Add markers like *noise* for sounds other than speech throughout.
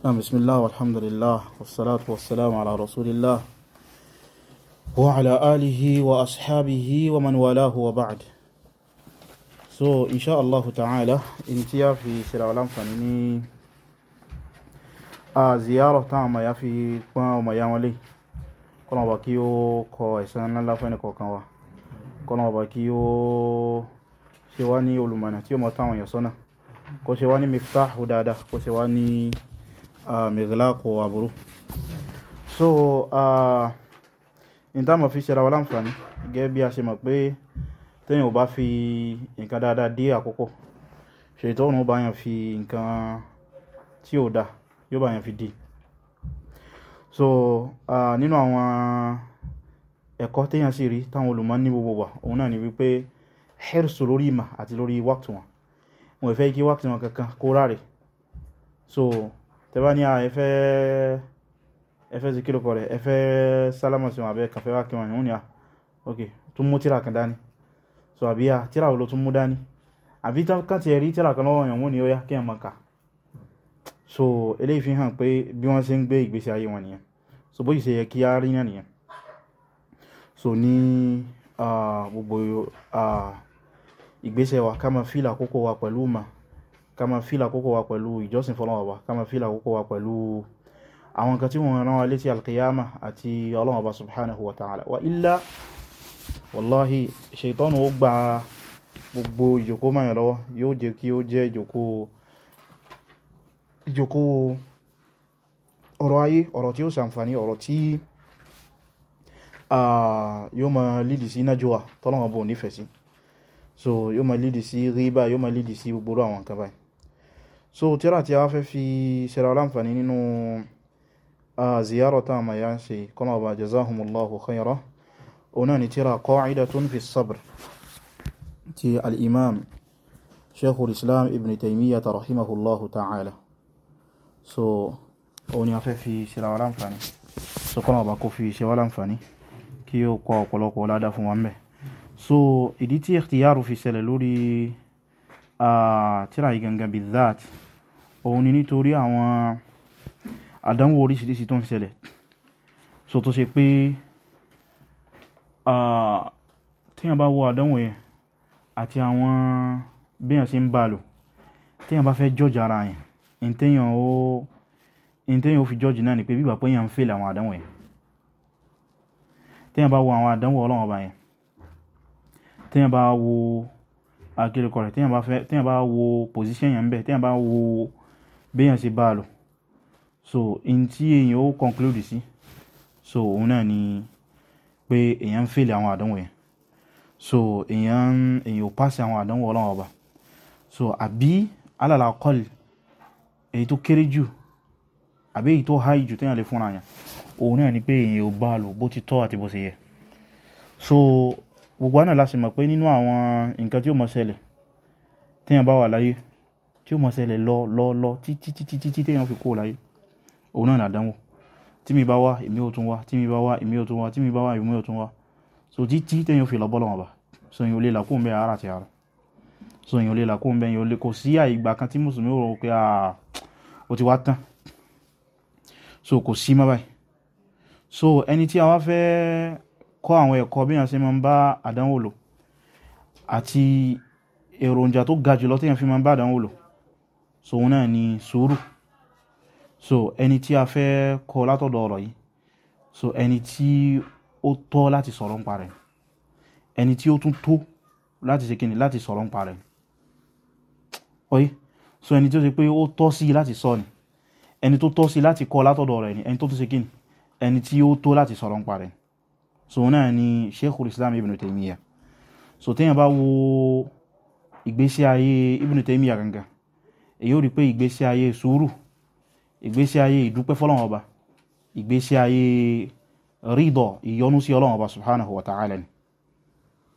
نعم بسم الله والحمد لله والصلاة والسلام على رسول الله وعلى آله وأصحابه ومن والاه وبعد so inshallah ta'ala in tí a fi ṣe àwọn àǹfààní ní a ziyarọ̀ tán àmà ya fi pán ọmọ ya wọn lè kọ́nà ọba kí ó kọ ẹ̀san ńlá fún ẹnìkọ̀ọ̀kan wa kọ́nà ọba kí ó ṣe wá ní olùmọ̀nà tí ó mọ̀ táwọn èèyàn sọ́nà kó Ah, mìgìláàkù àbúrú so ìtàmọ̀ fi ṣe ra wa láǹfààní gẹ́gẹ́ bí a ṣe mọ̀ pé tẹ́yìn ò bá fi nǹkan dáadáa dé àkókò ṣètọ́nù bá yàn fi nǹkan tí ò dá yóò bá yàn fi dì so ah, nínú àwọn ẹ̀kọ́ tẹ́yàn sì rí táwọn olùmọ̀ ní gbogbo wà òun náà ni wípé hẹ́rìsù lórí ìmà àti lórí wákàtí wọn wọn fẹ́ kí wákàtí wọn kankan kó ráre so tẹ́bá ní ẹfẹ́ ẹfẹ́ sí kílùkọ rẹ̀ ẹfẹ́ sálámà sí wọn àbẹ́ kàfẹ́ wá kí wọn ìhún ni a ok tún mú tíra kan dání so àbí a tíra wo tún mú dání àbí káti ẹ̀rí tíra kan lọ́wọ́ ìhún ni ó yá kí ẹ̀ mọ̀ká so eléyìí fi hàn pé bí wọ́n ṣe ń gbé ìgbésí ayé wọn nìyẹn so bó ṣe yẹ kí á rí náà nìyẹn so ní gbogbo ìgbésẹ̀ wa ká máa fílà àkókò wa pẹ̀lú mà ká máa fílà àkókò wa pẹ̀lú ìjọsìn fọ́lọ́wọ́ wa ká máa fílà àkókò wa pẹ̀lú àwọn nǹkan tí wọ́n rán wa létí alkiyama àti ọlọ́wọ́ bá subhanahu wa ta'ala wa illa wallahi ṣètọ́nù ó gba gbogbo ìjòkó mayàn lọ́wọ́ yóò jẹ́ kí ó jẹ́ ìjòkó ọ̀rọ̀ ayé ọ̀rọ̀ tí ó sàǹfàní ọ̀rọ̀ tí yóò ma lìdì sí nájọ́wà tọ́lọ́wọ́ bò nífẹ̀ẹ́ sí so yóò ma lìdì sí ríbà yóò ma lìdì sí gbogbo àwọn nǹkan báyìí so tíra tí a fẹ́ fi ṣẹlẹ̀ aláǹfàní nínú ziyarọ̀ ta ma ya ń ṣe kọ́nà ọba jazahumullahu khaira ọ̀nà ni tíra qa'idatun fi sabr ti al'imam sheikhul islam ibn taymiyyah ta rahimahullahu ta'ala so òun ni a fẹ́ fi ṣẹlẹ̀ aláǹfàní so kọ́nà ọba kó fi ṣe wá kí ó kọ ọ̀pọ̀lọpọ̀ ládá fún wa mẹ́ so ìdí tí ikhtiyaru tíra yìí gangan bí that òun ni nítorí àwọn àdánwò oríṣiríṣi tó ń ṣẹlẹ̀ so tó ṣe pé tíyàn bá wo àdánwò yẹn àti àwọn bíyàn ṣe ń bá lò tíyàn bá fẹ́ jọ́jì ara yẹn ìtẹ́yàn ó ìtẹ́yàn ó fi jọ́jì náà ni pé bíbà pé yàn ń fèlè àwọn àdánwò yẹn tíyàn bá wo àwọn àdánwò ọlọ́wọ́n ọba yẹn tíyàn bá wo akílẹ̀kọ rẹ̀ téèyàn bá fẹ́ téèyàn bá wo position yẹn ń bẹ̀ téèyàn bá wo béèyàn ṣe bá a lò so in tí èèyàn ó conclude sí so òun náà ni pé èèyàn ń fèlè àwọn àdánwò yẹn so èèyàn èèyàn ò pàṣẹ àwọn àdánwò ọlọ́run ọba so àbí alàlà kọ́lì èyí tó kéré jù àbí èyí tó háì jù téèyàn lè fúnra yẹn òun náà ni pé èèyàn ò bá a lò bó ti tọ́ àti bó ti yẹ so gbogbo àná la sì mọ̀ pé nínú àwọn nǹkan tí ó mọ̀ ṣẹlẹ̀ téèyàn bá wà láyé tí ó mọ̀ ṣẹlẹ̀ lọ lọ lọ títí títí títí téèyàn fi kúrò láyé òun náà làdánwò tí mi bá wá èmi ò tún wá tí mi bá wá èmi ò tún wá tí mi bá wá èmi ò tún wá so títí téèyàn fi lọ bọ́ lọ́wọ́ bá so èèyàn ò lè là kó ń bẹ ara àti ara so èèyàn ò lè là kó ń bẹ èèyàn ò lè kò sí àyè kan tí mùsùlùmí rò pé ó ti wá tán so kò sí má báyìí so ẹni tí a wá fẹ́ẹ́ kọ́ àwọn ẹ̀kọ́ bí yàn ṣe máa ń bá àdánwò lò àti èròjà tó ga jùlọ tí yàn fi máa ń bá àdánwò lò so òun náà ni sùúrù so ẹni tí a fẹ́ kọ́ látọ̀dọ̀ ọ̀rọ̀ yìí so ẹni tí ó tọ́ láti sọ̀rọ̀ ń parẹ̀ ẹni tí ó tún tó láti ṣe kíni láti sọ̀rọ̀ ń parẹ̀ oye so ẹni tí ó ṣe pé ó tọ́ sí láti sọ ni ẹni tó tọ́ sí láti kọ́ látọ̀dọ̀ ọ̀rọ̀ ẹni ẹni tó tún ṣe kíni ẹni tí ó tó láti sọ̀rọ̀ ń parẹ̀ so náà ni sheikhul islam ibn taimiyya so tẹ́yàn bá wo ìgbésí ayé ibn taimiyya gangan èyí ò rí pé ìgbésí ayé sùúrù ìgbésí ayé ìdúpẹ́ fọ́lọ́wọ́n ọba ìgbésí ayé rídọ̀ ìyọnú sí ọlọ́wọ́n ọba subhanahu wa ta'ala ni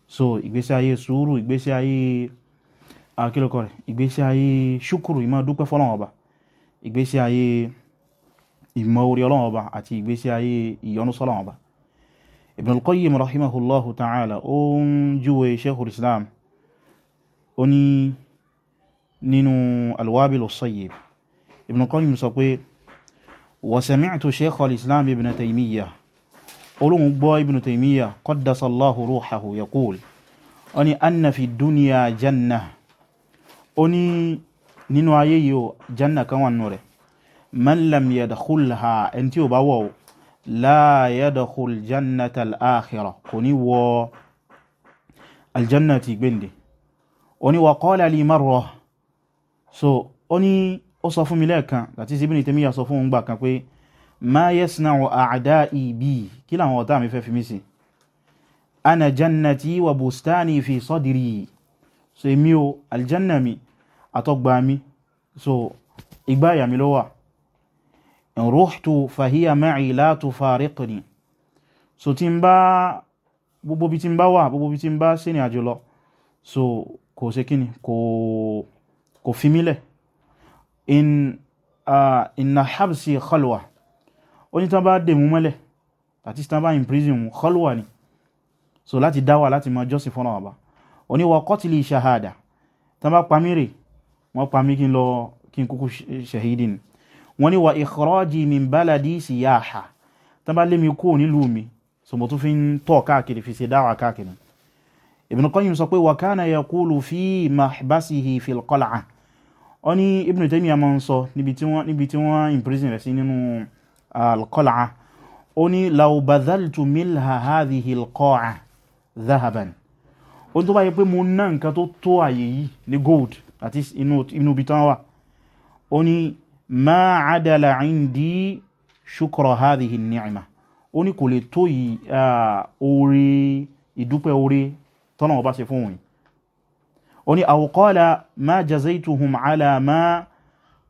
so ìgbésí ayé sùúrù ìgbésí ayé akílọ́kọ̀ rẹ̀ ìgbésí ayé ṣúkùrù ìmọ̀ dúpẹ́ fọ́lọ́wọ́n ọba ìgbésí ayé ìmọ̀ orí ọlọ́wọ́n ọba àti ìgbésí ayé ìyọnú sọ́lọ́wọ́n ọba Ibn al-Qayyim rahimahullahu ta'ala ó ń júwe Sheikhul Islam ó ní nínú al-Wabil as-Sayyib Ibn al-Qayyim sọ pé wa sami'tu Sheikhul Islam Ibn Taymiyyah olóhun gbọ́ Ibn Taymiyyah qaddasallahu ruhahu yaqul ó ní anna fi dunya jannah ó ní nínú ayé janna kan wà nù man lam yadkhulha ẹni tí ó bá wọ̀ la yadkhul jannata al-akhirah kò ní wọ aljannati gbende ó wa qala li marra so ó ní ó sọ fún mi lẹ́ẹ̀kan láti sí Ibn Taymiyyah sọ fún òun gbà kan pé ma yasna'u a'da'i bi kí làwọn ọ̀tá mi fẹ́ fi mí ana jannati wa bustani fi sadri so èmi o aljanna mi àtọgbà so ìgbáyà mi ló in ruhtu fahiya ma'i la tufariqni so tí n bá gbogbo bí tí n bá wà gbogbo bí tí n bá sí ní àjò lọ so kò ṣe kíni kò kò fi mílẹ̀ in uh, inna habsi khalwa ó ní tán bá dè mú mọ́lẹ̀ àti tán bá in prison khalwa ni so láti dáwà láti máa jọ́sìn fọ́nà ọba ó ní wa qatli shahada tán bá pamí wọ́n pamí kí n lọ kí n kúkú shahidi ni wọ́n ní wa ikhraji min baladi siyaha tán bá lé mi kúrò nílùú mi so mo tún fi ń tọ̀ káàkiri fi ṣe dáwà káàkiri Ibn Qayyim sọ pé wa kana yaqulu fi mahbasihi fil qal'a ó ní Ibn Taymiyyah máa ń sọ níbi tí wọ́n imprison rẹ̀ sí nínú ah, al-qal'a ní law milha hadhihi al-qa'a dhahaban ó tó bá yẹ pé mo ná nǹkan tó tó àyè yìí ní gold àti inú ibi tán ó ní ma adala indi ṣukọrọ hadhihi ni'ima ó ní kò lè tó yìí oore ìdúpẹ́ oore tọ́nà ọba ṣe fún òun ó ní aw qala ma jazaituhum ala ma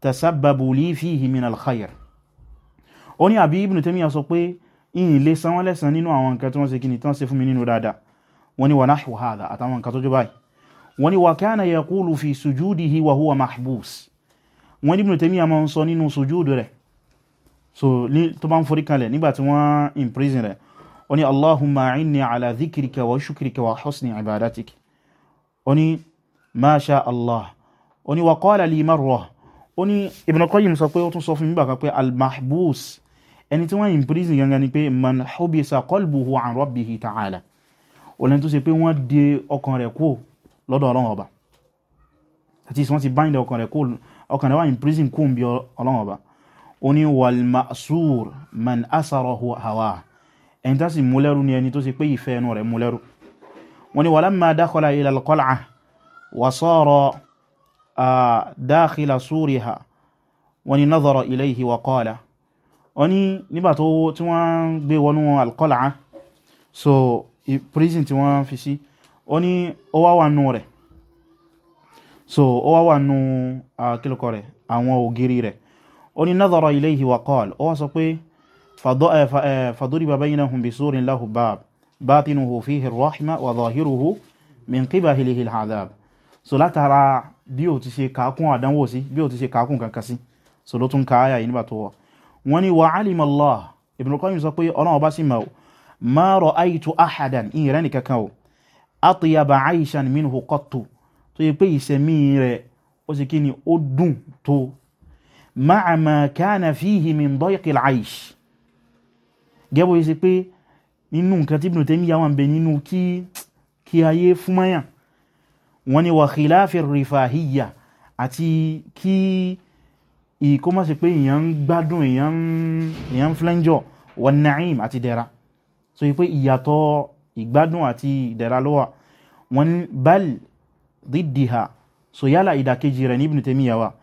tasabbabu li fihi min alkhair ó ní àbí ibn Taymiyyah sọ pé ìyìn lè san wọ́n lẹ́san nínú àwọn nǹkan tí wọ́n ṣe kí ni tán ṣe fún mi nínú dáadáa wọ́n ní wa nahwu hadha àtàwọn nǹkan tó jọ báyìí wọ́n ní wa kana yaqulu fi sujudihi wa huwa mahbus wọ́n Ibn Taymiyyah máa ń sọ nínú sujúdù rẹ̀ so tó bá ń forí kalẹ̀ nígbà tí wọ́n imprison rẹ̀ ó ní Allahumma inni ala dhikrika wa shukrika wa husni ibadatik ó ní ma sha Allah ó ní wa qala li marra ó ní Ibn Qayyim sọ pé ó tún sọ fún nígbà kan pé al-mahbus ẹni tí wọ́n imprison gangan ni pé man hubisa qalbuhu an rabbihi ta'ala ó lẹ́ni tó ṣe pé wọ́n de ọkàn rẹ̀ kó lọ́dọ̀ Ọlọ́run ọba àti ìsìn ti bind ọkàn rẹ̀ kó ọkàn rẹ̀ wà ní prison kún bí ọlọ́run ọba ó ní walmasur man asarahu hawa ẹni tá sì mú lẹ́rú ni ẹni tó ṣe pé ìfẹ́ ẹnu rẹ̀ mú lẹ́rú wọ́n ní walamma dakhala ila alqal'a wa sara dakhila suriha wọ́n ní nadhara ilayhi wa qala wọ́n ní nígbà tó tí wọ́n gbé wọnú alqal'a so prison tí wọ́n fi sí wọ́n ní ó wá wà nù rẹ̀ so ó wá wà nù kílùkọ rẹ̀ àwọn ògiri rẹ̀ ó ní nadhara ilayhi wa qala ó wá sọ pé eh, eh, faduriba baynahum bisurin lahu bab batinuhu fihi rahma wa zahiruhu min qibalihi al-adhab so látara bí o ti ṣe kàákún àdánwò sí bí o ti ṣe kàákún kankan sí so ló tún kááyà yìí nígbà tó wọ wọn ni wa alima Allah Ibn Qayyim sọ pé ọlọ́run ọba sì mọ̀ ma ra'aytu ahadan ìyẹn rẹ̀ nìkankan o atyaba aishan minhu qattu tó yẹ pé ìsẹ̀mí rẹ̀ ó sì kí ni ó dùn tó ma'a ma kana fihi min dayqil aish gẹ́bọ̀ yìí sí pé nínú nǹkan tí Ibn Taymiyyah wà ń bẹ nínú kí kí ayé fúnmáyà wọ́n ni wà khilafi rifahiyya àti kí ìkómọ̀ sí pé èèyàn ń gbádùn èèyàn ń flẹ́njọ́ wà na'im àti dẹ̀ra so yìí pé ìyàtọ̀ ìgbádùn àti ìdẹ̀ra ló wà bal ضدها so yálà ìdàkejì rẹ̀ ní Ibn Taymiyyah wa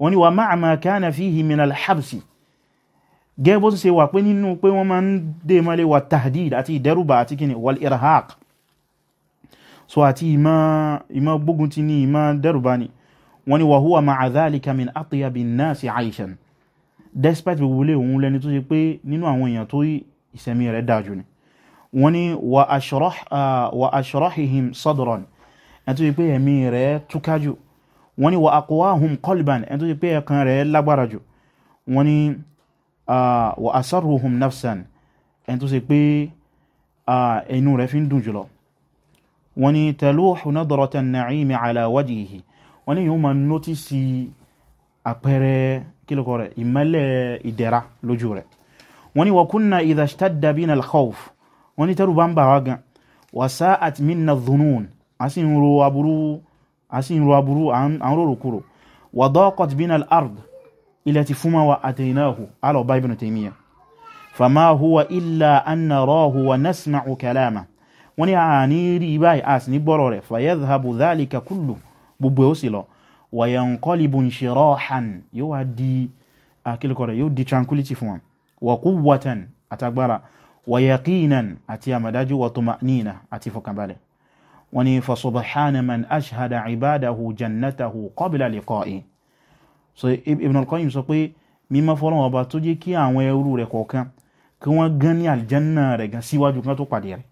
wọ́n ni wà máa ma kana fihi min al-habsi gẹ́gẹ́ bó ṣe wà pé nínú pé wọ́n máa ń dé ما wà tahdid àti ìdẹ́rùbà àti kìnnì wal irhaq so àti ìmá gbógun ti ní ìmá dẹ́rùbà ni wọ́n ni wà huwa ma'a dhalika min atyabi an-nasi 'aishan despite gbogbo lè òun lẹni tó ṣe pé nínú àwọn èèyàn tó ìsẹ̀mí rẹ̀ dájú ni wọ́n ni wà ashrahihim sadran ẹni tó ṣe pé ẹ̀mí rẹ̀ túká jù wọ́n ní wa aqwahum qalban ẹni tó ṣe pé ẹ̀kan rẹ̀ lágbára jù wọ́n ní wa asarruhum nafsan ẹni tó ṣe pé ẹnu rẹ̀ fi ń dùn jùlọ wọ́n ní taluhu nadratan na'imi ala wajhihi wọ́n ní yóò máa nọ́tísì àpẹẹrẹ kílùkọ a sì ń ro aburú a sì ń ro aburú à ń rò rokoro wa daqat bina al-ard ilẹ̀ ti fún ma wa ataynahu alọba ibn Taymiyyah fama huwa illa an narahu wa nasma'u kalama wọ́n ní a ní rí báyìí a sì ní gbọ́rọ̀ rẹ̀ fa yadhhabu dhalika kullu gbogbo ó sì lọ wa yanqalibu inshirahan yóò wá di akílùkọ rẹ̀ yóò di tranquility fún wọn wa quwwatan àtagbára wa yaqinan àti àmàdájú wa tuma'nina àti fọkànbalẹ̀ wọ́n ní fa subhana man ashhada ibadahu jannatahu qabla liqa'i so Ibn al-Qayyim sọ pé mímọ́ fọ́lọ́wọ́ ọba tó jẹ́ kí àwọn ẹrú rẹ̀ kọ̀ọ̀kan kí wọ́n gan ní aljanna rẹ̀ gan síwájú kan tó pàdé rẹ̀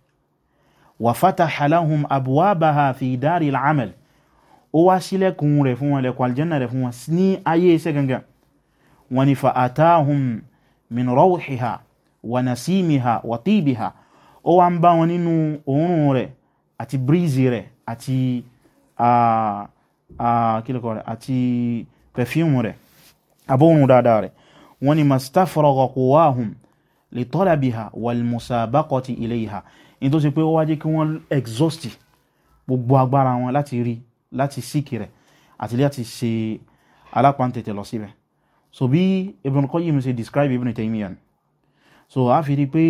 wa fataha lahum abwabaha fi dari al ó wá sílẹ̀kùn rẹ̀ fún wọn lẹ̀kọ̀ aljanna rẹ̀ fún wọn ní ayé iṣẹ́ gangan wọ́n ní fa atahum min rawhiha wa nasimiha wa tibiha ó wá ń bá wọn nínú òórùn rẹ̀ àti breeze rẹ̀ àti kílùkọ rẹ̀ àti perfume rẹ̀ abóhun dáadáa rẹ̀ wọ́n ni mastafragha quwahum li talabiha wal musabaqati ilayha in tó sì pé ó wá jẹ́ kí wọ́n exhaust gbogbo agbára wọn láti rí láti síkì rẹ̀ àti láti ṣe alápántẹ̀tẹ̀ lọ síbẹ̀ so bí Ibn Qayyim ṣe describe Ibn Taymiyyah so a fi rí pé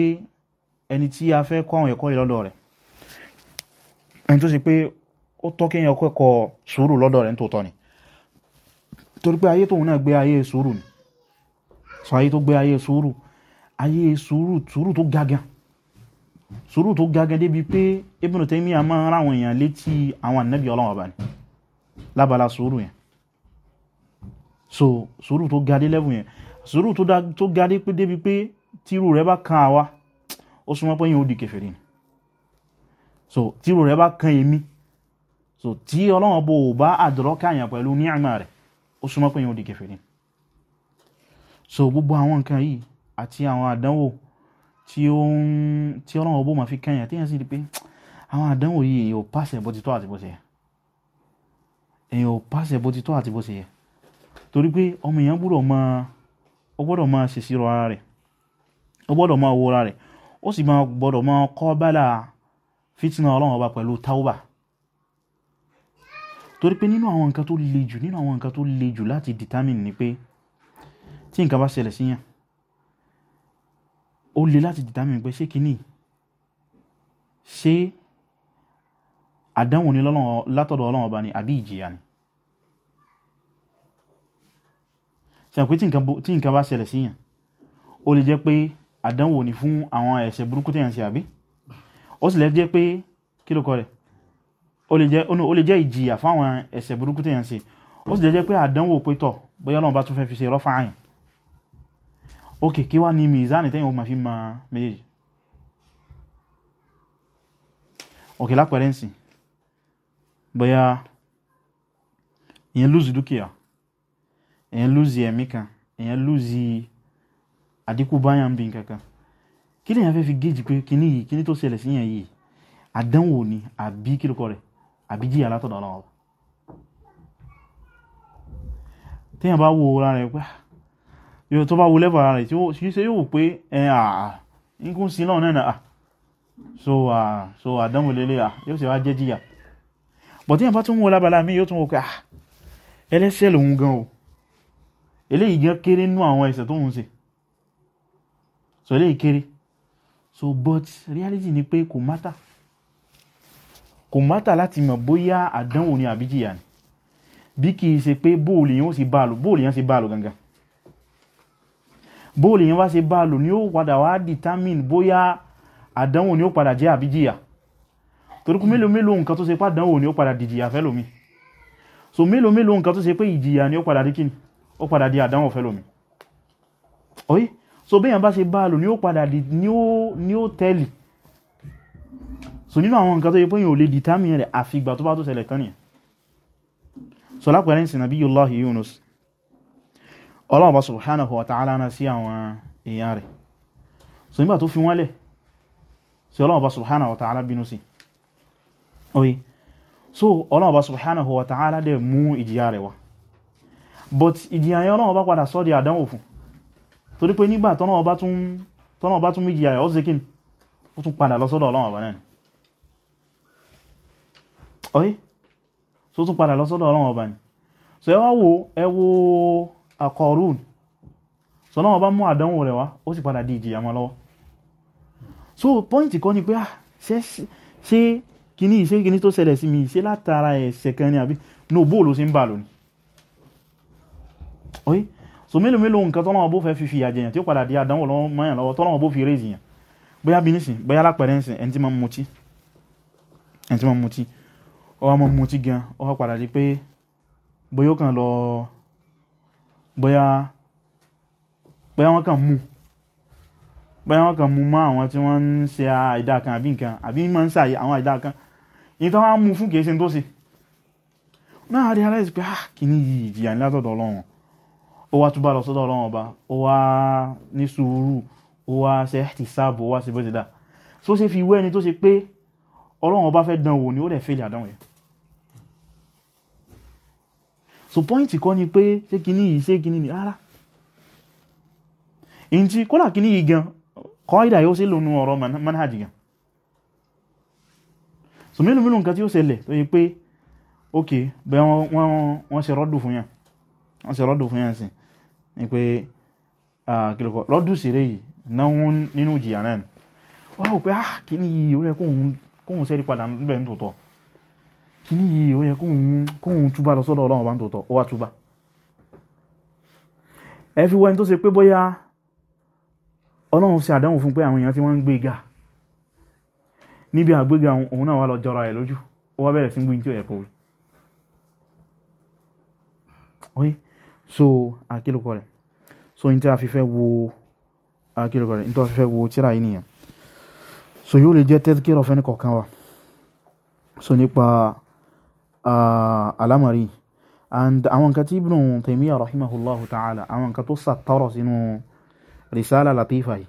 ẹni tí a fẹ́ kọ́ àwọn ẹ̀kọ́ ìlọ́dọ̀ rẹ̀ ẹni tó ṣe pé ó tọ́ kéèyàn kẹ́kọ̀ọ́ sùúrù lọ́dọ̀ rẹ̀ nítòótọ́ ni torí pé ayé tóun náà gbé ayé sùúrù ni sọ ayé tó gbé ayé sùúrù ayé sùúrù sùúrù tó gágan sùúrù tó gágan débi pé Ibn Taymiyyah máa ń ráwọn èèyàn létí àwọn ànábì Ọlọ́run ọba ni lábala sùúrù yẹn so sùúrù tó gadé lẹ́bùn yẹn sùúrù tó gadé débi pé tírù rẹ̀ bá kan àwa ó súnmọ́ pé yín ó di kèfèrí so tíru rẹ̀ bá kan èmi so tí ọlọ́wọ́ bó bá àdọ́rọ́kà yàn pẹ̀lú ní àmà rẹ̀ ó súnmọ́ pé yíò di kèfèrí so gbogbo àwọn nǹkan yìí àti àwọn àdánwò tí ọlọ́wọ́ bó ma fi kan yàn tí yàn sí di pé àwọn àdánwò yìí èyàn ò pàṣẹ bó ti tọ́ àti bó ṣe yẹ èyàn ò pàṣẹ bó ti tọ́ àti bó ṣe yẹ torí pé ọmọ èèyàn gbọ́dọ̀ máa ṣèṣirò ara rẹ̀ ó gbọ́dọ̀ máa wo ara rẹ̀ ó sì máa gbọ́dọ̀ máa kọ́ bálá fitna ọlọ́run ọba pẹ̀lú tauba torí pé nínú àwọn nǹkan tó le jù nínú àwọn nǹkan tó le jù láti determine ni pé tí nǹkan bá ṣẹlẹ̀ síyàn ó le láti determine pé ṣé kíní ṣé àdánwò ni látọ̀dọ̀ ọlọ́run ọba ni àbí ìjìyà ni ṣàpé tí nǹkan bá ṣẹlẹ̀ síyàn ó lè jẹ́ pé àdánwò ni fún àwọn ẹ̀ṣẹ̀ burúkú tẹ̀yàn ṣe àbí ó sì lè jẹ́ pé kí ló kọ rẹ̀ o lè jẹ́ ìjìyà fáwọn ẹ̀ṣẹ̀ burúkú tèèyàn se ó sì lè jẹ́ pé àdánwò pé tọ̀ bóyá Ọlọ́run bá tún fẹ́ fi ṣe rọ́fà àyìn ok kí wá ní mizani tẹ́yìn ogun ma fi ma méjèèjì ok lápẹẹrẹ ǹsìn bóyá èyàn lùzì dúkìá èyàn lùzì ẹ̀mí kan èyàn lùzì àdínkù báyàn bí nǹkan kan kí lèyàn fẹ́ fi géèjì pé kíní yìí kíní tó ṣẹlẹ̀ sí yẹn yìí àdánwò ni àbí kílùkọ rẹ̀ àbí jíyà látọ̀dọ̀ ọ̀nà ọ̀pọ̀ téèyàn bá wo ara rẹ̀ pé ah, yóò tó bá wo lẹ́bọ̀ ara rẹ̀ tí ó ṣe yóò pé ẹ àà nǹkan sí náà náà so àà so àdánwò lélẹ̀ à yóò sì wá jẹ́ jíyà bọ̀ téèyàn bá tún wo lábala mi yóò tún wo pé à ah, ẹlẹ́ṣẹ̀ lòun gan o eléyìí gan kéré nú àwọn ẹ̀ṣẹ̀ tó ń ṣe so eléyìí kéré so but reality ni pé kò mátà kò mátà láti mọ̀ bóyá àdánwò ni àbíjìyà ni bí kì í ṣe pé bóòlù yẹn ó sì bá bóòlù yẹn sì bá gangan bóòlù yẹn wá ṣe bá ni ó padà wá determine boya àdánwò ni ó padà jẹ́ àbíjìyà torí kú mélòó mélòó nǹkan tó ṣe pé àdánwò ni ó padà dìjìyà fẹ́lòmí so mélòó mélòó nǹkan tó ṣe pé ìjìyà ni ó padà di kíni ó padà di àdánwò fẹ́lòmí oye so bẹ́yàn bá ṣe bá lò ní ó padà di ní ó tẹ́lì so nínú àwọn nǹkan tó yẹ pẹ́yìn ò lè determine rẹ̀ àfìgbà tó bá tó ṣẹlẹ̀ tán nìyẹn so lápẹ̀rẹ́ ń sin Nabiyullahi Yunus Ọlọ́run bá subhanahu wa ta'ala náà sí àwọn èèyàn rẹ̀ so nígbà tó fi wọ́n lẹ̀ sí Ọlọ́run bá subhanahu wa ta'ala bínú sí oye so Ọlọ́run bá subhanahu wa dẹ̀ mú ìjìyà rẹ̀ wá but ìjìyà yẹn Ọlọ́run bá padà sọ́ di àdánwò fún torí pé nígbà tọ́nà ọba tún méjì ayà ọ́sẹ́kín ó tún padà lọ sọ́dọ̀ ọlọ́run ọba náà ọ̀yí tó tún padà lọ sọ́dọ̀ ọlọ́run ọba ni so ẹ wá wo ẹ wo akọrùn so náà ọba mú àdánwò rẹ̀ wá ó sì padà di ìjìyà lọ́wọ́ so pọ́ìntì kọ́ ni pé ah ṣe kíní ìṣe kíní tó ṣẹlẹ̀ sí mi ìṣe látara ẹ̀ṣẹ̀ kan ni àbí no bóòlù sí ń bà lónìí so mélòó mélòó nǹkan tọ́lọ́wọ́ bó fẹ́ fi fi àjẹyàn tí ó padà di àdánwò lọ́wọ́ mọ́yàn lọ́wọ́ tọ́lọ́wọ́ bó fi rézì yàn bóyá bí nísìn bóyá lápẹ̀rẹ́ nísìn ẹni tí ma ń mutí ẹni tí ma ń mutí ọwọ́ ma ń mutí gan ọwọ́ padà di pé bóyá ó kàn lọ bóyá bóyá wọ́n kàn mú bóyá wọ́n kàn mú mọ́ àwọn tí wọ́n ń ṣe àìdá kan àbí nǹkan àbí ma ń ṣàyè àwọn àìdá kan yìí tó wá mú fún kìí ṣe tó ṣe náà rí aláìsí pé ah ó wá túbà lọ sọ́dọ̀ ọlọ́run ọba ó wá ní sùúrù ó wá ṣe ihtisab ó wá ṣe bọ́sídà tó ṣe fi wẹ́ni tó ṣe pé ọlọ́run ọba fẹ́ dán wò ni ó dẹ̀ fẹ́lẹ̀ àdánwò yẹn so point kọ́ ni pé ṣé kíní yìí ṣé kíní ni rárá èyí tí kódà kíní yìí gan kọ́ ìdá yóò sí lónú ọ̀rọ̀ manhajì gan so mélòó mélòó nǹkan tí ó ṣẹlẹ̀ tó yẹ pé ok bẹ́ẹ̀ wọ́n ṣe rọ́dù fún yàn wọ́n ṣe rọ́dù fún yàn sí ní pé kílùkọ́ lọ́dún sí rẹ̀ yìí náà nínú ìjìyà náà wọ́n wọ́n pé ah kíní yìí ó yẹ kóhun sẹ́rí padà níbẹ̀ ní tòótọ́ kíní yìí ó yẹ kóhun túbá lọ sọ́dọ̀ ọlọ́run bá ń tòótọ́ ó wá túbá ẹ fi wọ́n tó ṣe pé bóyá ọlọ́run ṣe àdánwò fún pé àwọn èèyàn tí wọ́n ń gbé ga níbi àgbéga òun náà wà lọ jọra ẹ̀ lójú ó wá bẹ̀rẹ̀ sí gbé tí ó yẹ kó so àkílùkọ rẹ̀ so n tí a fi fẹ́ wo àkílùkọ rẹ̀ n tí a fi fẹ́ wo tíra yìí nìyẹn so yóò lè jẹ́ tẹ́tíkìrọ̀ fẹ́ni kọ̀ọ̀kan wa so nípa alamari. and àwọn nǹkan tí Ibn Taymiyyah rahimahullahu ta'ala àwọn nǹkan tó sàtọrọ sínú risala latifa yìí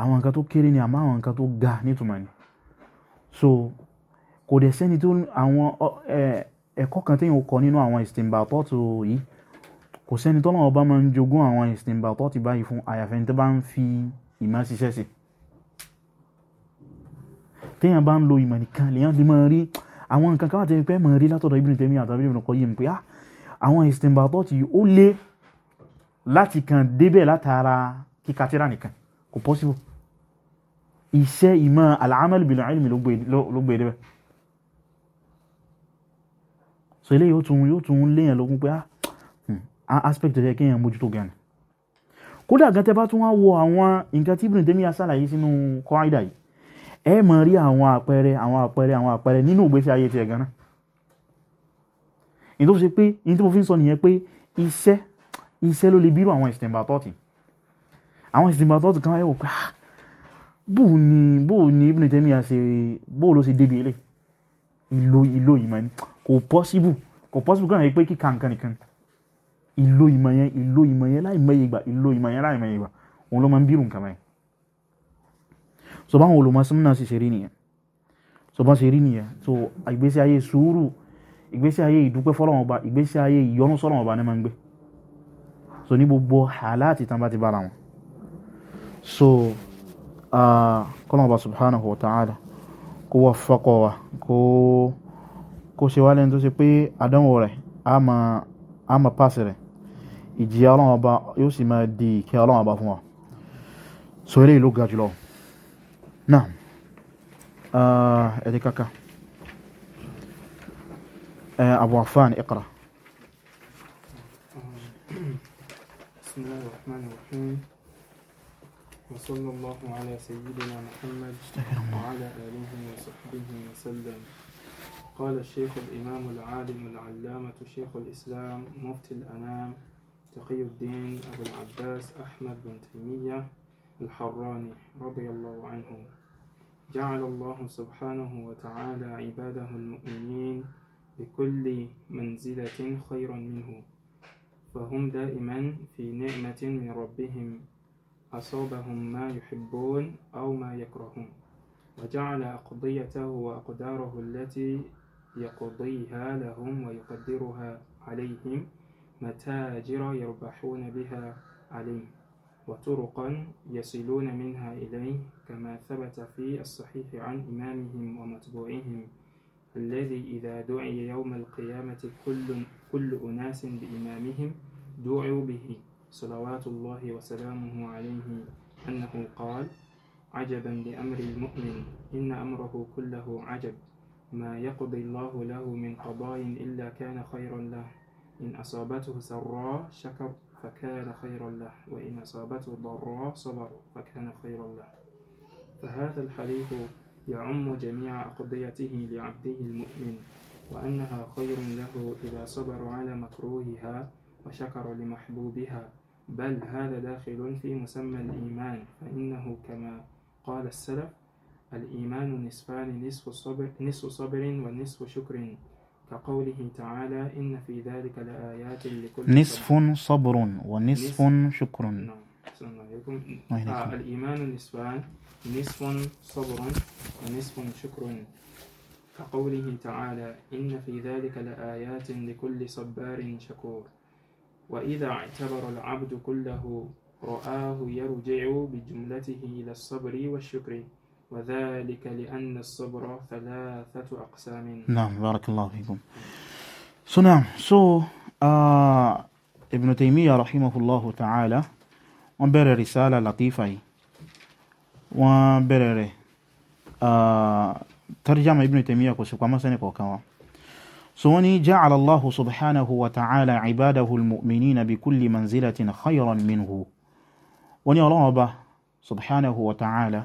àwọn nǹkan tó kéré ni àmọ́ àwọn nǹkan tó ga nítumọ̀ ni so kò dẹ̀ sẹ́ni tó àwọn ẹ̀kọ́ kan téèyàn kọ nínú àwọn istinbatatu yìí kò sẹ́ni tọ́lọ́ ọba máa ń jogún àwọn ìsìnbà tó ti báyìí fún àyàfẹ́ tó bá ń fi ìmọ̀ ṣiṣẹ́ sí téèyàn bá ń lo ìmọ̀ nìkan lèèyàn ti máa rí àwọn nǹkan káwà tẹ́mi pé máa rí látọ̀dọ̀ Ibn Taymiyyah àtàbí Ibn Qayyim pé ah, àwọn ìsìnbà tó ti ó lé láti kàn débẹ̀ látara kíka tíra nìkan kò possible iṣẹ́ ìmọ̀ al-amal bil ló gbé débẹ̀ aspect tó yẹ kí èèyàn mójútó gan ni kódà gan tẹ́ bá tún wá wo àwọn nǹkan tí Ibn Taymiyyah ṣàlàyé sínú kọ́ńdà yìí ẹ máa rí àwọn àpẹẹrẹ àwọn àpẹẹrẹ àwọn àpẹẹrẹ nínú ìgbésí ayé tiẹ̀ gan náà ìtò ṣe pé ní tí mo fi ń sọ nìyẹn pé iṣẹ́ iṣẹ́ ló lè bírò àwọn ìsìnbà tọ́tì àwọn ìsìnbà tọ́tì kan ẹ̀wọ̀ pé ah, bó ni bó ni Ibn Taymiyyah ṣe bó ló ṣe débi ilé ìlò ìlò ìmọ̀ ni kò possible kò possible gan-an pé kíkà nǹkan nìkan ni ìlò ìmọ̀ yẹn ìlò ìmọ̀ yẹn láì mẹ́yẹ ìgbà ìlò ìmọ̀ yẹn láì mẹ́yẹ ìgbà òun ló máa ń bírù nǹkan mẹ́yẹ so báwọn olùmọ̀ sí náà sì ṣe rí nìyẹn so bá ṣe rí nìyẹn so ìgbésí ayé sùúrù ìgbésí ayé ìdúpẹ́ fọ́lọ́run ọba ìgbésí ayé ìyọ́nú sọ́lọ́run ọba ni máa ń gbé so ní gbogbo hàláàtì tán bá ti bára wọn so kọ́lọ́run ọba subhanahu wa ta'ala kó wà fọ́kọ̀ wa kó kó ṣe wálé tó ṣe pé àdánwò rẹ̀ a máa pàṣẹ rẹ̀ ìjì ọlọ́run ọba yóò sì máa di ìkẹ́ ọlọ́run ọba fún wa so eré ìlú ga jùlọ náà kaka بسم الله الرحمن الرحيم وصلى الله على سيدنا محمد وعلى آله وصحبه وسلم قال الشيخ الإمام العالم العلامة شيخ الإسلام مفتي الأنام تقي الدين أبو العباس أحمد بن تيمية الحراني رضي الله عنه جعل الله سبحانه وتعالى عباده المؤمنين بكل منزلة خيرا منه فهم دائما في نعمة من ربهم أصابهم ما يحبون أو ما يكرهون وجعل أقضيته وأقداره التي يقضيها لهم ويقدرها عليهم متاجر يربحون بها عليه وطرقا يصلون منها إليه كما ثبت في الصحيح عن إمامهم ومتبوعهم الذي إذا دعي يوم القيامة كل, كل أناس بإمامهم دعوا به صلوات الله وسلامه عليه أنه قال عجبا لأمر المؤمن إن أمره كله عجب ما يقضي الله له من قضاء إلا كان خيرا له إن أصابته سراء شكر فكان خيرا له وإن أصابته ضراء صبر فكان خيرا له فهذا الحديث يعم جميع أقضيته لعبده المؤمن وأنها خير له إذا صبر على مكروهها وشكر لمحبوبها بل هذا داخل في مسمى الإيمان فإنه كما قال السلف الإيمان نصفان نصف صبر, نصف صبر ونصف شكر كقوله تعالى إن في ذلك لآيات لكل نصف صبر ونصف شكر نعم عليكم آه الإيمان نصفان نصف صبر ونصف شكر كقوله تعالى إن في ذلك لآيات لكل صبار شكور وإذا اعتبر العبد كله رآه يرجع بجملته إلى الصبر والشكر وذلك لأن الصبر ثلاثة أقسام نعم بارك الله فيكم سنة نعم، آه، سو ابن تيمية رحمه الله تعالى وبر رسالة لطيفة وبر آه، ترجم ابن تيمية كسوكا ما سنقوكا سوني جعل الله سبحانه وتعالى عباده المؤمنين بكل منزلة خيرا منه وني الله سبحانه وتعالى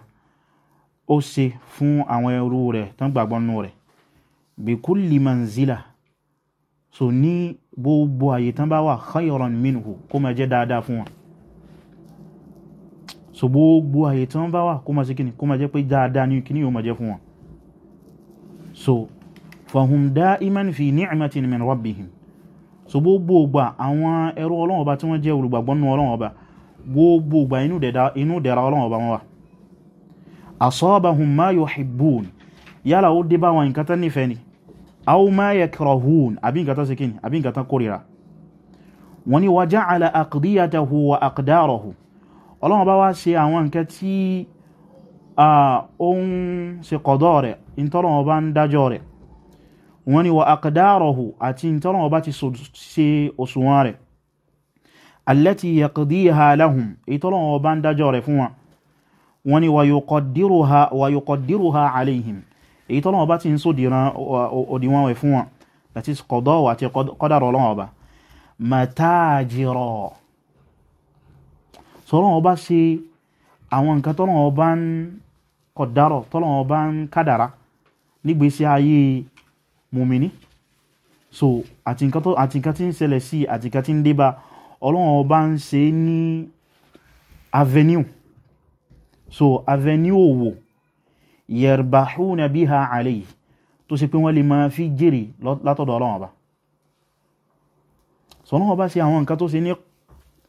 ó ṣe fún àwọn ẹrú rẹ̀ tán gbàgbọ́ nù rẹ̀ bí kulli manzila so ní gbogbo àyè tán bá wà khayran minhu kó máa jẹ́ dáadáa fún wọn so gbogbo àyè tán bá wà kó máa ṣe kíni kó máa jẹ́ pé dáadáa ní kíní yóò máa jẹ́ fún wọn so fahum da'iman fi ni'matin min rabbihim so gbogbo ìgbà àwọn ẹrú Ọlọ́run ọba tí wọ́n jẹ́ olùgbàgbọ́ nù Ọlọ́run gbogbo ìgbà inú dẹ̀ra Ọlọ́run ọba wọn wà asabahum ma yuhibbun yálà ó dé bá wọn nǹkan tán nífẹ̀ẹ́ ni aw ma yakrahun àbí nǹkan tán ṣe kíni àbí nǹkan tán kórìíra wọ́n ní wa ja'ala aqdiyatahu wa aqdarahu ọlọ́run bá wá ṣe àwọn nǹkan tí ó ń ṣe qada rẹ̀ ìntọ́lọ́run bá ń dájọ́ rẹ̀ wọ́n ní wa aqdarahu àti ìntọ́lọ́run bá ti ṣe òṣùwọ̀n rẹ̀ allati yaqdiha lahum ìtọ́lọ́run bá ń dájọ́ rẹ̀ fún wọn wọ́n ni wayuqaddiruha alayhim èyí tọ́lọ́wọ́ bá ti ń sódìran òdìwọ̀n wẹ̀ fún wọn that is qada'a àti qadara ọlọ́wọ́ bá matajira tọ́lọ́wọ́ bá ṣe àwọn nǹkan tọ́lọ́wọ́ bá ń qadara tọ́lọ́wọ́ bá ń kádàrá so avenue òwò yerbahuna biha alayhi tó ṣe pé wọ́n lè máa fi jèrè látọ̀dọ̀ ọlọ́wọ́n ọba so ọlọ́wọ́n ọba ṣe àwọn nǹkan tó ṣe ní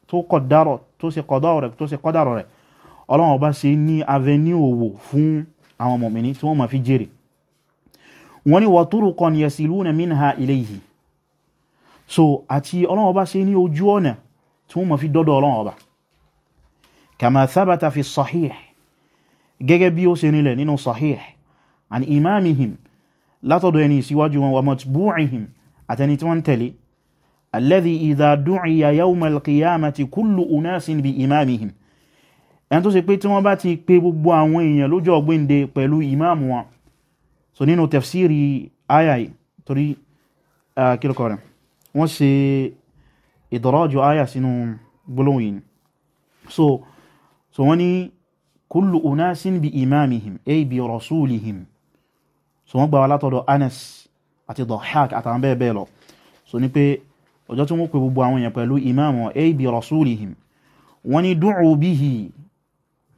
tó kọ̀dárọ̀ tó ṣe kọ̀dárọ̀ rẹ̀ tó ṣe kọ̀dárọ̀ rẹ̀ ọlọ́wọ́n ọba ṣe ní avenue òwò fún àwọn mọ̀mìnì tí wọ́n máa fi jèrè wọ́n ni waturuqan yasiluna minha ilayhi so àti ọlọ́wọ́n ọba ṣe ní ojú ọ̀nà tí wọ́n máa fi dọ́dọ̀ ọlọ́wọ́n ọba kama thabata fi sahih gẹ́gẹ́ bí ó ṣe nílẹ̀ nínú sahih an imamihim látọ̀dọ̀ ẹni síwájú wọn wa matbu'ihim àtẹni tí wọ́n tẹ̀lé alladhi idha du'iya yawma al-qiyamati kullu unasin bi imamihim ẹn tó ṣe pé tí wọ́n bá ti pè gbogbo àwọn èèyàn lọ́jọ́ ọgbẹ́nde pẹ̀lú imamu wọn so nínú tafsiri ayayi torí kílùkọ rẹ̀ wọ́n ṣe ìdọ̀rọ̀jù aya sínú gbólóhùn so so wọ́n kullu unasin bi imamihim ay bi rasulihim so wọ́n gbà wá látọ̀dọ̀ Anas àti Dhahhak àtàwọn bẹ́ẹ̀ bẹ́ẹ̀ lọ so ní pé ọjọ́ tí wọ́n pè gbogbo àwọn èèyàn pẹ̀lú imam wọn ay bi rasulihim wọ́n ní du'u bihi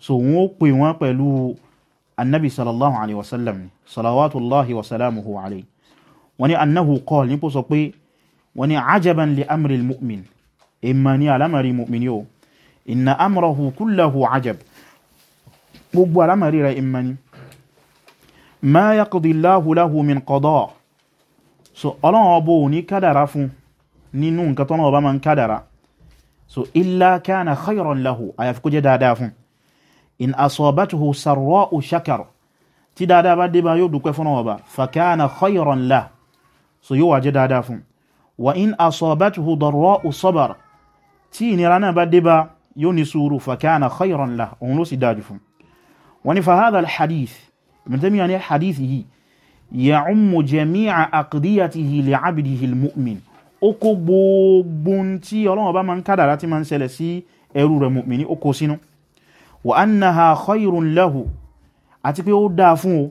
so wọ́n pè wọ́n pẹ̀lú annabi sallallahu alaihi wasallam salawatullahi wa salamuhu alaihi wọ́n annahu qala nípò sọ pé wọ́n ní ajaban li amri al-mu'min alamari mu'min yo inna amrahu kullahu ajab gbogbo alámàrí rẹ̀ ìmọ̀ ni ma yaqdi Allahu lahu min qada so ọlọ́run ọbọ̀ ò ní kádàrá fún nínú nǹkan tọ́nà ọba ma ń kádàrá so illa kana khayran lahu àyàfi kó jẹ́ dáadáa fún in asabatuhu sarra'u shakar tí dáadáa bá dé bá yóò dúpẹ́ fún ọba fa kana khayran lahu so yóò wà jẹ́ dáadáa fún wa in asabatuhu darra'u sabar tí ìnira náà bá dé bá yóò ní sùúrù fa kana khayran lahu òun ló sì dájú fún wọ́n ní fahadha al-hadith Ibn Taymiyyah ní hadith yìí ya'ummu jami'a aqdiyatihi li'abdihi al-mu'min ó kó gbogbo tí Ọlọ́run bá máa ń kádàrá tí máa ń ṣẹlẹ̀ sí ẹrú rẹ̀ mu'mini ó kó sínú wa annaha khayrun lahu àti pé ó dáa fún o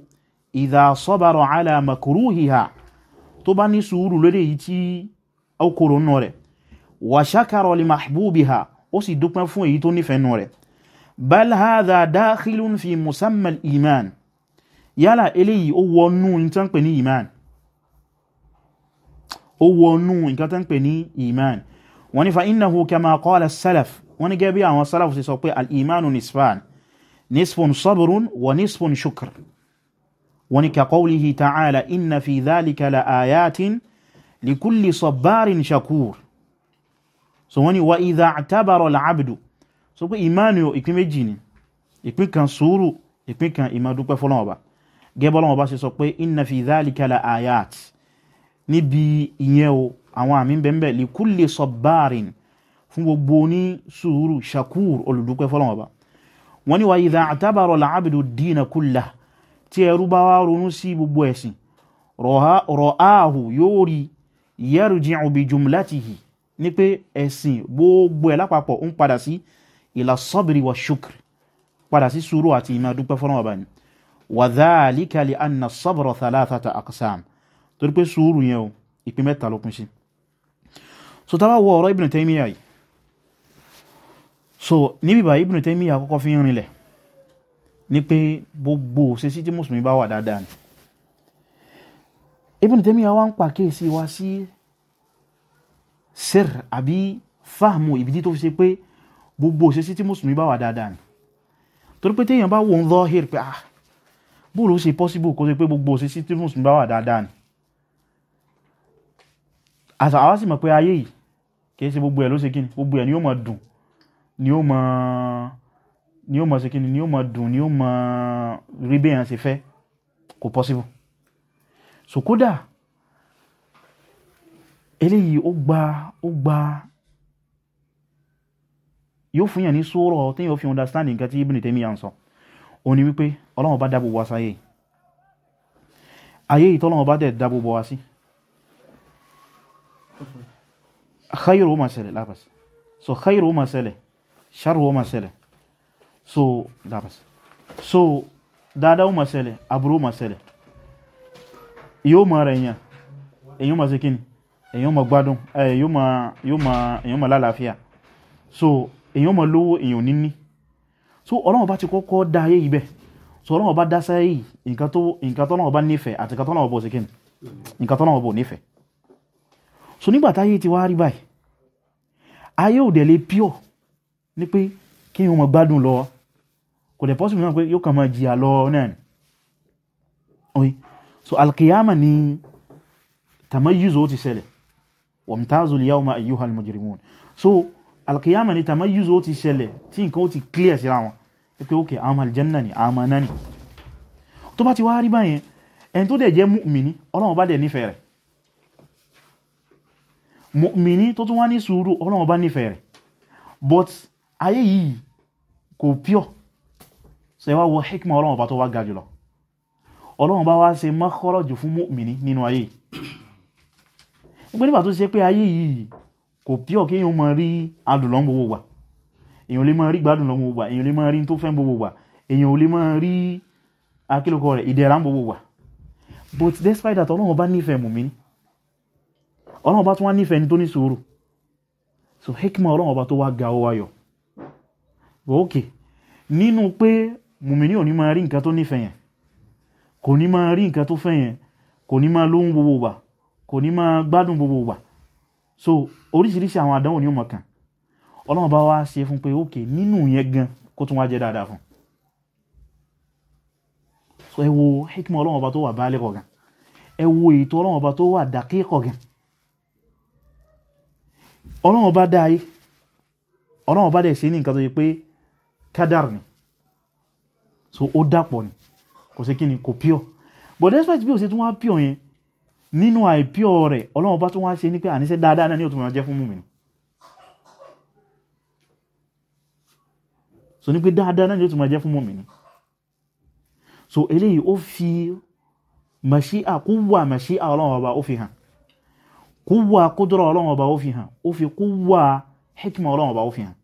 idha sabara ala makruhiha tó bá ní sùúrù lórí èyí tí ó kòrónú rẹ̀ wa shakara li mahbubiha ó sì dúpẹ́ fún èyí tó nífẹ̀ẹ́nu rẹ̀ بل هذا داخل في مسمى الإيمان يلا إلي أو نو إن تنقني إيمان أو نو إن تنقني إيمان وني فإنه كما قال السلف وني قابي عن السلف سيسوقي الإيمان نصفان نصف صبر ونصف شكر وني كقوله تعالى إن في ذلك لآيات لكل صبار شكور سواني وإذا اعتبر العبد so pé ìmáàni o ìpín méjì ni ìpín kan sùúrù ìpín kan ìmọ̀dúpẹ́ fọ́lọ́wọ́ba gẹ́bọ́lọ́wọ́ bá ṣe sọ pé inna fi dhalika la ayat níbi ìyẹn o àwọn àmì bẹ̀m̀bẹ̀ li kulli sabbarin fún gbogbo ní sùúrù shakur olùdúpẹ́ fọ́lọ́wọ́ba wọ́n ni wa idha i'tabara al-abdu tí ẹrú bá wá ronú sí gbogbo ẹ̀sìn rọ̀áhù yóò rí yarji'u bi jumlatihi ní pé ẹ̀sìn gbogbo ẹ̀ lápapọ̀ ń padà sí ìlà sọ́bìrì wa ṣùkr padà sí sùúrù àti ìmá dúpẹ́ fọ́nà ọba ni wà dhalika li anna sọ́bìrọ̀ thalathata aqsam torí pé sùúrù yẹn o ìpín mẹ́ta ló kún sí so tá bá wọ ọ̀rọ̀ Ibn Taymiyyah yìí so níbi bá Ibn Taymiyyah kọ́kọ́ fi ń rinlẹ̀ ní pé gbogbo òṣèṣí tí mùsùlùmí bá wà dáadáa ni Ibn Taymiyyah wá ń pàkíyèsí wa sí sir àbí fáàmù ìbídí tó fi ṣe pé gbogbo òṣèṣí tí mùsùlùmí bá wà dáadáa ni torí pé téèyàn bá wò ń lọ hìr pé ah bóòlù ó ṣe possible kó ṣe pé gbogbo òṣèṣí tí mùsùlùmí bá wà dáadáa ni àṣà àwa sì mọ̀ pé ayé yìí kìí ṣe gbogbo ẹ̀ ló ṣe kíni gbogbo ẹ̀ ni ó mọ̀ dùn ni ó mọ̀ ni ṣe kíni ni ó mọ̀ dùn ni ó mọ̀ rí bẹ́ẹ̀ ṣe fẹ́ kò possible so eléyìí ó gba ó gba yóò fún yàn ní sóòrọ̀ tí yóò fi understand nǹkan tí Ibn Taymiyyah ń sọ o ni wípé Ọlọ́run bá dábò wá sáyé ayé ìtọ́lọ́run bá dẹ̀ dábò wá sí khairu ma ṣẹlẹ̀ lábàs so khairu ma ṣẹlẹ̀ sharru ma ṣẹlẹ̀ so lábàs so dáadáa ma ṣẹlẹ̀ aburú ma ṣẹlẹ̀ yóò ma rẹ̀ yàn èyàn ma ṣe kíni èyàn ma gbádùn èyàn ma lálàáfíà so èyàn mọ̀ lówó èyàn níní so Ọlọ́run bá ti kọ́kọ́ dá ayé yìí bẹ̀ so Ọlọ́run bá dá sáyé yìí nǹkan tọ́lọ́run bá nífẹ̀ẹ́ àti nǹkan tọ́lọ́run bọ̀ sí kíni nǹkan tọ́lọ́run bọ̀ nífẹ̀ẹ́ so nígbà táyé ti wá rí báyìí ayé ò dẹ̀ lè pure ní pé kí wọ́n mọ̀ gbádùn lọ kò dẹ̀ possible náà pé yóò kàn máa jìyà lọ náà ni oye so alkiyama ni tamayizo ti ṣẹlẹ̀ wamtazul yawma ayyuhal mujrimun so alkiyama ni tamayuzu ó ti ṣẹlẹ̀ tí nǹkan ó ti clear síra wọn pé ókè àwọn aljanna ni àwọn maná ni tó ba ti wá rí báyẹn ẹni tó dẹ̀ jẹ́ mu'mini ọlọ́run bá dẹ̀ nífẹ̀ẹ́ rẹ̀ mu'mini tó tún wá ní sùúrù ọlọ́run bá nífẹ̀ẹ́ rẹ̀ but ayé yìí kò pure so ẹ wá wo hikma ọlọ́run bá tó wá ga jùlọ ọlọ́run bá wá ṣe makhraju fún mu'mini nínú ayé ìgbẹ́ kò pure kí èyàn mọ rí adùn lọ́n gbogbo wà èyàn lè mọ rí gbádùn lọ́n gbogbo wà èyàn lè mọ rí tó fẹ́ gbogbo wà èyàn ò lè mọ rí akílùkọ ah, rẹ̀ ìdẹ̀ra gbogbo wà but despite that ọlọ́run bá nífẹ̀ẹ́ mùmíní ọlọ́run bá tún wá nífẹ̀ẹ́ ni tó ní sùúrù so hekima ọlọ́run ọba tó wá ga ọwá yọ but ok nínú pé mùmíní ò ní máa rí nǹkan tó nífẹ̀ẹ́ yẹn kò ní máa rí nǹkan tó fẹ́ yẹn kò ní máa lóhun gbogbo wà kò ní máa gbádùn gbogbo wà so oríṣiríṣi àwọn àdánwò ní ọmọkàn ọlọ́run bá wá ṣe fún pé ókè nínú yẹn gan kó tún wá jẹ́ dáadáa fún so ẹ wo hikma ọlọ́run ọba tó wà báálẹ̀ kọ̀gan ẹ wo ètò ọlọ́run ọba tó wà dàkí kọ̀gan ọlọ́run ọba dá ayé ọlọ́run dẹ̀ ṣe ní nǹkan tó yẹ pé kádàr ni so ó dàpọ̀ ni kò sí kí ni kò pure but nínú àìpíọ̀ rẹ̀ ọlọ́run bá tún wá ṣe ní pé àníṣẹ́ dáadáa náà ní òtún jẹ́ fún mùmìnì so ní pé dáadáa náà ní òtún jẹ́ fún mùmìnì so eléyìí ó fi màṣíà kúwà màṣíà ọlọ́run ọba ó fi hàn kúwà kúdúrà ọlọ́run ọba ó fi hàn ó fi kúwà hikima ọlọ́run ọba ó fi hàn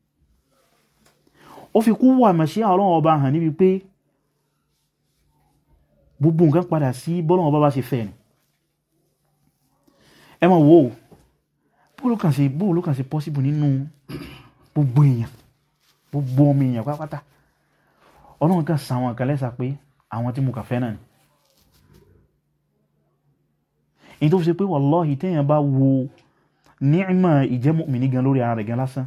ó fi kúwà màṣíà ọlọ́run ọba hàn níbi pé gbogbo nǹkan padà sí bọ́lọ́run ọba bá ṣe fẹ́ ni ẹ máa wò ó bóòlù kàn ṣe bóòlù kàn ṣe pọ́síbù nínú gbogbo èèyàn gbogbo ọmọ èèyàn pátápátá ọlọ́run kan sàwọn kan lẹ́sà pé àwọn tí mo kà fẹ́ náà ni èyí tó fi ṣe pé wallahi téèyàn bá wo níìmọ̀ ìjẹ́ mùmínì gan lórí ara rẹ̀ gan lásán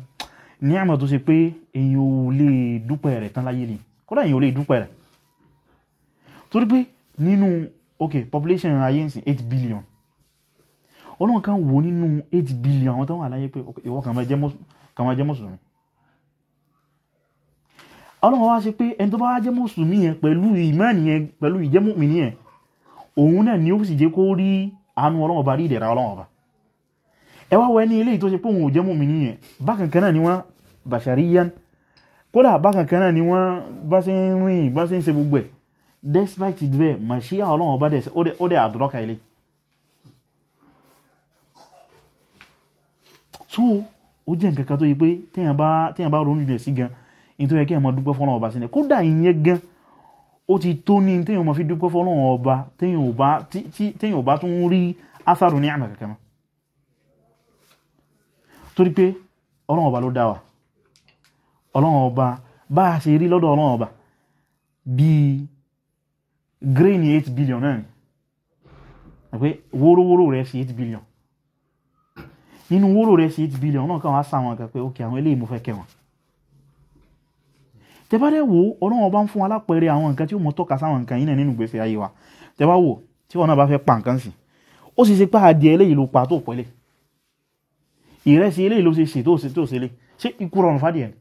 níìmọ̀ tó ṣe pé èyàn ò lè dúpẹ́ rẹ̀ tán láyé ni kódà èyàn ò lè dúpẹ́ rẹ̀ torí pé nínú ok population ayé ń sìn eight billion ọlọ́run kan wò nínú eight billion àwọn tó wà láyé pé ìwọ kàn máa jẹ́ mùsùlùmí ọlọ́run wá ṣe pé ẹni tó bá wá jẹ́ mùsùlùmí yẹn pẹ̀lú ìmánì yẹn pẹ̀lú ìjẹ́mùmí yẹn òun náà ni ó sì jẹ́ kó rí àánú ọlọ́run ọba rí ìdẹ̀ra ọlọ́run ọba ẹ wá wọ ẹni eléyìí tó ṣe pé òun ò jẹ́mùmí yẹn bákan kan náà ni wọ́n bàṣàríyàn kódà bákan kan náà ni wọ́n bá ṣe ń rìn bá ṣe ń ṣe gbogbo ẹ̀ despite bẹ́ẹ̀ màṣíà ọlọ́run ọba dẹ̀ ó dẹ̀ àdúrọ́kà eléyìí so ó jẹ́ nǹkan kan tó yẹ pé téèyàn bá téèyàn bá ronú jùlẹ̀ sí gan ní tó yẹ kéèyàn máa dúpẹ́ fọlọ́run ọba sí ni kódà ìyẹn gan ó ti tó ní téèyàn máa fi dúpẹ́ fọlọ́run ọba téèyàn ò bá tún rí ásàrò ní àmà kankan mọ́ torí pé ọlọ́run ọba ló dá wa ọlọ́run ọba bá a ṣe rí lọ́dọ̀ ọlọ́run ọba bíi grain eight billion náà ni pé wórówóró rẹ̀ sí eight billion nínú wóró rẹ̀ sí eight billion náà káwọn á sáwọn kan pé ok àwọn eléyìí mo fẹ́ kẹ́ wọn. wo ọlọ́run ọba ń fún wa lápẹẹrẹ àwọn nǹkan tí ó mọ tọ́ka sáwọn nǹkan yìí náà nínú gbèsè ayé wa tẹ́bá wo tí wọn náà bá fẹ́ pa nǹkan sí ó sì ṣe pé adìẹ eléyìí ló pa tó pẹ́lẹ̀ ìrẹsì eléyìí ló ṣe ṣe tó ṣe lé ṣé ikú rọrùn fádìẹ ni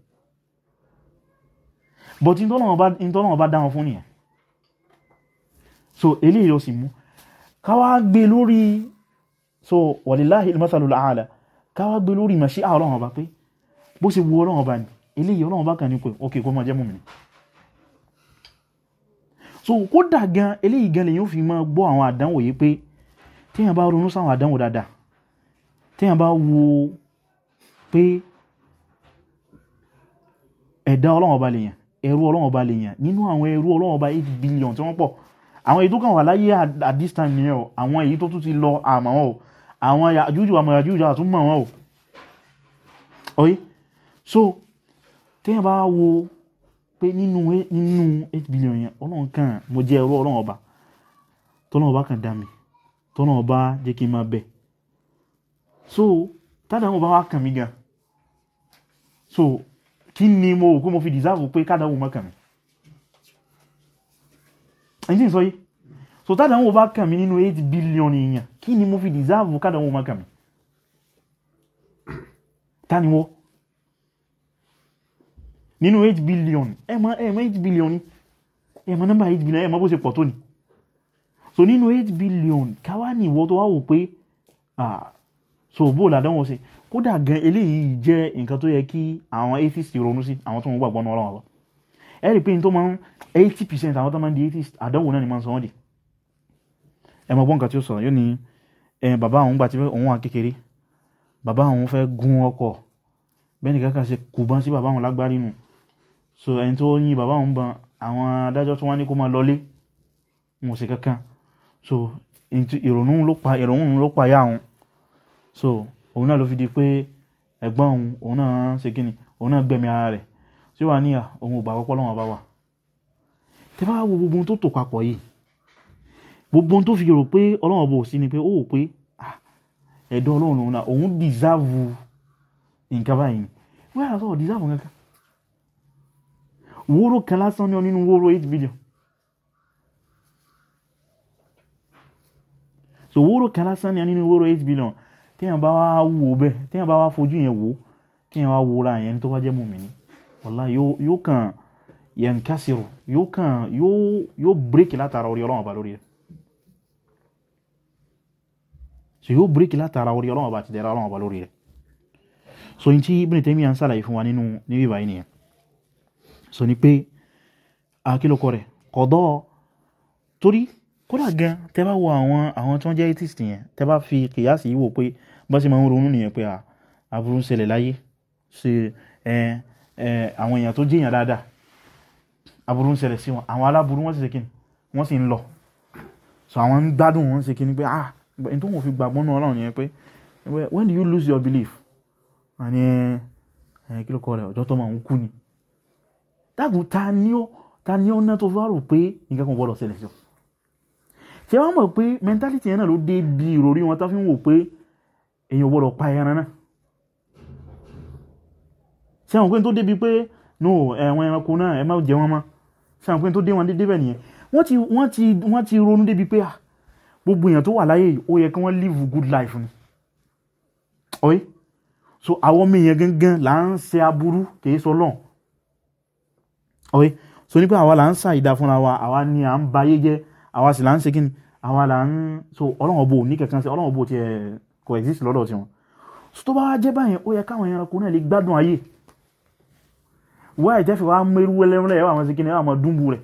but ìtọ́lọ́wọ́ bá dáwọn fún so eléyìí ló sì mú káwá gbé so walillahi káwá gbé lórí ìmọ̀ sí ọlọ́run ọba pé bó ṣe wu ọlọ́run ọba eléyìí ọlọ́run ọba kan ní pé ok kó máa jẹ́ mùmínì so kódà gan eléyìí gan lèyìn ó fi máa gbọ́ àwọn àdánwò yìí pé téèyàn bá ronú sáwọn àdánwò dáadáa téèyàn bá wo pé ẹ̀dá ọlọ́run ọba lèyàn ẹrú ọlọ́run ọba lèyàn nínú àwọn ẹrú ọlọ́run ọba eight billion tí wọ́n pọ̀ àwọn èyí tó kàn wà láyé at this time nìyẹn o àwọn èyí tó tún ti lọ àmọ́ o àwọn Yájújù àmọ̀ Yájújù àtún mọ̀ wọn o oye so tẹ́yìn bá wo pé nínú nínú 8 billion yẹn ọlọ́run kan mo jẹ́ ẹrú ọlọ́run ọba tọ́lọ́run ọba kan dá mi tọ́lọ́run ọba jẹ́ kí n máa bẹ̀ so tádàmú ọba wa kàn mí gan so kí ni mo kó mo fi dìsáàbù pé kádàmú mọ́ kàn mí ẹ̀yìn sí sọ yìí so tá àdánwò bá kàn mí nínú 8 billion èèyàn kí mo fi deserve ká àdánwò má kàn mí ta ni wọ́ nínú 8 billion ẹ̀mọ́ ẹ̀mọ́ 8 billion ni ẹ̀mọ́ nọ́mbà 8 billion ẹ̀mọ́ bó ṣe pọ̀ ni so nínú 8 billion káwá ni ìwọ tó wá wò pé so bó làdánwò ṣe kódà gan eléyìí jẹ́ nǹkan tó yẹ kí àwọn atheist ronú sí àwọn tó ń gbàgbọ́ náà ọlọ́run ẹ rí i pé ní tó máa ń 80 percent àwọn tó máa ń di atheist àdánwò náà ni máa ń sọ wọ́n dì ẹ mọ̀ gbọ́n nǹkan tí ó sọ yóò ní ẹ̀yìn bàbá òun gbà tí òun wà kékeré bàbá òun fẹ́ gun ọkọ̀ bẹ́ẹ̀ nìkan kan ṣe kùbọ́n sí bàbá òun lágbárí nù so ẹni tó yìn bàbá òun ban àwọn adájọ́ tó wá ní kó máa lọlé wọn sì kankan so ìrònú ló pa ìrònú ló pa ya òun so òun náà ló fi di pé ẹ̀gbọ́n òun òun náà ṣe kíni òun náà gbẹ̀mí ara rẹ̀ tí ó wà níyà òun ò gbà pọ́pọ́ lọ́wọ́ bá wà tẹ́ wo gbogbo tó tò papọ̀ yìí gbogbo tó fi rò pé ọlọ́run ọba ò sí ni pé ó wò pé ẹ̀dọ́ ọlọ́run òun náà òun dìsáàvù nǹkan báyìí wọ́n yàrá sọ̀rọ̀ dìsáàvù kankan wóró kan lásán ní ọ nínú wóró eight billion so wóró kan lásán ní ọ nínú wóró eight billion téèyàn bá wá wò bẹ́ẹ̀ téèyàn bá wá fojú yẹn wò téèyàn wá wò ra yẹn tó bá jẹ́ mùmínì wàlá yóò kàn yẹn kásìrò yóò kàn yóò break látara orí ọlọ́run ọba lórí rẹ̀. so yóò bíríkì látara orí ọlọ́wọ́ bá ti dẹ̀ra ọlọ́wọ́ bá lórí rẹ̀ so in tí Ibn Taymiyyah ń sàlàyé fún wa nínú níbi ìbáyìí nìyẹn so ni pé akílòkọ rẹ̀ kọ̀dọ́ torí kódà gan tẹ́ bá wo àwọn àwọn tí wọ́n jẹ́ atheist yẹn tẹ́ bá fi kìyàsí yìí wò pé bá sì máa ń ronú nìyẹn pé àbúrú ń ṣẹlẹ̀ láyé ṣe àwọn èèyàn tó jẹ́yàn dáadáa àbúrú ń ṣẹlẹ̀ sí wọn àwọn aláburú wọ́n sì ń lọ so àwọn ń gbádùn wọn ṣe kíni pé ah ẹni tó ń fi gbàgbọ́ náà ọlọ́run yẹn pé when do you lose your belief àní ẹ kí ló kọ rẹ ọjọ́ tó máa ń kú ni dágùn ta ni ó ta ni ó ná tó fi wá rò pé nǹkan kan gbọ́dọ̀ ṣẹlẹ̀ sí ọ ṣé wọ́n mọ̀ pé mentality yẹn náà ló dé bí ìròrí wọn tó fi ń wò pé èèyàn gbọ́dọ̀ pa ẹran náà ṣé àwọn pé tó débi pé no ẹ̀wọ̀n ẹranko náà ẹ má jẹ wọn mọ́ ṣé àwọn pé tó dé wọn dé débẹ̀ nìyẹn wọ́n ti ronú débi pé ah gbogbo èèyàn tó wà láyé yìí ó yẹ kí wọ́n live good life ni ọ̀yẹ́ so àwọn ọmọ èèyàn gangan là ń ṣe aburú kìí sọ lọ́n ọ̀yẹ́ so nípa àwa là ń sa ìdá fúnra wa àwa ni à ń ba ayé jẹ́ àwa sì là ń ṣe kí ni àwa là ń so ọlọ́run ọbọ ò ní kankan ṣe ọlọ́run ọbọ ò tiẹ̀ kò exist lọ́dọ̀ tiwọn so tó bá wá jẹ́ báyẹn ó yẹ káwọn ẹranko náà lè gbádùn ayé wọ́n àìjẹ́fẹ̀ wá mẹ́rú wẹ́lẹ́rẹ́ ẹ̀ wà wọn ṣe kí ni ẹ̀ wà wọn dúnbù rẹ̀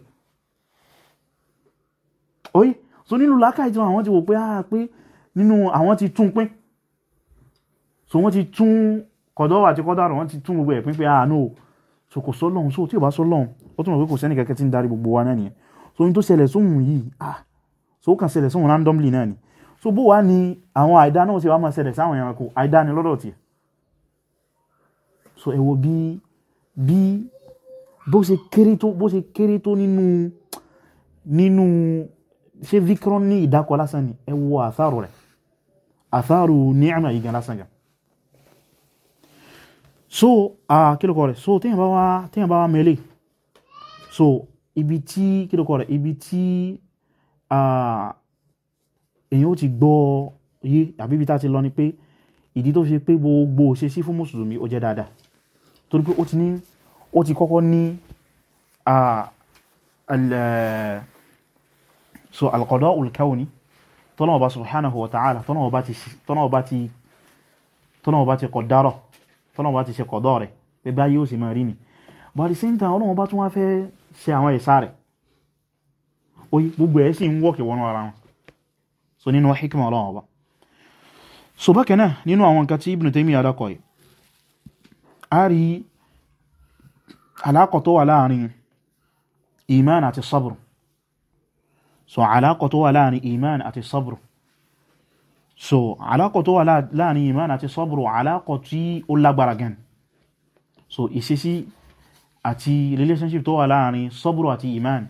ọ̀yẹ́ so nínú làákàyè tí àwọn ti wò pé ah pé nínú àwọn ti tún pín so wọ́n ti tún kọ̀dọ̀ àti kọ́dàrọ̀ wọ́n ti tún gbogbo ẹ̀ pín pé ah no so kò sọ́lọ́hun so tí ò bá sọ́lọ́hun ó tún mọ̀ pé kò sẹ́ni kẹ́kẹ́ tí ń darí gbogbo wa náà nìyẹn so ní tó ṣẹlẹ̀ sóhun yìí ah so ó kàn ṣẹlẹ̀ sóhun randomly náà ni so bó wá ni àwọn àìdá náà ṣe wá máa ṣẹlẹ̀ sáwọn ẹranko àìdá ni lọ́dọ̀ tiẹ̀ so ẹ wo bí bí bó ṣe kéré tó bó ṣe kéré tó nínú nínú ṣe vikron ní ìdákọ lásán ni ẹ wo àtàrù rẹ̀ àtàrù So a gan lásán gan so kílùkọ rẹ̀ so tíyàn bá wá mẹ́lẹ̀ so ibi tí kílùkọ rẹ̀ ibi tí èyàn ó ti gbọ́ yé àbí ibi tá ti lọ ni pé ìdí tó fi pé gbogbo ṣe sí fún mùsùlùmí ó jẹ́ dáadáa torí pé ó ti ní ó ti kọ́kọ́ ní so al-qada'ul kawni tọ́nà ọba subhanahu wa ta'ala tọ́nà ọba ti kọ̀dárọ̀ tọ́nà ọba ti ṣe kọ̀dọ́ rẹ̀ pé báyìí ó sì máa rí ni but at the same time ọlọ́wọ́ bá tún wá fẹ́ ṣe àwọn ẹ̀sà rẹ̀ oye gbogbo ẹ̀ sì ń wọ́kì wọnú ara wọn so nínú hikima ọlọ́wọ́ bá so bákan náà nínú àwọn nǹkan tí Ibn Taymiyyah dákọ̀ yìí a rí alákọ̀ tó wà láàrin iman àti sabr so alákọ̀ tó wà láàrin iman àti sabr so alákọ̀ tó wà láàrin iman àti sabr alákọ̀ tí ó lágbára gan so ìṣesí àti relationship tó wà láàrin sabr àti iman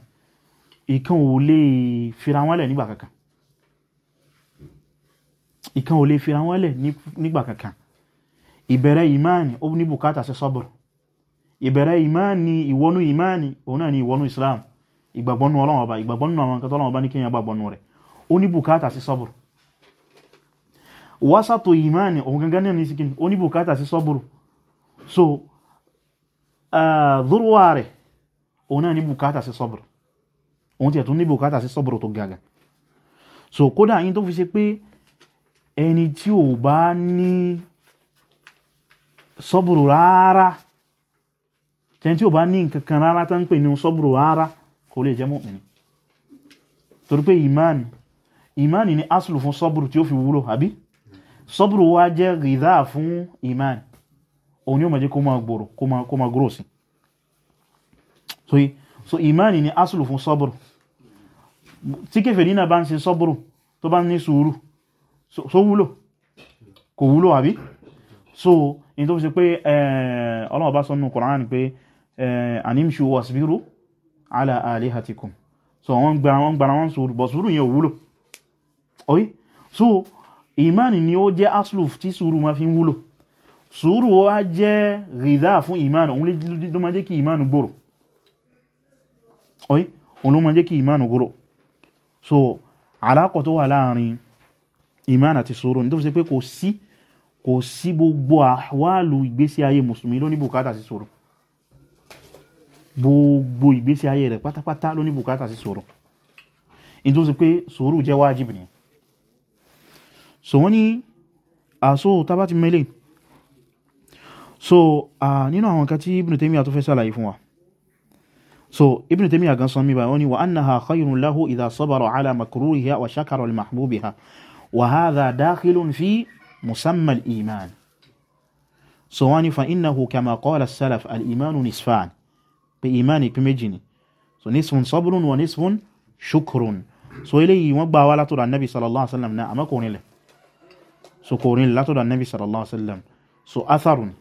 ìkan ò lè fira wọ́n lẹ̀ nígbà kankan ìkan ò lè fira wọ́n lẹ̀ nígbà kankan ìbẹ̀rẹ̀ iman ó ní bùkátà sí sabr ìbẹ̀rẹ̀ iman ni ìwọ́nú iman òun náà ni ìwọ́nú islam ìgbàgbọ́nú ọlọ́wọ́ ọba ìgbàgbọ́nú àwọn nǹkan tọ́lọ́wọ́ ọba ní kíyàn gbàgbọ́nú rẹ̀ ó ní bùkátà sí sọ́bùrù wásàtò ìmáàni òun gangan ní sí kíni sí sọ́bùrù so dhurwa rẹ̀ òun náà ní bùkátà sí sọ́bùrù òun tiẹ̀ tún ní bùkátà tó gaga so kódà yín tó fi ṣe pé ẹni tí ò bá ní sọ́bùrù rárá kò lè jẹ́ mùmínì torí pé ìmáàni ìmáàni ni asùlù fún sọ́bùrù tí ó fi wúlò àbí sọ́bùrù wá jẹ́ rìdá fún ìmáàni òun ni ó máa kó máa gbòrò kó máa gúrò sí so ìmáàni ni asùlù fún sọ́bùrù tí kèfèrí náà bá ń ṣe sọ́bùrù tó bá ní sùúrù so wúlò kò wúlò àbí so in tó fi ṣe pé eh, ọlọ́wọ́ bá ala alihatikum so wọ́n gbara wọ́n gbara wọ́n sùúrù bọ̀ sùúrù yẹn ò oyi so imani ni ó jẹ́ aslu tí sùúrù ma fi ń wúlò sùúrù wá jẹ́ rìdá fún imani òun ló ma jẹ́ kí imani gbòrò oyi òun ló ma jẹ́ kí imani gbòrò so alákọ̀ tó wà láàrin imani àti sùúrù ní tó fi ṣe pé kò sí kò sí gbogbo àwálù ìgbésí ayé mùsùlùmí ló ní bùkátà sí sùúrù gbogbo ìgbésí ayé rẹ̀ pátápátá ló ní bùkátà sí sùúrù in tó sì pé sùúrù jẹ́ wájìbì ni so wọ́n ní àṣò tàbá ti mẹ́lẹ̀ so nínú àwọn nǹkan tí Ibn Taymiyyah tó sàlàyé fún wa so Ibn Taymiyyah gan san mi wọ́n ní wa annaha khayrun lahu idha sabara ala makruriha wa pé ìmáàni pín méjì ni so nisfun sabrun wa nisfun shukrun so eléyìí wọ́n gbà wá látọ̀dọ̀ annabi sallallahu alaihi wasallam náà àmọ́ kò rinlẹ̀ so kò rinlẹ̀ látọ̀dọ̀ annabi sallallahu alaihi wasallam so atharu ni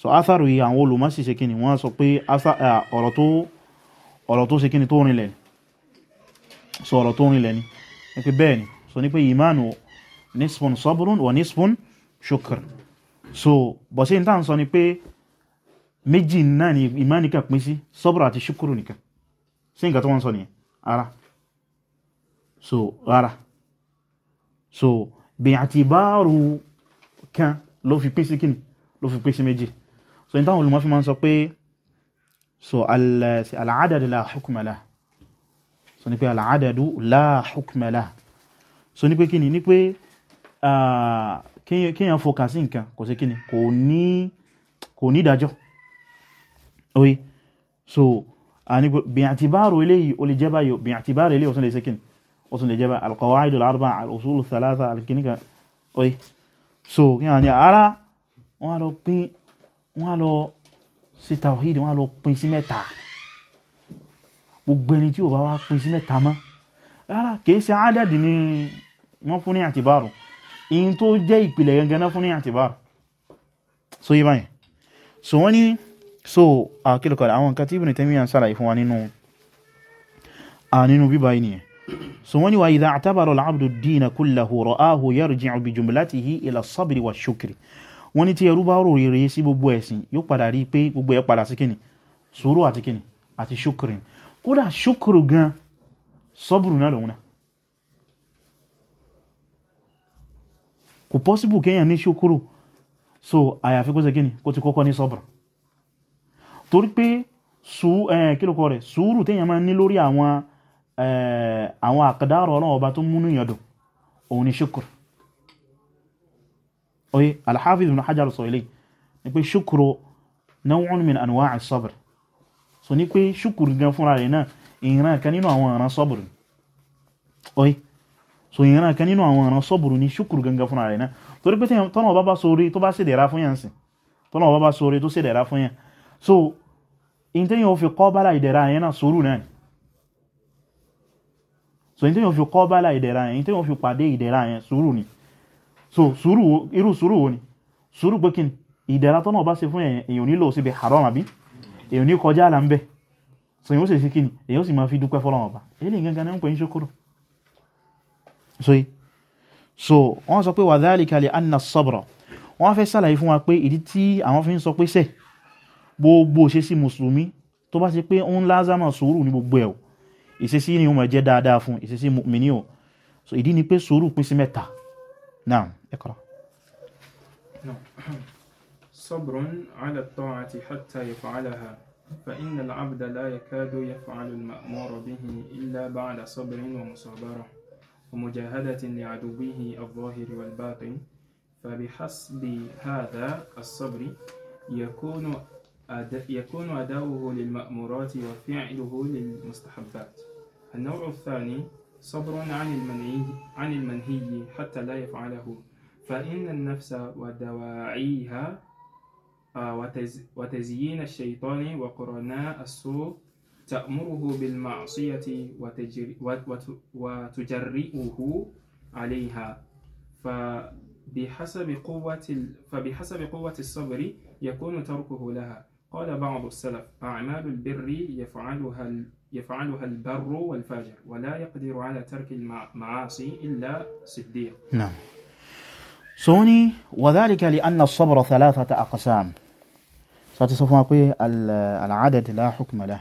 so atharu yìí àwọn olùmọ́sí ṣe kíni wọ́n sọ pé ọ̀rọ̀ tó ṣe kíni tó rinlẹ̀ so ọ̀rọ̀ tó rinlẹ̀ ni ẹ pé bẹ́ẹ̀ ni so ní pé ìmáàni nisfun sabrun wa nisfun shukr so bọ̀ sí ní tàn ni pé méjì náà ni ìmá nìkan pín sí sọ́bùrù àti ṣúkúrù nìkan sí nǹkan tó wọ́n sọ nìyẹn ara so ara so bí àti báàrù kan ló fi pín sí kíni ló fi pín sí méjì so ní táwọn olùmọ́ fi máa ń sọ pé so al-adadu la hukma so ní pé al-adadu la so ní pé kíni ní pé ah, kíyàn fọkà sí nǹkan kò sí kíni kò ní ìdájọ́ oye so bi'atibaru eléyìí o lè jẹ́ báyìí bi'atibaru eléyìí o tún lè ṣe kíni o tún lè jẹ́ báyìí al-qawa'idul arba'a al-usulu thalatha al-kinika oye so kí wọ́n ni ara wọ́n lọ pín wọ́n lọ sí tawhid wọ́n lọ pín sí mẹ́ta gbogbo ẹni tí ò bá wá pín sí mẹ́ta mọ́ rárá kìí ṣe ádàdì ni wọ́n fún ní àtibárù in tó jẹ́ ìpìlẹ̀ gangan fún ní àtibárù so yí báyìí so wọ́n so àkílùkọ̀dá àwọn nǹkan tí Ibn Taymiyyah ń sàlàyé fún wa nínú a nínú bíbá yìí nìyẹn so wọ́n ni wa idha i'tabara al-'abdu ad-dina kullahu ra'ahu yarji'u bi jumlatihi ila as-sabri wa ash-shukri wọ́n ni tí ẹrú bá rò rere sí gbogbo ẹ̀sìn yóò padà rí pé gbogbo ẹ̀ padà sí kíni torí pé eh, kílùkọ rẹ̀ sùúrù téèyàn máa ní lórí àwọn eh, àwọn àkàdárọ̀ ọlọ́run ọba tó múnú yàn dùn òun ni ṣukur oye al-Hafiz ibn Hajar sọ ilé ni pé ṣukuru naw'un min anwa' as-sabr so ni pé ṣukuru gan fúnra rẹ̀ náà ìran kan nínú àwọn ìran sọ́bùrù oye so ìran kan nínú àwọn ìran sọ́bùrù ni ṣukuru gangan fúnra rẹ̀ náà torí pé tọ́nà ọba bá sórí tó bá ṣèdẹ̀ra fún fún yàn so in tẹ́yìn o fi kọ́ bá láìdẹ̀ra yẹn náà sùúrù náà so in tẹ́yìn o fi kọ́ bá láìdẹ̀ra yẹn in tẹ́yìn o fi pàdé ìdẹ̀ra yẹn sùúrù ni so sùúrù irú sùúrù wo ni sùúrù pé kí ni ìdẹ̀ra tọ́nà bá ṣe fún èèyàn e, e nílò síbi haram àbí èèyàn ní kọjá àlà ń bẹ̀ so èèyàn e ó sì sí kí ni èèyàn ó sì máa fi dúpẹ́ fọ́lọ́wọ́n ọba eléyìí gangan ní ń pè ní ṣokòrò so yìí so wọ́n sọ pé wàdálìkalẹ̀ anna sabra wọ́n fẹ́ sàlàyé fún wa pé ìdí tí àwọn fi ń sọ pé sẹ́ẹ̀ gbogbo ṣe sí mùsùlùmí tó bá ṣe pé ó ń lázàmà sùúrù ní gbogbo ẹ̀ o ìṣesí ni ó máa jẹ́ dáadáa fún ìṣesí mùmíní o so ìdí ni pé sùúrù pín sí mẹ́ta náà ẹ̀kọ́. صبر على الطاعة حتى يفعلها فإن العبد لا يكاد يفعل المأمور به إلا بعد صبر ومصابرة ومجاهدة لعدوه الظاهر والباطن فبحسب هذا الصبر يكون يكون أداؤه للمأمورات وفعله للمستحبات النوع الثاني صبر عن المنهي, عن المنهي حتى لا يفعله فإن النفس ودواعيها آه، وتزيين الشيطان وقرناء السوء تأمره بالمعصية وتجرئه عليها فبحسب قوة فبحسب قوة الصبر يكون تركه لها قال بعض السلف أعمال البر يفعلها يفعلها البر والفاجر ولا يقدر على ترك المعاصي إلا صديق نعم سوني وذلك لأن الصبر ثلاثة أقسام ساتسوف العدد لا حكم له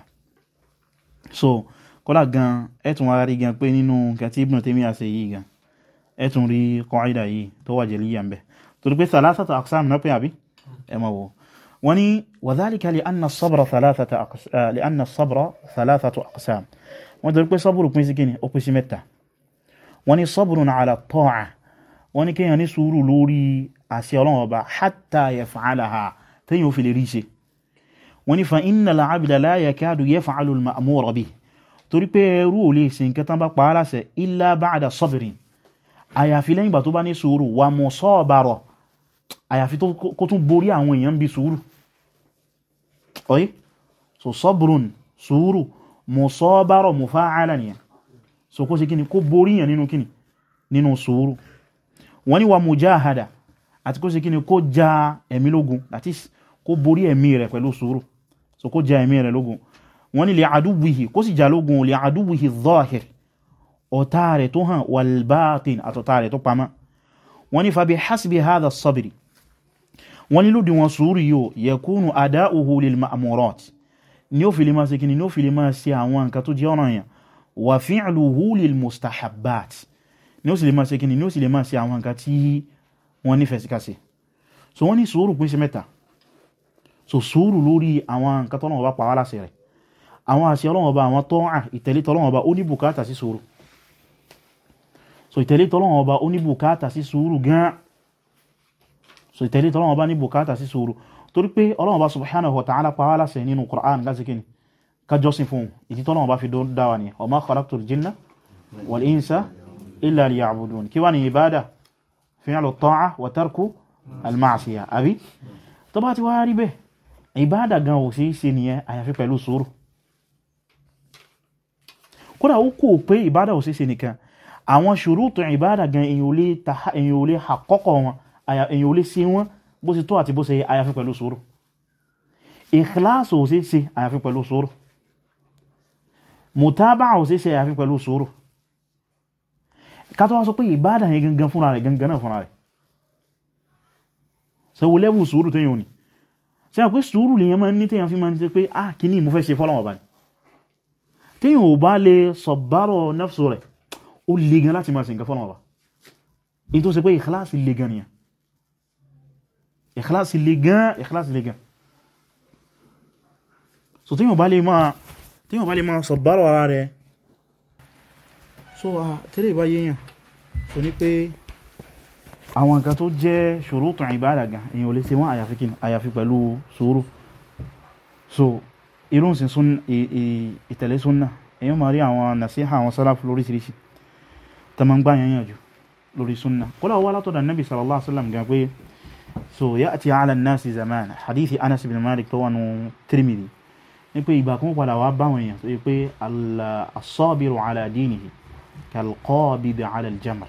so kọ́lá gan ẹ̀tùn ara rí gan pé nínú nǹkan tí Ibn Taymiyyah ṣe yìí gan ẹ̀tùn rí kọ́ìdà yìí tó wà jẹ̀líyà ń bẹ̀ torí náà pé àbí وني وذلك لأن الصبر ثلاثة أقسام لأن الصبر ثلاثة أقسام ودرك صبر كمسكين أقسمتا وني صبر على الطاعة وني كي ينسور لوري أسيالون با حتى يفعلها تيو في الريسي وني فإن العبد لا يكاد يفعل المأمور به torí pé ẹrú ò lè sin nǹkan tán bá pa á láṣẹ ilá ba'da sabrin àyàfi lẹ́yìn ìgbà tó bá ní sùúrù wà mọ̀ sọ́ọ̀bàrọ̀ àyàfi tó kó tún borí àwọn èèyàn bí sùúrù طيب so sabrun sùúrù musabara mufa'ala nìyẹn so kó ṣe كيني kó borí yàn nínú kíni nínú sùúrù wọ́n ní wa mujahada àti kó ṣe kíni kó ja ẹ̀mí lógun that is kó borí ẹ̀mí rẹ̀ pẹ̀lú sùúrù so kó ja ẹ̀mí rẹ̀ lógun wọ́n ní li aduwihi kó sì ja lógun li aduwihi zahir ọ̀tá rẹ̀ tó hàn wal batin àtọ̀tá rẹ̀ tó pamọ́ wọ́n fa bi hasbi hadha sabri wọ́n ní lòdì wọn sùúrù yóò yakunu ada'uhu lil ma'murat ní ó fi lè máa ṣe kí ni ní ó fi lè máa ṣe àwọn nǹkan tó jẹ́ ọ̀ràn yẹn wa fi'luhu lil mustahabbat ní ó sì lè máa ṣe kí ni ní ó sì lè máa ṣe àwọn nǹkan tí wọ́n nífẹ̀ẹ́ sí kásẹ̀ so wọ́n ní sùúrù pín sí mẹ́ta so sùúrù lórí àwọn nǹkan tọ́nà ọba pàwọ́ láṣẹ rẹ̀ àwọn àṣẹ Ọlọ́run ọba àwọn tọ́ọ̀à ìtẹ̀lé tọ́lọ́run ọba ó ní bùkátà sí sùúrù so ìtẹ̀lé tọ́lọ́run ọba ó ní bùkátà sí sùúrù gan so ìtẹ̀lé tọ́lọ́wọ́n bá ní bùkátà sí sùúrù torí pé ọlọ́wọ́n bá subhanahu wa ta'ala pa wá láṣẹ nínú Qur'an lásìkíní kájọ́sìn fún ìdí tọ́lọ́wọ́n bá fi dáwà ní wa ma khalaqtul jinna wal insa illa liya'budun kí wá ní ìbádà fi'lu ta'a wa tarku al-ma'siya àbí tó bá ti wá rí bẹ́ ìbádà gan ò sí ṣe nìyẹn àwọn ṣùrútù ìbádà gan èyàn ò lè àkọ́kọ́ wọn èyàn ò lè ṣe wọ́n bó ṣe tó àti bó ṣe àyàfi pẹ̀lú sùúrù ìkìláàsì ò ṣe ṣe àyàfi pẹ̀lú sùúrù mùtábà ò ṣe ṣe àyàfi pẹ̀lú sùúrù ká tó wá sọ pé ìbádà yẹn gangan fúnra rẹ̀ gangan náà fúnra rẹ̀ sọ wo lẹ́bù sùúrù tó yẹn ò ní ṣe àpé sùúrù lèyàn máa ń ní téyàn fi máa ń ṣe pé ah ìkìláàsì lè gan ìkìláàsì lè gan so tíyàn bá lè máa tíyàn bá lè máa sọ̀bárọ̀ ara rẹ̀ so a ah, tẹ́lẹ̀ bá yíyàn so ní pé àwọn nǹkan tó jẹ́ ṣòro tàn ìbára gan èyàn ò lè ṣe wọ́n àyàfi kí àyàfi pẹ̀lú sùúrù so irun sin sun ìtẹ̀lé súnnà èyàn máa rí àwọn nàṣíhà àwọn sálàfù lóríṣiríṣi tàmà ń gbá yẹn yànjú lórí súnnà kọ́lá wà látọ̀dà nàbì sallallahu alaihi gan pé so ya'ti ala an-nasi zaman hadithi anas ibn malik tó wà nù tirmidhi ní pé ìgbà kan padà wá báwọn èèyàn sọ pé as-sabiru ala dinihi kal-qabidi ala al-jamr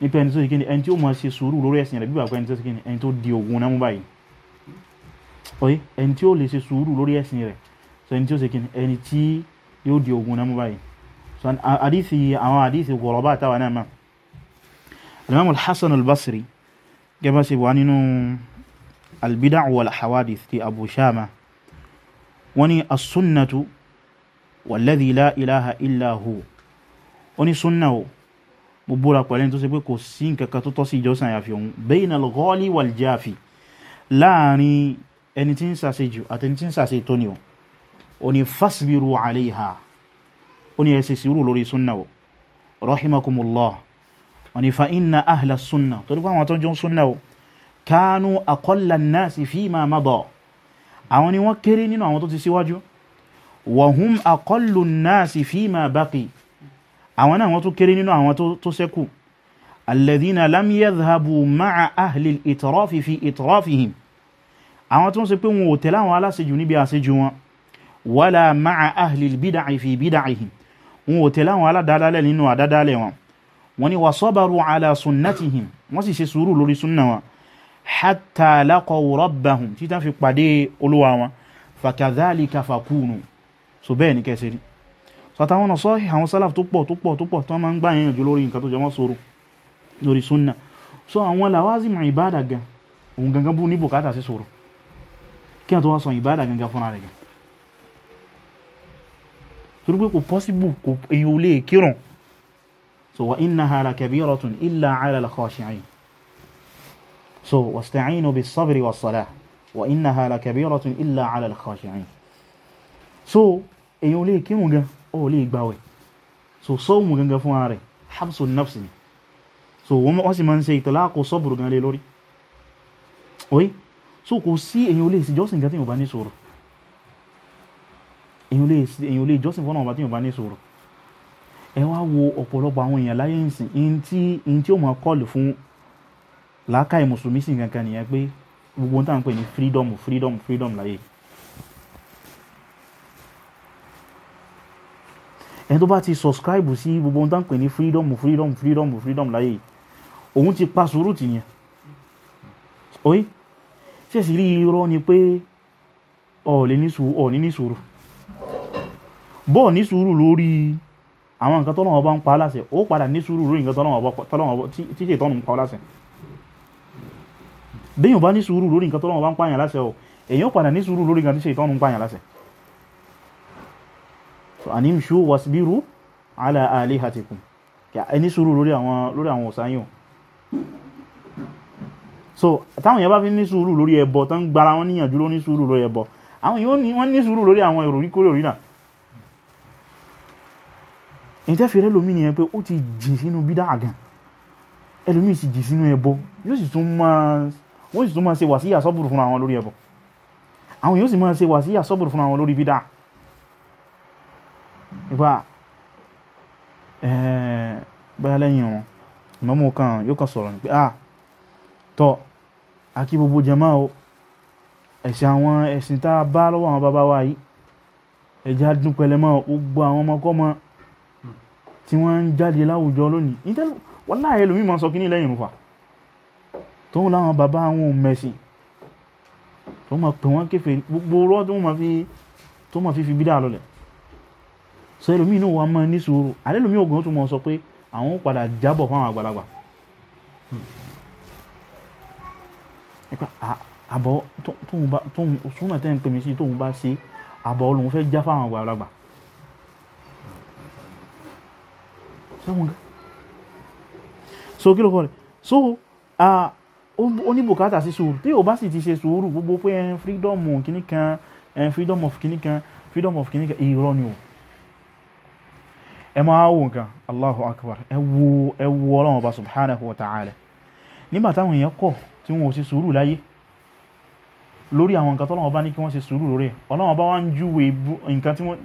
ní pé ẹni tó kíni ẹni tí ó máa ṣe sùúrù lórí ẹ̀sìn rẹ̀ bíbà pé ẹni tó kíni ẹni tó di ogun náà mú báyìí oye ẹni tí ó lè ṣe sùúrù lórí ẹ̀sìn rẹ̀ so ẹni tí ó ṣe kíni ẹni tí yóò di ogun náà mú báyìí so àdìsí àwọn àdìsí gọ̀rọ̀bá àtàwọn náà mọ́ al-imam al-hasan al-basri gẹ́bá ṣe wà nínú albida wal hawadith ti abu shama wani as-sunnatu walladhi la ilaha illa hu oní sunna o mo búra pẹ̀lú tó ṣe pé kò sí nǹkankan tó tọ́ sí ìjọsìn àyàfi òun bayna al-ghali wal-jafi láàrin ẹni tí ń sàṣe jù àti ẹni tí ń sàṣe tó ni o oní fasbiru alayha oní ẹsẹ̀ sùúrù lórí sunna rahimakumullah wọ́n ni fa inna ahla sunna torí pé àwọn tó jọ sunna o kánú aqalla an-nasi fima mada àwọn ni wọ́n kéré nínú àwọn tó ti síwájú wa hum aqallu an-nasi fima baqi àwọn náà wọ́n tó kéré nínú àwọn tó ṣẹ́kù alladhina lam yadhhabu ma'a ahli al fi itrafihim àwọn tó ń ṣe pé wọn ò tẹ̀lé àwọn aláṣejù níbi àṣejù wọn wala ma'a ahli al fi bid'ihim wọn ò tẹ̀lé àwọn aládàdálẹ̀ nínú àdádálẹ̀ wọn wọ́n ni wà sọ́bàrù ala sunnatihim wọ́n sì ṣe sùúrù lórí súnnà wọn hatta laqaw rabbahum títà fi pàdé olúwa wọn fakadhalika fakunu so bẹ́ẹ̀ ni kẹsìrí sọtàwọn sọ àwọn sálàf tó pọ̀ tó pọ̀ tó pọ̀ tó máa ń gbà yẹn jù lórí nǹkan tó jẹmọ́ sọ̀rọ̀ lórí súnnà so àwọn làwázìmù ìbádà gan òun gangan bú ní bùkátà sí sọ̀rọ̀ kí wọ́n tó wá sọ ìbádà gangan fúnra rẹ̀ gan torí pé kò pọ́síbù èyí ò lè kírun So, وَإِنَّهَا لَكَبِيرَةٌ إِلَّا عَلَى الْخَاشِعِينَ So, وَاسْتَعِينُوا بِالصَّبْرِ وَالصَّلَاةِ وَإِنَّهَا لَكَبِيرَةٌ إِلَّا عَلَى الْخَاشِعِينَ So, èyàn lè kí mú gan, ó lè gbáwẹ̀. So, sọ́wọ́ mú gangan fún ààrẹ, habsu nafsi ni. So, wọ́n sì máa ń ṣe ìtàlákò sọ́bùrù gan lé lórí. Oye? So, kò sí èyàn lè sí jọ́sìn gan tí yóò bá ní sọ̀rọ̀. Èyàn lè jọ́sìn fọ́nà ọba tí ẹ wá wo ọ̀pọ̀lọpọ̀ àwọn èèyàn láyé nsìn ihun tí ihun tí ó máa kọ́ọ̀lù fún làákàyè mùsùlùmí sì kankan nìyẹn pé gbogbo ohun tá à ní freedom freedom freedom láyé ẹni tó bá ti subscribe sí gbogbo ohun tá à ní freedom freedom freedom freedom láyé òun ti pa sùúrù tì yẹn oye ṣèṣì rí irọ́ ni pé ọ̀ọ́lẹ́ ní sùúrù bọ́ọ̀ ní sùúrù lórí àwọn nǹkan tọ́lọ́wọ́ bá ń pa láṣẹ ó padà ní sùúrù lórí nǹkan tọ́lọ́wọ́ tí ṣe tọ́nù ń pa láṣẹ béèyàn bá ní sùúrù lórí nǹkan tọ́lọ́wọ́ bá ń pààyàn láṣẹ o èyàn padà ní sùúrù lórí nǹkan tí ṣe tọ́nù ń pààyàn láṣẹ so animshu wasbiru ala alihatikum ẹni sùúrù lórí àwọn lórí àwọn òsáyìn so táwọn yẹn bá fi ní sùúrù lórí ẹbọ tán gbara wọn níyànjú ló ní sùúrù lórí ẹbọ àwọn yóò ní wọn ní sùúrù lórí àwọn èrò orí kórè orí náà ìtẹ́fẹ̀rẹ́ lómi nìyẹn pé ó ti jìn sínú bídá àgàn ẹlòmíì sì jìn sínú ẹbọ yóò sì tún máa wọ́n sì tún máa ṣe wàsíyà sọ́bùrù fún àwọn lórí ẹbọ àwọn yóò sì máa ṣe wàsíyà sọ́bùrù fún àwọn lórí bídá ìgbà bẹ́ẹ̀ lẹ́yìn wọn ìmọ̀mọ́ kan yóò kàn sọ̀rọ̀ ní ah tọ́ akí gbogbo jẹmọ́ o ẹ̀sìn àwọn ẹ̀sìn tá a bá lọ́wọ́ àwọn bàbá wa yìí ẹ̀jẹ̀ á dún pẹ̀lẹ́mọ́ gbogbo àwọn ọmọkọ́mọ́ tí wọ́n ń jáde láwùjọ lónìí ìtẹ́lẹ̀ wọ́n láàyè lómi máa ń sọ kí ní lẹ́yìn ìrúfà tóun láwọn bàbá àwọn ò mẹ̀sìn tó máa pè wọ́n kéfè gbogbo ọ̀rọ̀ tó máa fi tó máa fi fi bídà lọlẹ̀ sọ ẹlòmíì náà wà máa ní sùúrù àlẹ́lòmíì ògùn tó máa sọ pé àwọn padà jábọ̀ fáwọn àgbàlagbà nípa àbọ̀ tóun bá tóun súnà tẹ́ ń pè mí sí tóun bá ṣe àbọ̀ olóhùn fẹ́ já fáwọn àgbàlagbà sáwọn nǹkan so kí ló kọ́ rẹ̀ so ó ní bùkátà sí sùúrù tí o bá sì ti ṣe sùúrù gbogbo pé freedom kìíní kan freedom of kìíní kan freedom of kìíní kan irọ́ ni o ẹ máa wò nǹkan Allahu Akbar ẹ wo ẹ wo Ọlọ́run ọba subhanahu wa ta'ala nígbà táwọn èèyàn kọ̀ tí wọn ò ṣe sùúrù láyé lórí àwọn nǹkan tọ́lọ́wọ́n bá ní kí wọ́n ṣe sùúrù lórí ẹ̀ Ọlọ́run ọba wá ń júwe nǹkan tí wọ́n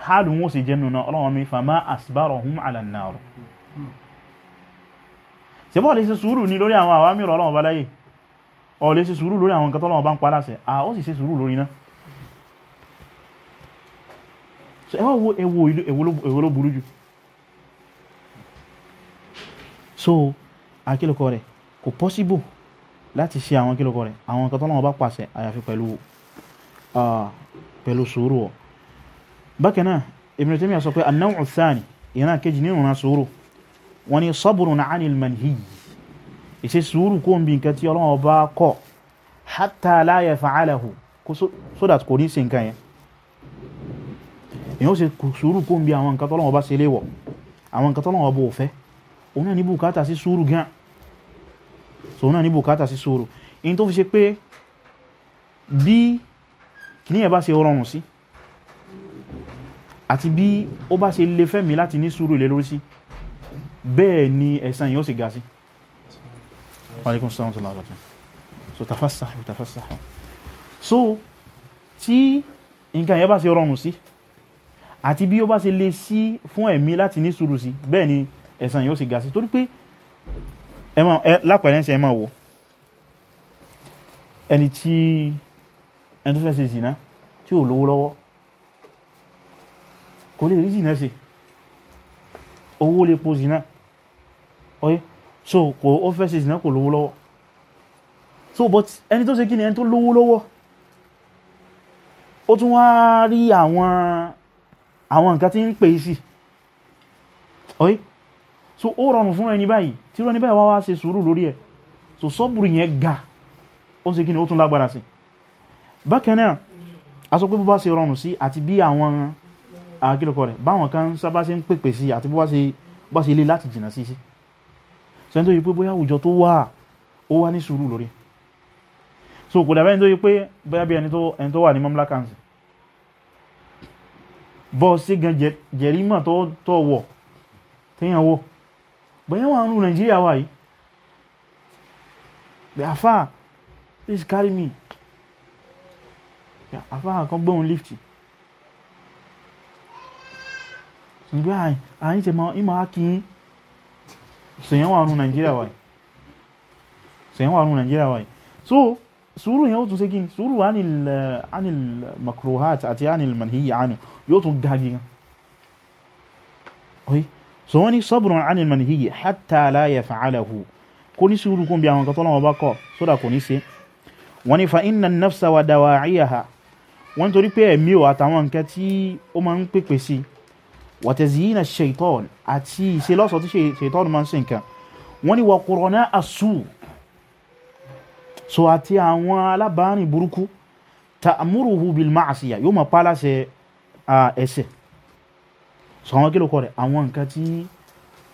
hálù wọn sì jẹ́nu náà ọlọ́wọ́n mi fàmá asbarahum ala an-nar ṣe bọ́ọ̀ lè ṣe sùúrù ní lórí àwọn àwọn mìíràn ọlọ́wọ́n bá láyé ọ̀ lè ṣe sùúrù lórí àwọn nǹkan bá ń pa láṣẹ ó sì ṣe sùúrù lórí náà so ẹ wá wo ẹwọ èwo ló burú jù so akílùkọ rẹ̀ kò pọ́síbò láti ṣe àwọn akílùkọ rẹ̀ àwọn nǹkan bá pàṣẹ àyàfi pẹ̀lú sùúrù ọ̀ bákanáà Ibn Taymiyyah sọ pé an-naw'u ath-thani ìran kejì nínú na sùúrù wọ́n ni sabrun 'anil manhi ìṣe sùúrù kó ń bí nǹkan tí Ọlọ́run bá kọ̀ hatta la yaf'alahu so that kò ní ṣe nǹkan yẹn èyàn ó ṣe sùúrù kó ń bí àwọn nǹkan tọ́lọ́run bá ṣe léwọ̀ àwọn nǹkan bó fẹ́ òun náà ní bùkátà sí sí àti bí ó bá ṣe lè fẹ́mi láti ní sùúrù ilé lórí sí bẹ́ẹ̀ ni ẹ̀san yìí ó sì ga sí alaikum salaam tó lágbàtí so tafassahu tafassahu so tí nǹkan yẹn bá ṣe rọrùn sí àti bí ó bá ṣe lè sí fún ẹ̀mí láti ní sùúrù sí bẹ́ẹ̀ ni ẹ̀san yìí ó sì ga sí torí pé lápẹ̀rẹ́ ṣe ẹ máa wò ẹni tí ẹni tó fẹ́ ṣe zìnà tí ò lówó lọ́wọ́ kò lè rí zina sí owó lè po zina oye so kò ó fẹ́ ṣe zina kò lówó lọ́wọ́ so but ẹni tó ṣe kí ni ẹni tó lówó lọ́wọ́ ó tún wá rí àwọn àwọn nǹkan tí ń pè sí oye so ó rọrùn fún ẹni báyìí tí rọ báyìí wá wá ṣe sùúrù lórí ẹ̀ so sọ́bùrù yẹn ga ó ṣe kí ni ó tún lágbára sí bákan náà a pé bó bá ṣe rọrùn sí àti bí àwọn àkílùkọ rẹ̀ báwọn kan sábà ṣe ń pèpè sí àti bá ṣe lé láti jìnà sí sí sẹ́ni tó yí pé bóyá àwùjọ tó wà ó wá ní sùúrù lórí so kò dàbẹ́ ẹni tó yí pé bóyá bí ẹni tó wà ní mamla kansi bọ́ sí gan jẹ̀rímọ̀ tó wọ̀ téèyàn wọ̀ bóyá wà nù Nàìjíríà wà yìí pé àfáà please carry me àfáà kan gbóhun lift ìgbé àì àyín tẹ ìmọ̀ akíyín sèyàn wà nù nàìjíríà wáyé sèyàn wà nù nàìjíríà wáyé so sùúrù yẹn ó tún ṣe kí sùúrù eh, anil makruhat àti anil manhiyi anu yóò tún ga gígan oye so wọ́n ní sabrun anil manhiyi hatta la yaf'alahu kó ní sùúrù kún bí àwọn kan tọ́lọ́wọ́ bá kọ́ sódà kò ní ṣe wọ́n ní fa inna nafsa wa dawa'iyaha wọ́n torí pé ẹ̀mí ò àtàwọn nǹkan tí ó máa ń pèpè sí wàtẹ̀zìyìnà ṣèitọ́n àti ìṣelọ́sọ̀ tí ṣèitọ́n máa ń ṣe nǹkan wọ́n ni wọ̀kùrọ̀ náà àṣù so àti àwọn alábàárìn burúkú ta'muruhu bil ma'siyah yóò máa pálásẹ ẹsẹ̀ so àwọn kílòkọ rẹ̀ àwọn nǹkan tí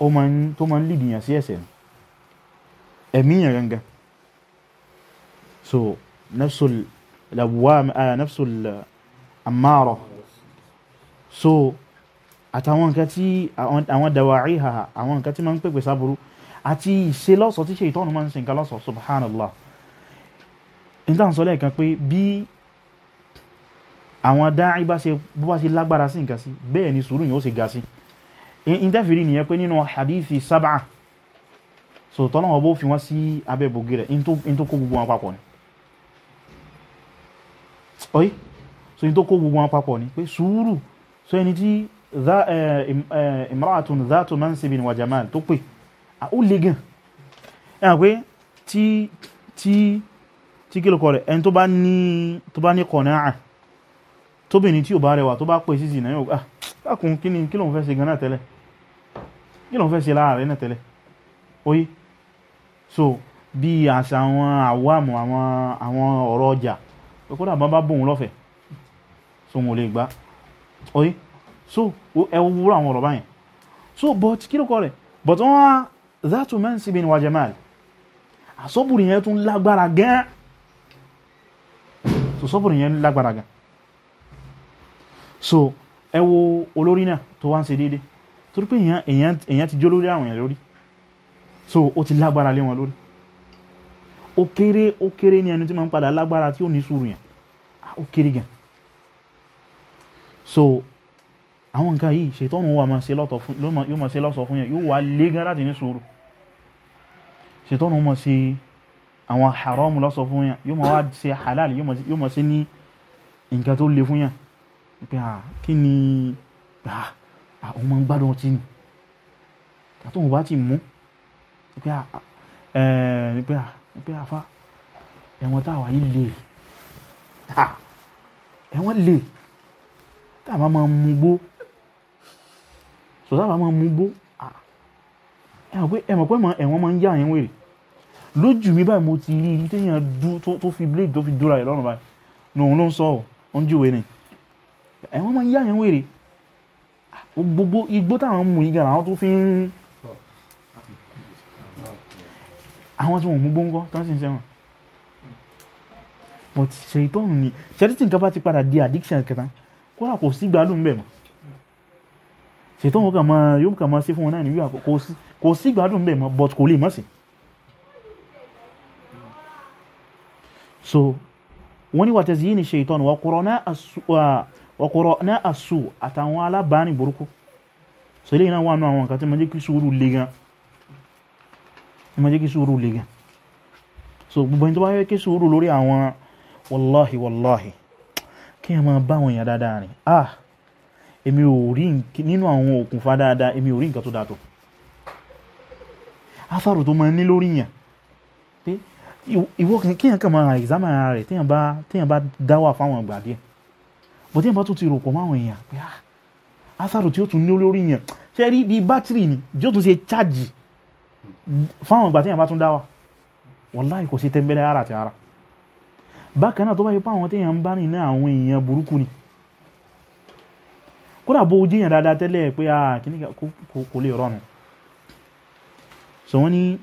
ó máa ń lìdìyàn sí ẹsẹ̀ ẹ̀míyàn gangan so nafsul lawwam nafsul ammara so àtàwọn nǹkan tí àwọn dàwárí haha àwọn nǹkan tí máa ń pèpè sáburú àti ìṣe lọ́sọ̀ tí ṣètọ́nù máa ń ṣe nǹkan lọ́sọ̀ subhanallah nígbà ń sọ lẹ́ẹ̀kan pé bí àwọn dáì bá ṣe bó bá ṣe lágbára sí nǹkan sí bẹ́ẹ̀ ni sùúrù yóò ṣe ga sí ìntẹ́fìrí nìyẹn pé nínú hadithi sábà so tọ́nà ọbọ̀ fi wọ́n sí abẹ́ bògì rẹ̀ in tó kó gbogbo wọn papọ̀ ni oye so in tó kó gbogbo wọn papọ̀ ni pé sùúrù so ẹni tí imra'atun dhatu mansibin wa jamal tó pè ó lè gan ẹ̀yà pé tí tí tí kí lókọ̀ rẹ̀ ẹni tó bá ní tó bá ní kọ̀náà tóbìnrin tí ò bá rẹwà tó bá pè sí ìsìnà yóò dákùn kí ni kí lòun fẹ́ ṣe gan náà tẹ́lẹ̀ kí lòun fẹ́ ṣe láàrẹ̀ náà tẹ́lẹ̀ oye so bí àṣà àwọn àwàmù àwọn àwọn ọ̀rọ̀ ọjà pé kódà bá bá bóun lọ́fẹ̀ẹ́ so wọn lè gbá oye so ẹ wúrú àwọn ọ̀rọ̀ báyìí so but kí ló rẹ̀ but wọ́n wá woman mansibin wa wajemal. àsọ́bùrì yẹn tún lágbára gan so sọ́bùrì yẹn lágbára gan so ẹ wo olórí náà tó wá ń ṣe déédé torí pé èyàn ti jó lórí àwọn èèyàn lórí so ó ti lágbára lé wọn lórí ó kéré ó kéré ní ẹni tí ma ń padà lágbára tí ó ní sùúrù yẹn ó kéré gan so àwọn nǹkan yìí ṣètọ́nù wà máa ṣe lọ́tọ̀ fún yóò máa ṣe lọ́sọ̀ fún yẹn yóò wà lé gan láti ní sùúrù ṣètọ́nù máa ṣe àwọn haramu lọ́sọ̀ fún yẹn yóò máa wá ṣe halal yóò máa ṣe ní nǹkan tó le fún yẹn pé à ah, kí ni àwọn ah, ah, ni tàtó wọn bá ti mú pé à eh, pé à pé àfa ẹ̀wọ̀n táwa yìí le ẹ̀wọ̀n sọ̀tà bá máa mú bó ẹ mọ̀ pé ẹ mọ̀ pé ẹ̀wọ̀n máa ń yá àyẹ̀wò èrè lójú mi báyìí mo ti rí i téèyàn tó fi blade tó fi dóra rẹ̀ lọ́rùn báyìí lòun ló ń sọ ọ́ ó ń júwèé ni ẹ̀wọ̀n máa ń yá àyẹ̀wò èrè gbogbo igbó táwọn mú yìí gan àwọn tó fi ń àwọn tí wọn mú gbóngbó tó ń sìn sẹ́wọ̀n but ṣèyí tó ń ní ṣẹ́rí tí nǹkan bá ti padà di addiction kẹta kó àpò sí gbádùn bẹ́ẹ̀ mọ́ ṣètò wọn kàn máa yóò kàn máa ṣe fún wọn náà ní wíwà kò sí ìgbádùn bẹ́ẹ̀ mọ́ but kò lè mọ́ sí so wọ́n ní wàtẹ̀sí yìí ni ṣètọ́nù ọkọ̀rọ̀ náà àṣù àtàwọn alábàárìn burúkú so ilé iná wà náà àwọn nǹkan tí ma jẹ́ kí sùúrù le gan ma jẹ́ kí sùúrù le gan so gbogbo tó bá yẹ kí sùúrù lórí àwọn wallahi wallahi kí a máa bá wọn yà dáadáa ni ah èmi ò rí nínú àwọn òkùnfà dáadáa èmi ò rí nǹkan tó dáa tó afárò tó máa ń ní lórí yàn pé ìwọ kéèyàn kàn máa examine ara rẹ̀ téèyàn bá téèyàn bá dáwà fáwọn ìgbà díẹ̀ bó téèyàn bá tún ti rò pọ̀ máwọn èèyàn pé ah, afárò tí ó tún ní lórí yàn ṣe rí bí bátìrì ni yóò tún ṣe chájì fáwọn ìgbà téèyàn bá tún dáwà wàláì kò sí tẹ́ńbẹ́lẹ́ ara àti ara bákan náà tó bá yẹ pé àwọn téèyàn bá nìyẹn àwọn èèyàn burúkú ni kódà bó jíyàn dáadáa tẹ́lẹ̀ pé a kìíní kò lè rọrùn so wọ́n ni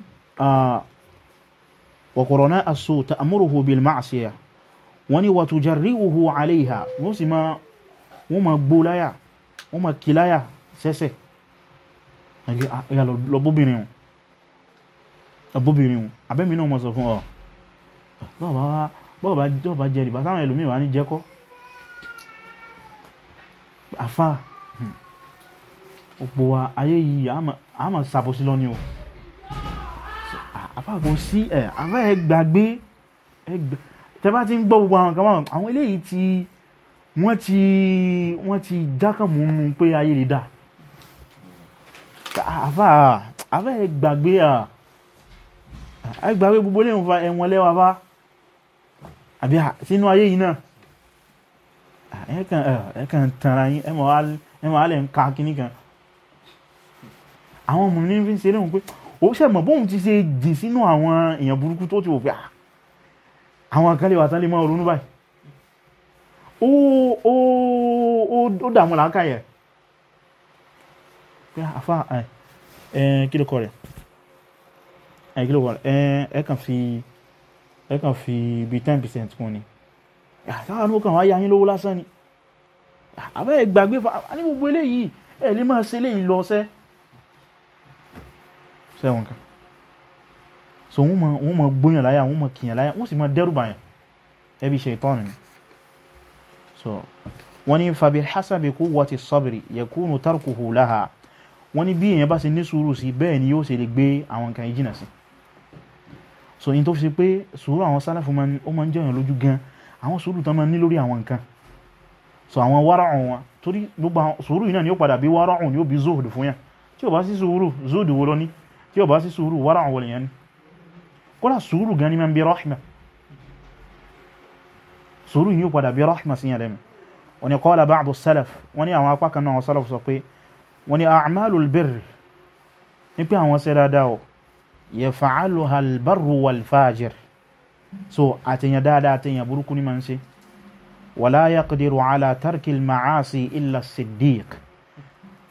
wa qarana'a as-su'a ta'muruhu bil ma'siyah wọ́n ni wa tujarri'uhu 'alayha wọ́n sì ma wọ́n ma gbó láyà wọ́n ma kí láyà sẹ́sẹ̀ lọ́bóbìnrin wọn lọ́bóbìnrin sọ fún ọ Afa, hmm. òpò ayé yìí àmọ̀ ṣàbòsí lọ́ni o àfa kò sí ẹ̀ àfa ẹ̀ gbàgbé ẹ̀ gbàgbé tẹ bá ti ń gbọ́ gbogbo àwọn kan wọn àwọn eléyìí ti wọ́n ti wọ́n ti jákàmù nù pé ayé lè dà àfà àfà ẹ gbàgbé à ẹ gbàgbé gbogbo lè ń fa ẹ̀wọ̀n lẹ́wà bá àbí sínú ayé yìí náà Ah, ẹ̀kàn tanra yín ẹmọ alẹ́ ń ka kíní kan àwọn ọmọbìnrin fi ń ṣe lẹ́hùn pé ó sẹ̀mọ̀ bóun ti ṣe jìn sínú àwọn èèyàn burúkú tó ti wò pé ah, àwọn kan lè wà tán lè máa ronú báyìí ó dààmú làákà yẹ pé ah, àfa kí ló kọ rẹ̀ ẹ̀ kí ló kọ rẹ̀ ẹ̀ kàn fi ibi ten percent kún ni àtàwọn ọkàn wá yá yín lówó lásán ni ah, àbẹ́ ìgbàgbé ní gbogbo eléyìí ẹ̀ lè máa ṣe léyìí lọ sẹ́ sẹ́wọ̀n kan so wọ́n mọ̀ wọ́n mọ̀ gbóyàn láyà wọ́n mọ̀ kìyàn láyà wọ́n sì mọ̀ dẹ́rù bàyàn ẹbí ṣe ìtọ́nù ni so wọ́n ní fabi hasabi quwwati sabri yakunu tarkuhu laha wọ́n ní bí èèyàn bá ṣe ní sùúrù sí bẹ́ẹ̀ ni yóò ṣe lè gbé àwọn nǹkan yìí jìnà sí so in tó fi ṣe pé sùúrù àwọn sálàfù ó máa ń jẹ́yàn lójú gan-an àwọn sùúrù tán máa ní lórí àwọn nǹkan so àwọn wáràùn wọn torí gbogbo sùúrù iná ni ó padà bí wáràùn ni ó bí zóòdù fún yàn tí ó bá sí sùúrù zóòdù wo lọ ní tí ó bá sí sùúrù wáràùn wọlé yẹn ni kódà sùúrù gan ni máa ń bí rahma sùúrù yìí ó padà bí rahma sí yàn lẹ́nu wọ́n ni qala ba'du salaf wọ́n ni àwọn apá kan náà salaf sọ pé wọ́n ni a'malul birr ní pé àwọn ṣe dáadáa o yaf'aluha wal-fajir so atenya dada atenya burúkú ní ma wala yaqdiru ala tarkil ma'asi illa siddiq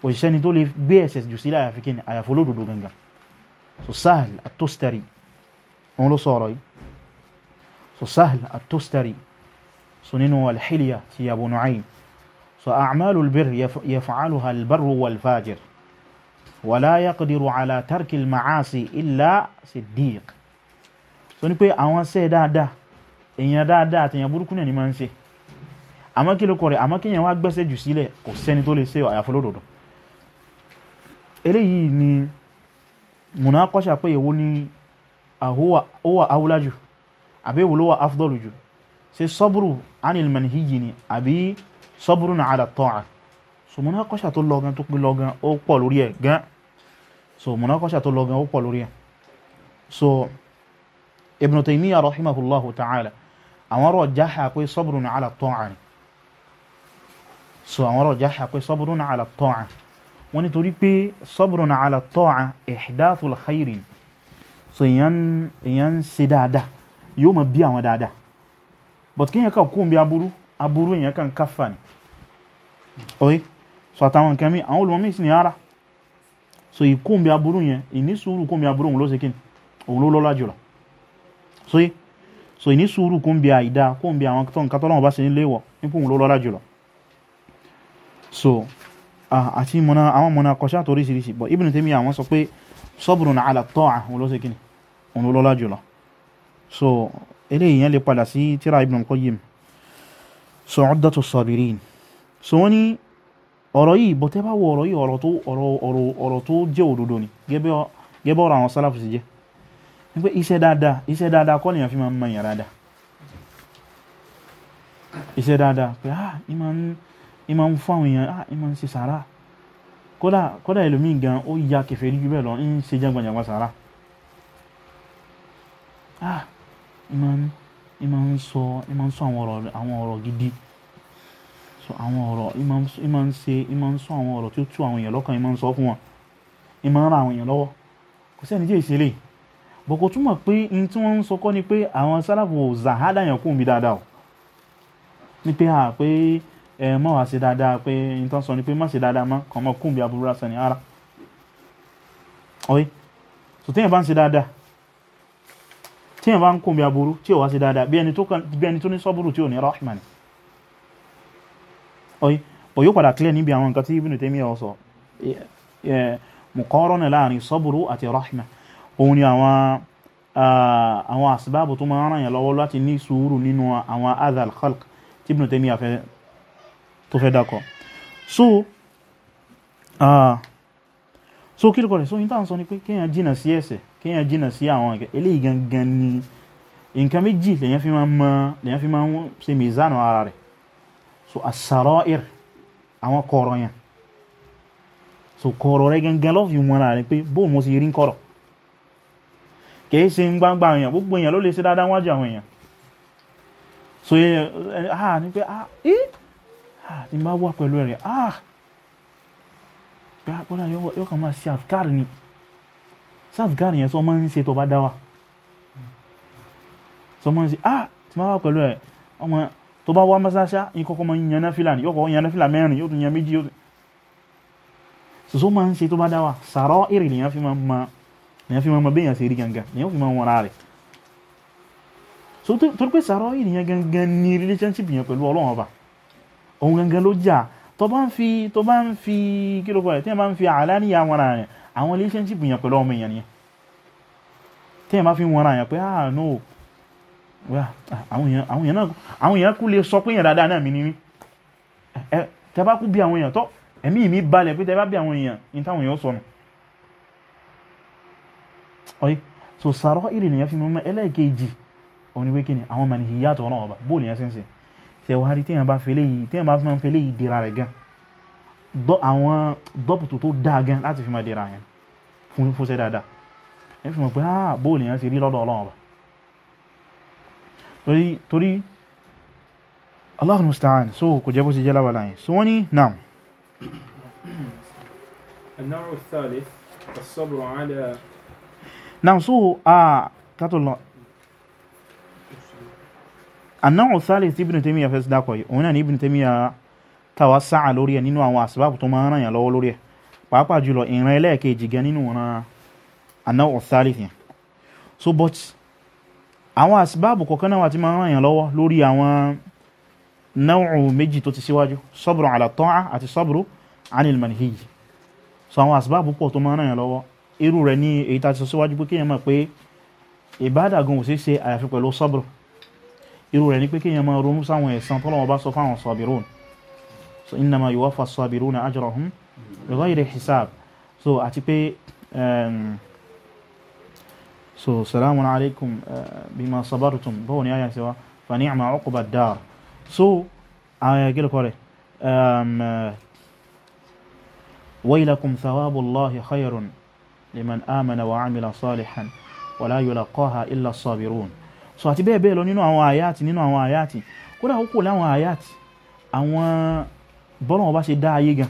òṣìṣẹ́ ni tó lè bss ẹ̀ṣẹ̀ jù sílẹ̀ àyàfi kí ni àyàfolódodo gangan so Sahl at-Tustari on ló sọ̀rọ̀ so Sahl at-Tustari so wal al-Hilya ti Abu Nu'aym so a'malul birr yaf'aluha al-barru wal-fajir wala yaqdiru ala tarkil ma'asi illa siddiq so ní pé àwọn ṣe dáadáa èèyàn dáadáa àtèèyàn burúkú náà ni máa ń ṣe àmọ́ kí ló kọ rẹ̀ àmọ́ kí èèyàn wá gbẹ́sẹ̀ jù sílẹ̀ kò sẹ́ni tó lè ṣe àyàfi olódodo eléyìí ni múná kọ́ṣà pé èwo ni àhówà awúlájù àbí èwo ló wà afdọ́lù jù ṣe sọ́bùrù anil manhiji ni àbí sọ́bùrù na ala ta'a so múná kọ́ṣà tó lọ gan tó pé lọ gan ó pọ̀ lórí ẹ̀ gan so múná kọ́ṣà tó lọ gan ó pọ̀ lórí ẹ̀ so Ibn Taymiyyah rahimahullahu ta'ala àwọn rọ̀ jáhà pé sabrun ala ta'a ni so àwọn rọ̀ jáhà pé sabrun ala ta'a wọ́n nítorí pé sabrun ala ta'a ihdathul khairin so èyàn ń ṣe dáadáa yóò mọ̀ bí àwọn dáadáa but kí èyàn kàn kún bí aburú aburú èyàn kàn káfà ni oye so àtàwọn nǹkan mi àwọn olùmọ̀mí sì ní so ìkún bí aburú yẹn ìní sùúrù kún bí aburú òun ló ṣe kí ni òun ló lọ́lá so so ìní sùúrù kó ń bi àìdá kó ń bi àwọn tó nǹkan tọ́lọ́wọ́ bá ṣe ní léwọ̀ nípò ló lọ́lá jùlọ so àti mọ̀nà àwọn mọ̀nà kọ̀ṣà tó ríṣiríṣi bọ̀ Ibn Taymiyyah àwọn sọ pé sabrun ala ta'a òun ló ṣe so eléyìí yẹn lè padà sí tíra so Uddatu Sabirin so wọ́n ní ọ̀rọ̀ yìí bọ̀tẹ́ bá wọ ọ̀rọ̀ yìí ọ̀rọ̀ tó jẹ́ òdodo àwọn sálàfù pé iṣẹ́ dáadáa iṣẹ́ dáadáa kọ́ nìyàn fi máa ń mọ̀ yàn dáadáa iṣẹ́ dáadáa pé ah ìmọ̀ ń fún àwọn èèyàn ah ìmọ̀ ń ṣe sàárà kódà kódà ẹlòmíì gan ó ya kẹfẹ́ rí jù bẹ́ẹ̀ lọ ń ṣe jàǹgbàjàǹgbà sàárà ah ìmọ̀ ń sọ ìmọ̀ ń sọ àwọn ọ̀rọ̀ gidi sọ àwọn ọ̀rọ̀ ìmọ̀ ń ṣe ìmọ̀ ń sọ àwọn ọ̀rọ̀ tí ó tú àwọn èèyàn lọ́kàn ìmọ̀ ń sọ fún wọn ìmọ̀ ń ra àwọn èèyàn lọ́wọ́ kò sẹ́ni tí èsì eléyìí bọ̀ kò túmọ̀ pé in tí wọ́n ń sọ kọ́ ni pé àwọn sálàfù zahada yẹn kù mí dáadáa o ní pé a pé ẹ mọ̀ wá sí dáadáa pé in tán sọ ni pé má sí dáadáa mọ́ kàn mọ́ kù mí aburú lásán ni ara ọ̀yẹ́ sòtẹ́yìn bá ń sí dáadáa tí yẹn bá ń kùn bí aburú tí ó wá sí dáadáa bí ẹni tó ní sọ́búrú tí ó ní rahman ó yóò padà clear níbi àwọn nǹkan tí Ibn Taymiyyah sọ mùkọ́rọ̀ náà láàrin sọ́búrú àti rahman òun ni àwọn àwọn àsìbáàbù tó máa ń ràn yàn lọ́wọ́ láti ní sùúrù nínú àwọn adal khalq tí Ibn Taymiyyah tó fẹ́ dákọ̀ so uh, so kí lókọ̀ rẹ̀ so níta ń sọ ni pé kéèyàn jìnà sí ẹ̀ṣẹ̀ kéèyàn jìnà sí àwọn ẹ̀kẹ́ eléyìí gangan ni nǹkan méjì lèyàn fi máa ń mọ lèyàn fi máa ń ṣe kìí ṣe ń gbangba èèyàn gbogbo èèyàn ló lè ṣe dáadáa wájú àwọn èèyàn so yẹ ah ní pé ah eh ah ní máa wà pẹ̀lú ẹ̀rìn ah pé àpọ́lá yóò kàn máa ṣe àfikàrì ni sáàfikàrì yẹn sọ máa ń ṣe tó bá dá wa sọ máa ń ṣe ah tí máa wà pẹ̀lú ẹ̀ ọmọ tó bá wá mọ́sáṣá yín kọ́kọ́ máa ń yan náfìlà ni yóò mẹ́rin yóò tún yan méjì yóò tún sọ máa ń ṣe tó bá dá wa sàrọ́ èrè nìyẹn fi máa ń Ni fi mọ́ béèyàn ṣe rí gangan èyàn fi mọ́ wọn ara rẹ̀ so torí pé sàárọ̀ yìí nìyẹn gangan ní relationship yẹn pẹ̀lú ọlọ́run ọba òun gangan ló jà tó bá ń fi tó bá ń fi kí ló kọ́ ẹ̀ tí wọ́n bá ń fi àlá níyà wọn ara àwọn relationship yẹn pẹ̀lú ọmọ èèyàn nìyẹn tí wọ́n bá fi wọn yẹn pé ah no àwọn èèyàn náà àwọn èèyàn kú lè sọ pé èèyàn dáadáa náà mi ni mí ẹ tẹ bá kú bí àwọn èèyàn tó ẹ̀mí mi balẹ̀ pé tẹ bá bí àwọn èèyàn ní táwọn èèyàn sọnù ọ̀yẹ́ so sàrọ́ ìrì lèyàn fi mọ́ ẹlẹ́ẹ̀kejì òun ni pé kí ni àwọn mẹ́rin yìí yàtọ̀ náà ọba bóòlù yẹn ṣe ṣe wá rí téèyàn bá fẹ́lẹ́ yìí téèyàn bá máa ń fẹ́lẹ́ yìí dira rẹ̀ gan àwọn dọ́pùtù tó dáa gan láti fi máa dira yẹn fún fúnṣẹ́ dáadáa ẹ fi mọ̀ pé ah bóòlù yẹn ṣe rí lọ́dọ̀ ọlọ́run ọba torí torí Allahul so kò jẹ́ bó ṣe jẹ́ lábàlá yẹn so wọ́n ní naam. النوع الثالث الصبر على now so ah ká tó lọ anáwọ̀ sáré tí Ibn Taymiyyah fẹ́ sí dákọ̀ yìí òun náà ní Ibn Taymiyyah tàwa sáà lórí ẹ̀ nínú àwọn àsìbáàbù tó máa ń ràn yàn lọ́wọ́ lórí ẹ̀ pàápàá jùlọ ìran ẹlẹ́ẹ̀kejì gan nínú so but àwọn àsìbáàbù kọ̀ọ̀kan náà wà tí máa ń ràn yàn lọ́wọ́ lórí àwọn náwọ̀ méjì tó ti síwájú sabru ala ta'a àti sabru anil manhij so àwọn àsìbáàbù pọ̀ tó máa ń ràn irú rẹ̀ ní èyí tá a ti sọ síwájú pé kéèyàn mọ̀ pé ìbádà gan ò ṣeé ṣe àyàfi pẹ̀lú sọ́bùrù irú rẹ̀ ní pé kéèyàn máa ronú sáwọn ẹ̀san tọ́lọ́wọ́ bá sọ fáwọn sọ́bìrún so innama yuwaffa sọ́bìrún ajrahum bi ghayri hisab so àti pé so salamu alaykum bima sabartum báwo ni àyà ṣe wá fa ni'ma uqba ad-dar so àyà gílẹ̀ kọ́rẹ̀ waylakum thawabu Allahi khayrun liman amana wa amila salihan wa la yulaqaha illa as-sabirun so àti bẹ́ẹ̀ bẹ́ẹ̀ lọ nínú àwọn àyàtì nínú àwọn àyàtì kódà ó kò láwọn àyàtì àwọn bọ́lọ̀ ọba ṣe dá ayé gan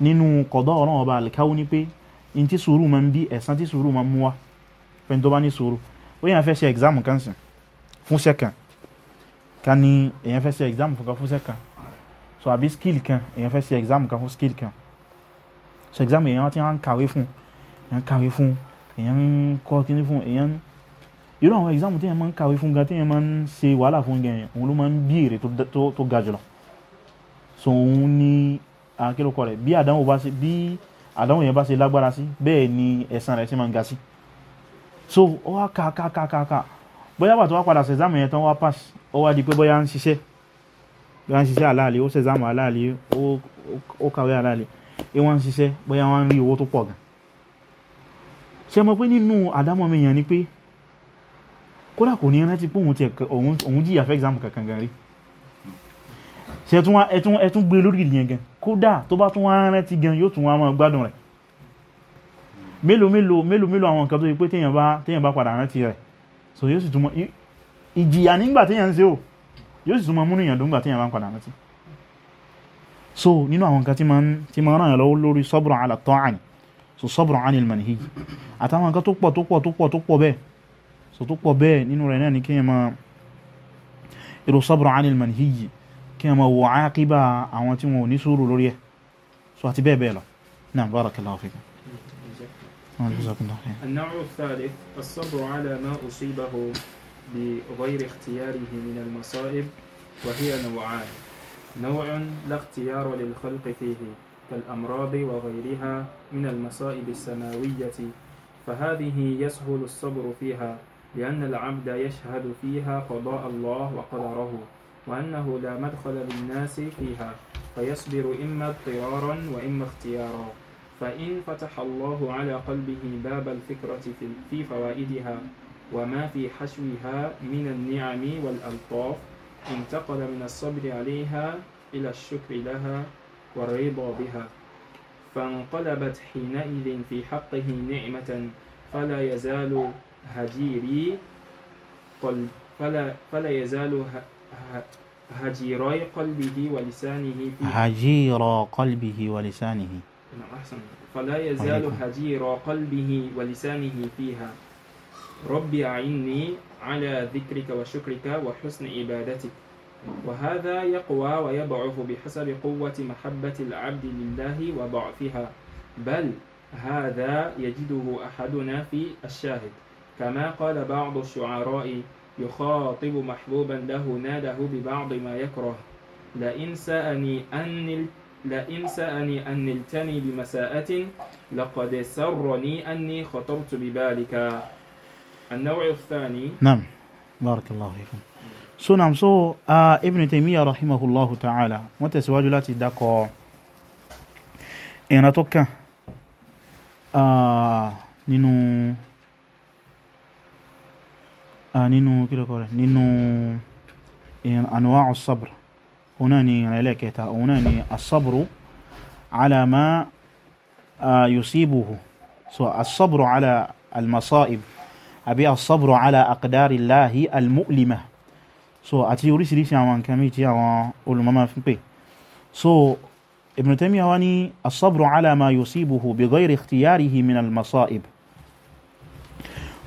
nínú kọ̀dọ̀ ọ̀rọ̀ ọba àlìkáwó ní pé in tí sùúrù máa ń bí ẹ̀san tí sùúrù máa ń mú wá fẹ́ tó bá ní sùúrù ó yẹn fẹ́ ṣe exam kan sìn fún sẹ́kàn ká ní èyàn fẹ́ ṣe exam kan fún sẹ́kàn so àbí skill kan èyàn fẹ́ ṣe exam kan fún skill kan so exam èèyàn ti ń kàwé fún èèyàn kàwé fún èèyàn ń kọ́ kíní fún èèyàn irú àwọn exam téèyàn máa ń kàwé fún gan téèyàn máa ń ṣe wàhálà fún gan yẹn òun ló máa ń bí èrè tó ga jùlọ so òun ni akérèkọ rẹ bí àdánwò bá ṣe bí àdánwò yẹn bá ṣe lágbára sí bẹ́ẹ̀ ni ẹ̀san rẹ̀ ṣe máa ń ga sí so ó wá ka ka ka ka ka bóyá bàtọ́ wá padà ṣẹ̀zámù yẹn tán wá pass ó wá di pé bóyá ń ṣiṣẹ́ bóyá ń ṣiṣẹ́ àlàálẹ̀ ó ṣẹ̀zámù àlàálẹ̀ ó kàwé àlàálẹ̀ ẹ wọ́n ń ṣiṣẹ́ bóyá wọ́n ń rí owó tó pọ̀ gan ṣe mọ̀ pé nínú àdámọ́ mi yàn ni pé kódà kò ní rántí pé òun ti òun jìyà fẹ́ exam kankan gan rí ṣe ẹ̀tún ẹ̀tún gbé lórí ìlú yẹn gan kódà tó bá tún wá rántí gan yóò tún wá máa gbádùn rẹ̀ mélòó mélòó mélòó mélòó àwọn nǹkan tó yẹ pé téèyàn bá téèyàn bá padà rántí rẹ̀ so yóò sì tún mọ ìjìyà nígbà téèyàn ń ṣe o yóò sì tún mọ múnú èèyàn dùn téèyàn bá padà rántí so nínú àwọn kan tí ma tí ma ràn lo lórí sabru ala ta'ani so ani al manhi àtàwọn kan tó pọ̀ tó pọ̀ tó pọ̀ tó pọ̀ be so tó pọ̀ be nínú rẹ̀ na ni ke ma irú ani al manhi ke ma wa aqiba àwọn tí wọn ní suru lórí ẹ̀ so àti be be lọ na barakallahu fik النوع الثالث الصبر على ما أصيبه بغير اختياره من المصائب وهي نوعان نوع لا اختيار للخلق فيه كالأمراض وغيرها من المصائب السماوية فهذه يسهل الصبر فيها لأن العبد يشهد فيها قضاء الله وقدره وأنه لا مدخل للناس فيها فيصبر إما اضطرارا وإما اختيارا فإن فتح الله على قلبه باب الفكرة في فوائدها وما في حشوها من النعم والألطاف انتقل من الصبر عليها إلى الشكر لها والرضا بها فانقلبت حينئذ في حقه نعمة فلا يزال هجيري قلب فلا, فلا يزال هجيري قلبه ولسانه في هجير قلبه ولسانه نعم أحسن فلا يزال هجير قلبه ولسانه فيها ربي أعني على ذكرك وشكرك وحسن عبادتك وهذا يقوى ويضعف بحسب قوة محبة العبد لله وضعفها بل هذا يجده أحدنا في الشاهد كما قال بعض الشعراء يخاطب محبوبا له ناده ببعض ما يكره لئن سأني أن لئن سأني أن نلتني بمساءة لقد سرني أني خطرت ببالك النوع الثاني نعم بارك الله فيكم so now so uh, Ibn Taymiyyah rahimahullahu ta'ala wọ́n tẹ̀síwájú láti dákọ̀ ìran tó kàn nínú nínú kílọ̀kọ̀ rẹ̀ nínú anwa'u sabr òun náà ni ìran ẹlẹ́kẹta òun náà ni asabru ala ma yusibuhu so asabru ala almasa'ib al àbí asabru ala aqdari llahi al so àti oríṣiríṣi àwọn nǹkan mi tí àwọn olùmọ́mọ́ fi pè so Ibn Taymiyyah wá ní asabru ala ma yusibuhu bighayri ikhtiyarihi min al-masa'ib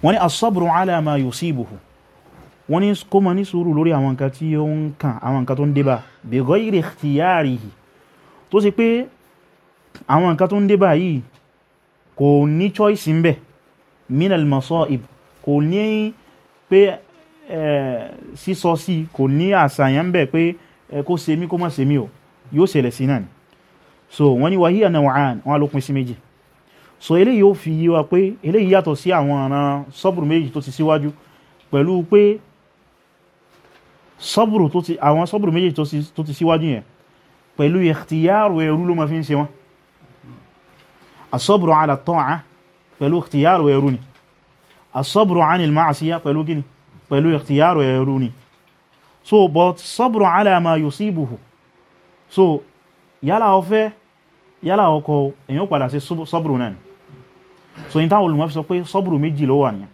wọ́n ní asabru ala ma yusibuhu wọ́n ní kó ma ní sùúrù lórí àwọn nǹkan tí ó ń kàn àwọn nǹkan tó ń débà bighayri ikhtiyarihi tó sì pé àwọn nǹkan min al-masa'ib kò ní pé sísọ sí kò ní àṣàyàn ń bẹ̀ pé kó ṣe mí kó má ṣe mí o yóò ṣẹlẹ̀ sí náà so wọ́n ní wàhíyà náà wàhán wọ́n ló pín sí méjì so eléyìí ó fi yé wa pé eléyìí yàtọ̀ sí àwọn ọ̀ràn sọ́bùrù méjì tó ti síwájú pẹ̀lú pé sọ́bùrù tó ti àwọn sọ́bùrù méjì tó ti síwájú yẹn pẹ̀lú ìhtìyàrù ẹrú ló ma fi ń ṣe wọn asọ́bùrù ala ta'a pẹ̀lú ìhtìyàrù ẹrú ni asọ́bùrù anil ma'asiyya pẹ̀lú gini pẹ̀lú ìtìyàrò ẹ̀rú ni so but sọ́bùrù ala ma yusibuhu so yálà ọfẹ́ yálà ọkọ̀ èyàn padà sí sọ́bùrù náà so in táwọn olùmọ́ fi sọ pé sọ́bùrù méjì ló wà ní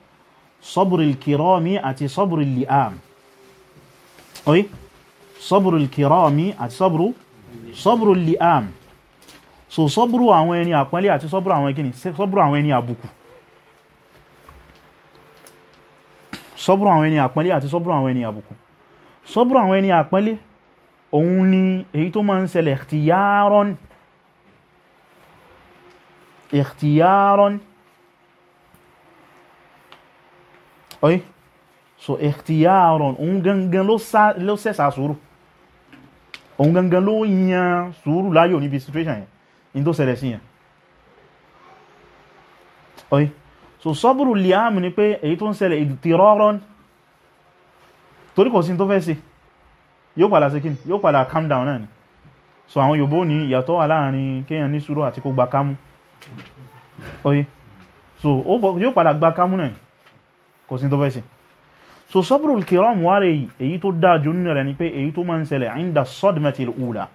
sọ́bùrù kìrọ́mí àti sọ́bùrù li'am oye sọ́bùrù kìrọ́mí àti sọ́bùrù sọ́bùrù li'am so sọ́bùrù àwọn ẹni àpọ́nlé àti sọ́bùrù àwọn ẹni àbùkù sọ́bùrù àwọn ẹni àpọ́nlé àti sọ́bùrù àwọn ẹni àbùkù sọ́bùrù àwọn ẹni àpọ́nlé òun ni èyí tó máa ń ṣẹlẹ̀ ikhtiyaron ikhtiyaron oye so ikhtiyaron òun gangan ló sẹ́sà sùúrù òun gangan ló yan sùúrù láyò níbi situation yẹn tó ṣẹlẹ̀ sí yẹn so sabru liam ni pé èyí tó ń ṣẹlẹ̀ ìdìtìrọ́rọ́n torí kò sí tó fẹ́ sí yóò padà sí kíni yóò padà calm down náà ni so àwọn yòbó ní ìyàtọ̀ wà láàrin kéèyàn ní sùúrù àti kó gba kámú oye so yóò padà gba kámú náà kò sí tó fẹ́ sí so sabru kiram wà rẹ̀ èyí tó dáa jù nínú rẹ̀ ni pé èyí tó máa ń ṣẹlẹ̀ inda sadmatil ula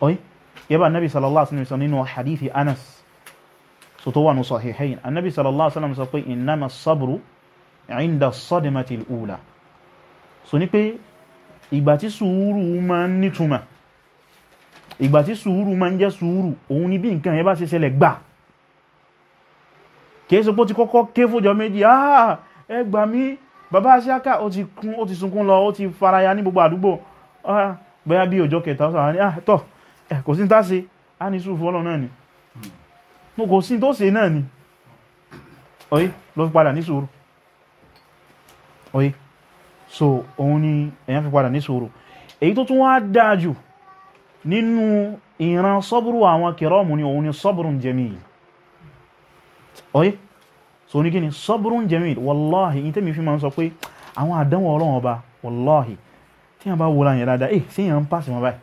oye yẹ́bà nabi sallallahu alaihi wasallam nínú hadithi anas so tó wà ní sahihayn annabi sallallahu alaihi wasallam sọ pé innama sabru inda sadmatil ula so ní pé ìgbà tí sùúrù ma ń nítumà ìgbà tí sùúrù ma ń jẹ́ sùúrù òun ni bí nǹkan yẹn bá ṣe ṣẹlẹ̀ gbà kìí ṣe pé ó ti kọ́kọ́ ké fójọ méjì ah ẹ gbà mí bàbá aṣíáká ó ti kún ó ti sunkún lọ ó ti faraya ní gbogbo àdúgbò ah bí ọjọ́ kẹta ó sọ ah kò sí ní tá á ní sùúrù fọ́lọ́ náà ni mo kò sí tó ṣe náà ni oye ló fi padà ní sùúrù oye so òun ni èyàn fi padà ní sùúrù èyí tó tún wá dájú nínú ìran sọ́bùrù àwọn kìrọ́mù ni òun ni sọ́bùrùn jẹ́mìí oye so ní kíni sọ́bùrùn jẹ́mìí wallahi in tẹ́mi fi ma ń sọ pé àwọn àdánwò ọlọ́wọ́ ọba wallahi tí wọ́n bá wọ́n láyẹ̀ dáadáa eh sí yẹn pàṣẹ wọn báyìí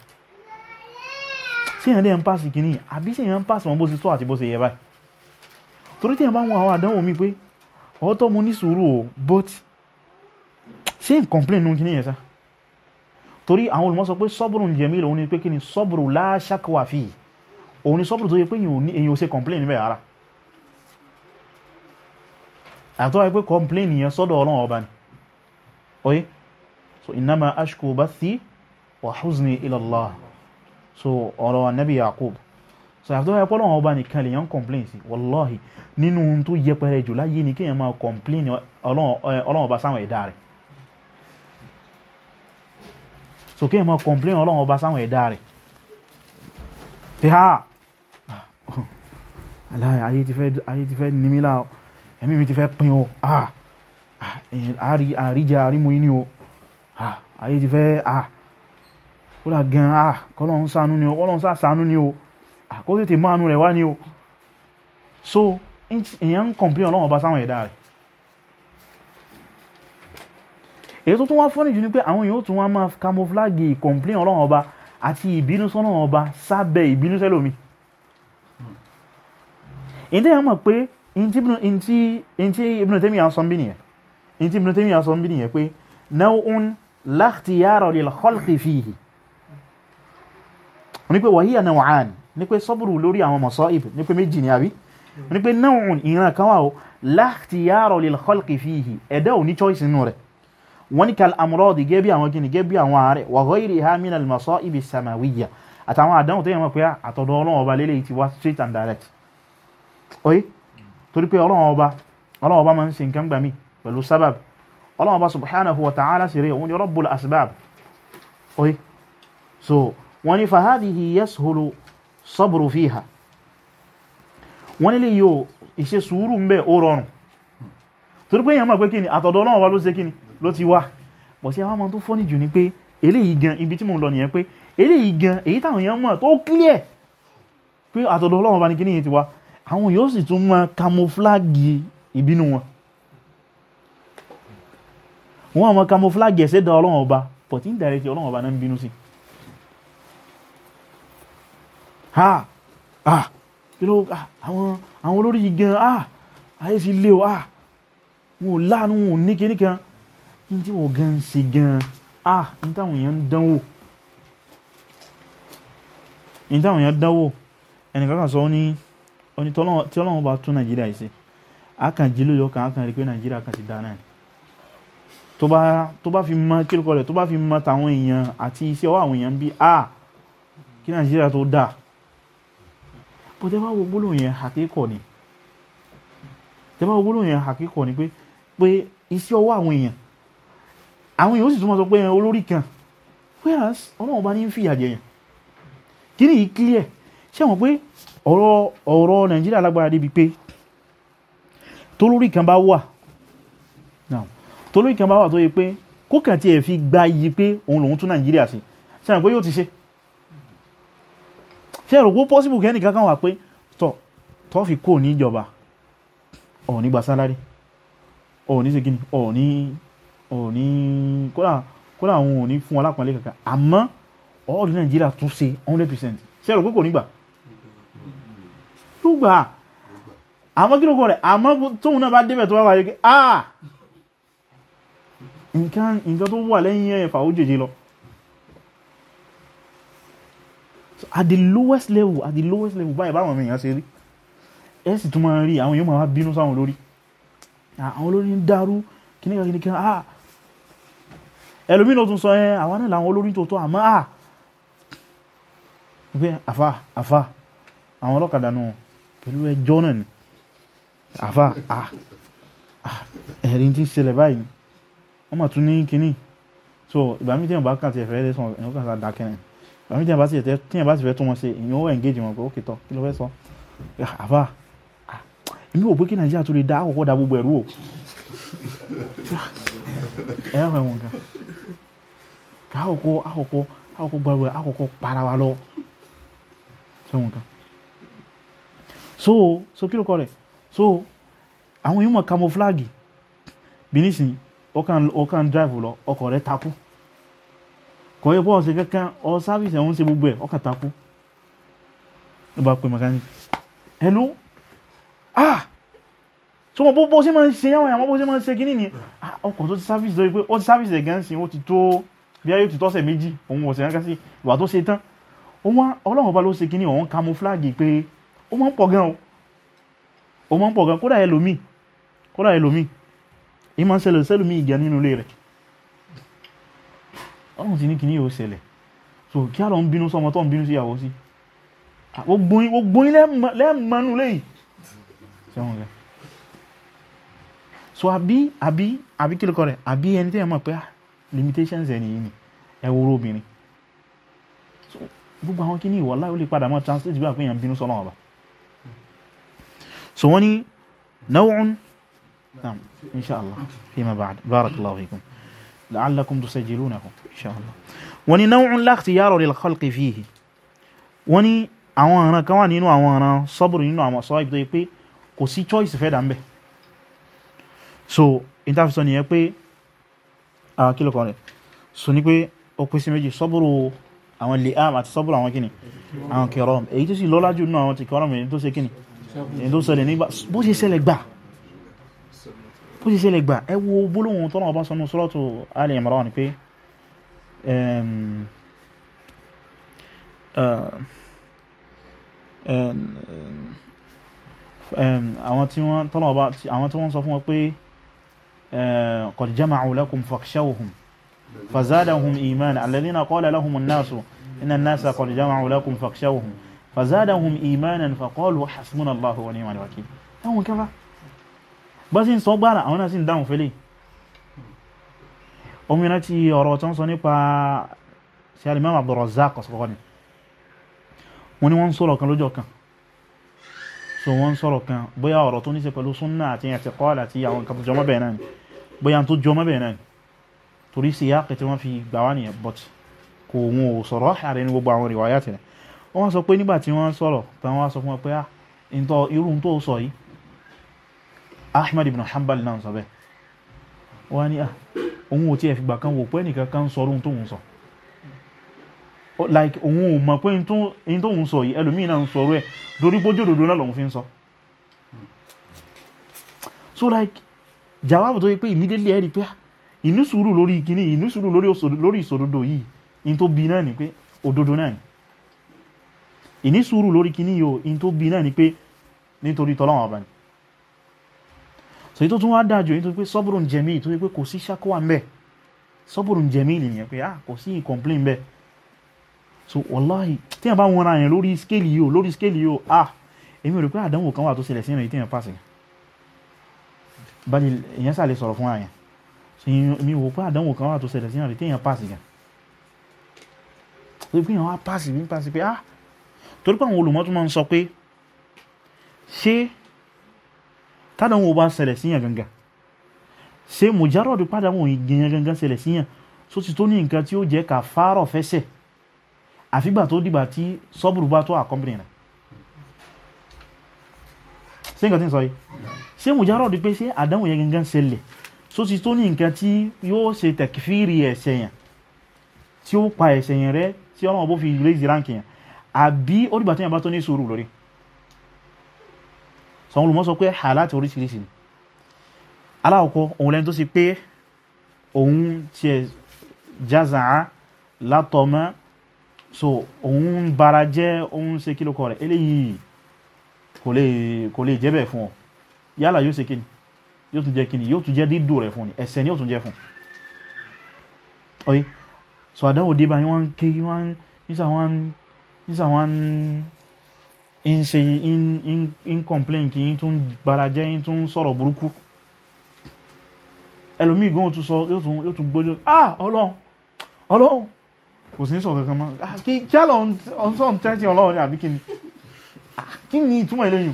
ṣé èèyàn dẹ̀ ń pàṣẹ kìíní àbí ṣé èèyàn ń pàṣẹ wọn bó ṣe tó àti bó ṣe yẹ báyìí torí tí èèyàn bá wọn àwọn àdánwò mi pé ọ̀tọ̀ mo ní sùúrù o but ṣé n complain nù kìíní yẹn sá torí àwọn olùmọ̀ sọ pé sọ́bùrù ń jẹ̀mí lòun ni pé kí ni sọ́bùrù láṣàkọwà fi òun ni sọ́bùrù tó yẹ pé èyàn ò ṣe complain níbẹ̀ rárá àtọ́ ẹ pé complain yẹn sọ́dọ̀ ọlọ́run ọba ni oye so innama ashku bathi wa huzni ila so ọ̀rọ̀ anabi yakub so àti wáyé pọ́lọ́wọ́n ọba nìkan lèèyàn complain sí wàláhì nínú ohun tó yẹpẹrẹ jù láyé ni kéèyàn máa complain ọlọ́wọ́n eh, ọba sáwọn ẹ̀dá rẹ̀ so kéèyàn máa complain ọlọ́wọ́n ọba sáwọn ẹ̀dá rẹ̀ pé ha ah, aláì ayé ti fẹ́ nímílà ẹ̀mí mi ti fẹ́ pin o àríjà ah, ah, àrímú yín ni o ayé ti fẹ́ ah ó là gan ah kọ́lọ́hún ṣàánú ni o kọ́lọ́hún sá ṣàánú ni o àkó ah, tètè mánu rẹ̀ wá ni o so èèyàn ń kọ̀m̀pé ọlọ́run ọba sáwọn ẹ̀dá rẹ̀ èyí tó tún wá fọ́nì jù ni pé àwọn èèyàn ó tún wá máa camouflage ìkọ̀m̀pé ọlọ́run ọba àti ìbínú sọ́nà ọba sábẹ́ ìbínú sẹ́lòmí èyí tẹ́yàn mọ̀ pé èyí tí Ibn Taymiyyah sọ bí nìyẹn èyí tí Ibn Taymiyyah sọ bí nìyẹn pé náà ń la ikhtiyara lil ní pé wàhíyà náà wà ní ní pé sọ́bùrù lórí àwọn masā'ib ní pé méjì ní àbí ní pé náà ìran kan wà ó lā ikhtiyāra lil khalqi fīhi ẹ̀dá ò ní choice nínú rẹ̀ wọ́n ní kal amrādi gẹ́bí àwọn gini gẹ́bí àwọn ààrẹ wa ghayrihā min al masā'ib as-samāwiyya àtàwọn àdánwò tó yẹ mọ̀ pé àtọ̀dọ̀ Ọlọ́run ọba lélẹ́yìí ti wá straight and direct oye torí pé Ọlọ́run ọba Ọlọ́run ọba máa ń ṣe nǹkan gbàmí pẹ̀lú sábàbí Ọlọ́run ọba subhanahu wa ta'ala sí òun ni rabbul asbab oye so wọ́n ní fahadihi yashulu sabru fiha wọ́n nílé yóò ìṣe sùúrù ń bẹ ó rọrùn torí pé èèyàn mọ̀ pé kíni àtọ̀dọ̀ Ọlọ́run wa ló ṣe kíni ló ti wá bọ̀ sí àwọn ọmọ tó fọ́nì jù ni pé eléyìí gan ibi tí mò lọ nìyẹn pé eléyìí gan èyí táwọn èèyàn mọ̀ tó clear pé àtọ̀dọ̀ Ọlọ́run wa ni kíni yìí ti wá àwọn yóò sì tún mọ camouflage ìbínú wọn wọn mọ camouflage ẹ̀ṣẹ̀dá Ọlọ́run ọba but indirectly Ọlọ́run ọba náà ń bínú sí i ah ah you know ah, àwọn àwọn olórí yìí gan ah ayé ti lé o ah wọn ò láàánú wọn ò ní kíní kan kí n tí wọn gan ṣe gan ah n táwọn èèyàn ń dánwò n táwọn èèyàn ń dánwò ẹnìkan kan sọ ọ ní ọ ní tí Ọlọ́run bá tún Nàìjíríà yìí ṣe àkànjí ló yọ kàn ákàn rí pé Nàìjíríà kan ti dá náà tó bá tó bá fi mọ kílùkọ rẹ tó bá fi mọ tàwọn èèyàn àti iṣẹ́ ọwọ́ àwọn èèyàn bí a ah, kí Nàìjíríà tó dáa bó tẹ́ bá wo gbólóhùn yẹn àkíkọ̀ ni tẹ́ bá wo gbólóhùn yẹn àkíkọ̀ ni pé pé iṣẹ́ ọwọ́ àwọn èèyàn àwọn èèyàn ó sì tún máa sọ pé olórí kan whereas ọlọ́run bá ní ń fìyà jẹyàn kí ni yìí clear ṣé wọ́n pé ọ̀rọ̀ ọ̀rọ̀ nàìjíríà lágbára débi pé tólórí kan bá wà tólórí kan bá wà tó yẹ pé kó kàn tiẹ̀ fi gba iyì pé òun lòun tún nàìjíríà sí ṣé wọ́n pé yóò ti ṣe ṣe ẹ̀rọ kó possible kẹ́ni kankan wà pé tọ̀ tọ́ fi kó ní ìjọba ọ̀ ní gba sálárì ọ̀ ní segin ọ̀ ní ọ̀ ní kódà kódà àwọn ò ní fún alápọ̀nlé kankan àmọ́ ọ̀ọ́dù nàìjíríà tún ṣe 100% ṣe ẹ̀rọ pé kò ní gbà tó gbà àmọ́ kí ló kọ́ rẹ̀ àmọ́ tóun náà bá débẹ̀ tó wá wáyé pé ah nǹkan tó wà lẹ́yìn ẹ̀fà ó jèjì lọ at the lowest level at the lowest level báyìí báwọn èèyàn ṣe rí ẹ sì tún máa rí àwọn èèyàn máa wá bínú sáwọn olórí àwọn olórí ń dàrú kìnìkan kìnìkan ah ẹlòmínú tún sọ ẹ àwọn náà làwọn olórí tó tó àmọ́ ah pé àfa àfa àwọn ọlọ́kadà nù pẹ̀lú ẹjọ́ náà ni àfa ah ah, ẹ̀rí ti ń ṣẹlẹ̀ báyìí wọ́n mà tún ní kínní so ìgbà mi tí wọ́n bá kàn ti ẹ̀fẹ́ ẹ̀rẹ́ sọ̀rọ̀ ẹ̀yọ́ kàn sá dákẹ́rin àmì tíyàn bá sì tẹ tíyàn bá sì fẹ́ tún wọn ṣe èèyàn ó engage wọn pé ó kìtọ̀ kí ló fẹ́ sọ ah, àbá ah, èmi ò pé kí nàìjíríà tó lè dá àkọ́kọ́ da gbogbo ẹ̀rú o *laughs* ẹ yà wọn kan àkọ́kọ́ àkọ́kọ́ àkọ́kọ́ gbàgbé àkọ́kọ́ para wa lọ ṣé wọn so so kí ló kọ rẹ so àwọn yìí mọ̀ camouflage bí nísìnyí ọkàn ọkàn drive lọ ọkọ̀ rẹ takú kò yẹ bọ́ọ̀ ṣe kankan ọ sáfíìsì ẹ̀hún ṣe gbogbo ẹ̀ ọkà takú ló bá pè mechanic hello ah tí wọ́n bó ṣe máa ń ṣe yáwọn ìyàmọ́ bó ṣe máa ń ṣe kíní ni ah, ọkọ̀ tó ti sáfíìsì lórí pé ó ti sáfíìsì ẹ̀gán sí ó ti tó bí ayé ti tọ́sẹ̀ méjì òun ọ̀sẹ̀ ránkà sí ìwà tó ṣe tán ọlọ́run ọba ló ṣe kíní ọ̀hún camouflage pé ó máa ń pọ̀ gan o ó máa ń pọ̀ gan kódà ẹlòmíì ọlọ́run ti ní kíní yóò ṣẹlẹ̀ so kí á lọ ń bínú sọmọ tó ń bínú sí ìyàwó sí gbogbo yín lẹ́ẹ̀mọ́nú lẹ́yìn sẹ́wọ̀n rẹ̀ so àbí àbí àbí kí ló kọ rẹ̀ àbí ẹni tẹ́ ẹ mọ̀ pé limitations ẹ̀ nìyí ni ẹ wúrò obìnrin so gbogbo àwọn kíní ìwọ̀ láì ó lè padà mọ́ translate bí àpéyàn bínú sọ́lọ́ ọba so wọ́n ní naw'un naam insha Allah fima ba'd barakallahu la'allakum tusajjilunahu insha Allah wọ́n ní naw'un la ikhtiyara lil khalqi fihi wọ́n ní àwọn ọ̀ràn kan wà nínú àwọn ọ̀ràn sabru nínú àwọn sọ ìbìtọ́ pé kò sí choice fẹ́ dàmbẹ̀ so interface ni yẹn pé kílọ̀ kan rẹ̀ so ní pé ó pèsè méjì sabru àwọn li'am àti sabru àwọn kíni àwọn kiram èyí tó sì lọ́lájú nínú àwọn ti kiram èyí tó ṣe kíni èyí tó ṣẹlẹ̀ nígbà bó ṣe ṣẹlẹ̀ gbà bó ṣe ṣẹlẹ̀ gbà ẹ wo gbólóhùn tọ́nà ọba sọnù suratu Ali Imran pé eh, àwọn tí wọ́n tọ́nà ọba àwọn tí wọ́n sọ fún wọn pé eh, qad jama'u lakum fakhshawhum fazadahum iman alladhina qala lahum an-nasu inna an-nasa qad jama'u lakum fakhshawhum fazadahum imanan faqalu hasbunallahu wa ni'mal wakeel bá sí ń sọ gbára àwọn náà sí ń dáhùn fẹ́lẹ̀ omina ti ọ̀rọ̀ tó ń sọ nípa sí alimam abdurrazzaq ọ̀sọ̀kọ́ ni wọ́n ni wọ́n ń sọ̀rọ̀ kan lọ́jọ́ kan so wọ́n ń sọ̀rọ̀ kan bóyá ọ̀rọ̀ tó ní ṣe pẹ̀lú súnnà àti ẹ̀tẹ̀ kọ́ọ̀lá àti àwọn nǹkan tó jọmọ́ bẹ̀ẹ̀ náà bóyá tó jọmọ́ bẹ̀ẹ̀ náà torí sí ah, irú tó sọ yìí Ahmad ibn Hanbal náà sọ bẹ́ẹ̀ wọ́n ní ah, òun ò tí ẹ̀ fìgbà kan wò pé ẹnìkan kan sọ orun tóun sọ like òun ò mọ̀ pé in tóun sọ yìí ẹlòmíì náà ń sọ orú ẹ̀ dorí gbójòdòdó náà lòun fi ń sọ so like jawabu tó yẹ pé immediately ẹ rí pé inú ah, sùúrù lórí ìkíní inú sùúrù lórí ìsòdodo yìí in tó bi náà ni pé òdodo náà ni ìní sùúrù lórí kíní yìí in tó bi náà ni pé nítorí tọ́lọ́wọ̀n ọba so ètò tún wá dájú nítorí pé sọ́bùrùn jẹ̀mí nítorí pé kò sí ṣákọ́wà ń bẹ̀ sọ́bùrùn jẹ̀mí nìyẹn pé ah kò sí complain bẹ́ẹ̀ so wàláhì tí a bá wọn ra yẹn lórí scale yìí o lórí scale yìí o ah èmi rò pé àdánwò kan wà tó ṣẹlẹ̀ sínú ìtẹ̀yàn pàṣẹ báyìí èyàn sàlẹ̀ sọ̀rọ̀ fún àyàn so èmi rò pé àdánwò kan wà tó ṣẹlẹ̀ sínú ìtẹ̀yàn pàṣẹ gan so ìpínyàn wá pàṣẹ ní pàṣẹ pé ah torí pé àwọn olùmọ́tún máa ń sọ pé ṣé tádánwò bá ṣẹlẹ̀ síyàn gangan ṣe mùjárọ̀dù pádánwò ìgbìyàn gangan ṣẹlẹ̀ síyàn só ti tó ní nǹkan tí ó jẹ́ kàfárà fẹ́sẹ̀ àfígbà tó dìgbà tí sọ́bùrù bá tó àkọ́mìnrin rẹ̀ ṣe nǹkan tí ń sọ yìí ṣe mùjárọ̀dù pé ṣe àdánwò yẹn gangan ṣẹlẹ̀ só ti tó ní nǹkan tí yóò ṣe tẹ̀kífìrì ẹ̀ṣẹ̀ yẹn tí ó pa ẹ̀ṣẹ̀ yẹn rẹ̀ tí ọlọ́wọ́ bó fi raise rank yẹn àbí ó dìgbà tó yẹn bá tó ní sùúrù lórí sọ wọn olùmọ́ sọ pé halati oríṣiríṣi ni aláwọ̀kọ́ òun lẹ́ni tó sì pé òun ti ẹ̀ jaza'a látọmọ́ so òun bara jẹ́ òun ṣe kí ló kọ rẹ̀ eléyìí kò lè jẹ́ bẹ́ẹ̀ fún ọ yálà yóò ṣe kíni yóò tún jẹ́ kíni yóò tún jẹ́ dídò rẹ̀ fún ni ẹ̀ṣẹ̀ ni yóò tún jẹ́ fún ọyí so àdánwò dé báyìí wọ́n ń ké wọ́n wọ́n ń in in in ń complain kí ń tún gbarajẹ́ ń tún sọ̀rọ̀ burúkú ẹlòmíì gan tún sọ yóò tún gbójú ah ọlọ́run ọlọ́run kò sí ní sọ̀rọ̀ kankan mọ́ ah, kí kí á lọ sọ̀rọ̀ tẹ́tí ọlọ́run ni àbí kí ni ah, kí ni ìtumọ̀ eléyìí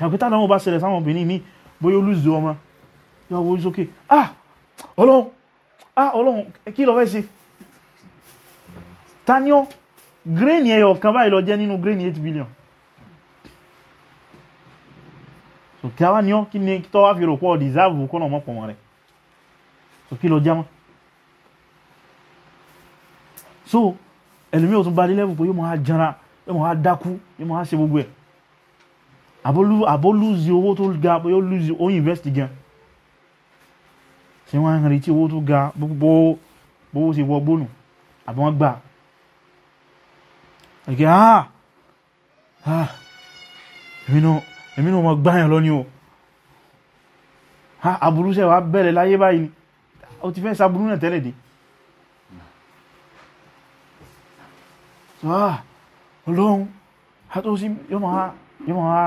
ẹ̀kọ́ tá àdánwò bá ṣẹlẹ̀ sáwọn obìnrin mi bóyá olùzò ọmọ yóò wo sókè ah ọlọ́run ah ọlọ́run kí lọ fẹ́ ṣe ta ni ọ́ grain ẹyọ kan báyìí ló jẹ́ nínú grain 8 billion so kí a wá ní ọ́ kí ní tọ́ wá fi rò pọ̀ dìsáàbù kọ́nà mọ́pọ̀ mọ́ rẹ̀ so kí ló jẹ́ mọ́ so ẹlùmí ò tún bá délẹ́bù pé yóò máa janra yóò máa dákú yóò máa ṣe gbogbo ẹ̀ àbólúzi owó tó ga pé yóò lúzi ó invest gan ṣe wọ́n ń retí owó tó ga gbogbo owó ti wọ gbónù àbí wọ́n gbà ẹgbẹ́ ah ah èmi náà mọ̀ gbáyàn lọ ní o àbúrúṣẹ́ ah, wa bẹ̀rẹ̀ láyé báyìí o ti fẹ́ sàbúrú náà tẹ́lẹ̀ dé ah! ọlọ́run àtọ́sí yọmọ̀ ha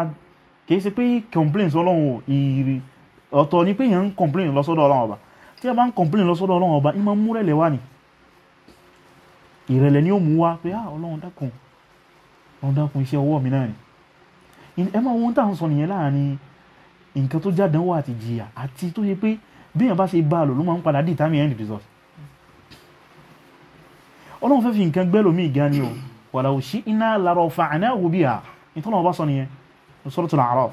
kìí ṣe pé complaints ọlọ́run ìrì ọ̀tọ̀ ni pé yẹn ń complain lọ́sọ́dọ̀ ọlọ́run ọba tí a bá ń complain lọ́sọ́dọ̀ ọlọ́run ọba ìmọ̀ múrẹ̀lẹ̀ wá ni ìrẹ̀lẹ̀ ni ó mú wá pé ah ọlọ́run dákun ọ̀hún dákun iṣẹ́ ọwọ́ mi náà ni ẹ máa wọ́n tá à ń sọ nìyẹn láàrin nǹkan tó jáde wà àti jìyà àti tó yẹ pé bí èèyàn bá ṣe bá a lò ló máa ń padà dì tàmí end result ọlọ́run fẹ́ fi nǹkan gbẹ́ lómi ìgá ni o walau shi'na larafa'nahu biha ìtọ́nà ọba sọ nìyẹn suratul A'raf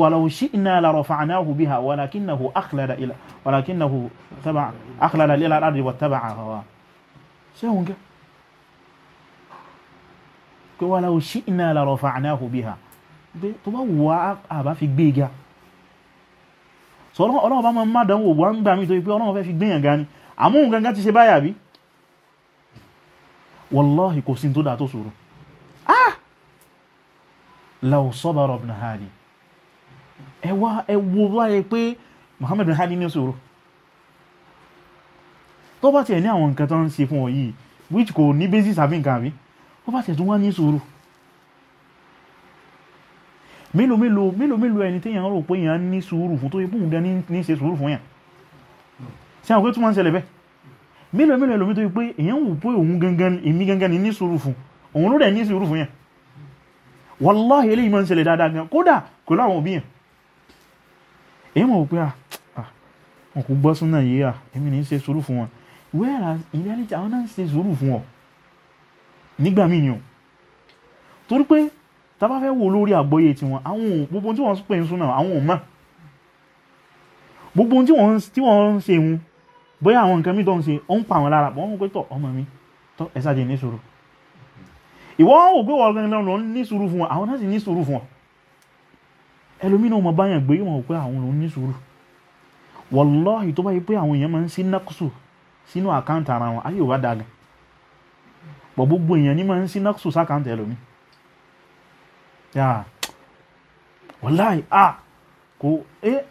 walau shi'na larafa'nahu biha walakinnahu akhlada ila walakinnahu taba akhlada ila al-ardi wattaba'a hawa ṣé òun gẹ́ pé walau shi'na la rafa'nahu biha pé tó bá wà àbá fi gbé e ga so ọlọ́wọ́ bá máa dánwò wà ń gbà mí tó pé ọlọ́wọ́ fẹ́ fi gbéyàn ga ni àmóhun gangan ti ṣe báyà bí wallahi kò sí tó dà tó sòrò ah law sabara ibn Hadi ẹwà ẹwọ báyẹ pé Muhammad ibn Hadi ní sòrò tó bá tiẹ̀ ní àwọn nǹkan tó ń ṣe fún ọ yìí which kò ní basis àbí nǹkan àbí wọ́n bá tẹ̀sùn wá ní sùúrù mélòó mélòó mélòó mélòó ẹni tí èyàn rò pé èyàn ní sùúrù fún tó ipò ǹdẹ ní ṣe sùúrù fún yàn sí àwọn pé túnmọ̀ ń ṣẹlẹ̀ bẹ́ mélòó mélòó ẹlòmí tó pé èyàn wò pé òun gangan èmi gangan ní sùúrù fún òun ló dẹ̀ ní sùúrù fún yàn wàláhì eléyìí máa ń ṣẹlẹ̀ dáadáa gan kódà kò láwọn òbí yàn èyí mọ̀ pé ah, ah, wọn kò gbọ́ súnà yìí à ah, èmi ní ṣe sùúrù fún wọn whereas in reality àwọn náà nígbà míì ni o torí pé tá bá fẹ́ wò lórí àgbọ́yé tiwọn àwọn gbogbo tí wọ́n ń pè ń súnà àwọn ò mọ̀ gbogbo tí wọ́n ń ṣe wọn bóyá àwọn nǹkan mi tó ń ṣe ó ń pa àwọn lára wọ́n ń pé tọ̀ ọmọ mi tọ́ ẹ̀sà jẹ́ ní sùúrù ìwọ ò gbé wọ́n gan lọ ní sùúrù fún wọn àwọn náà sì ní sùúrù fún wọn ẹlòmínà ọmọ báyàn gbé wọn pé àwọn òun ní sùúrù wallahi tó bá yẹ pé àwọn èèyàn máa ń sí nákùsù sínú àkáǹtì ara wọn ayé ò bá dáa gan pọ̀ gbogbo èèyàn ní máa ń sí nọ́ọ̀sù sákàǹtẹ̀ lómi wàláì à kò é eh,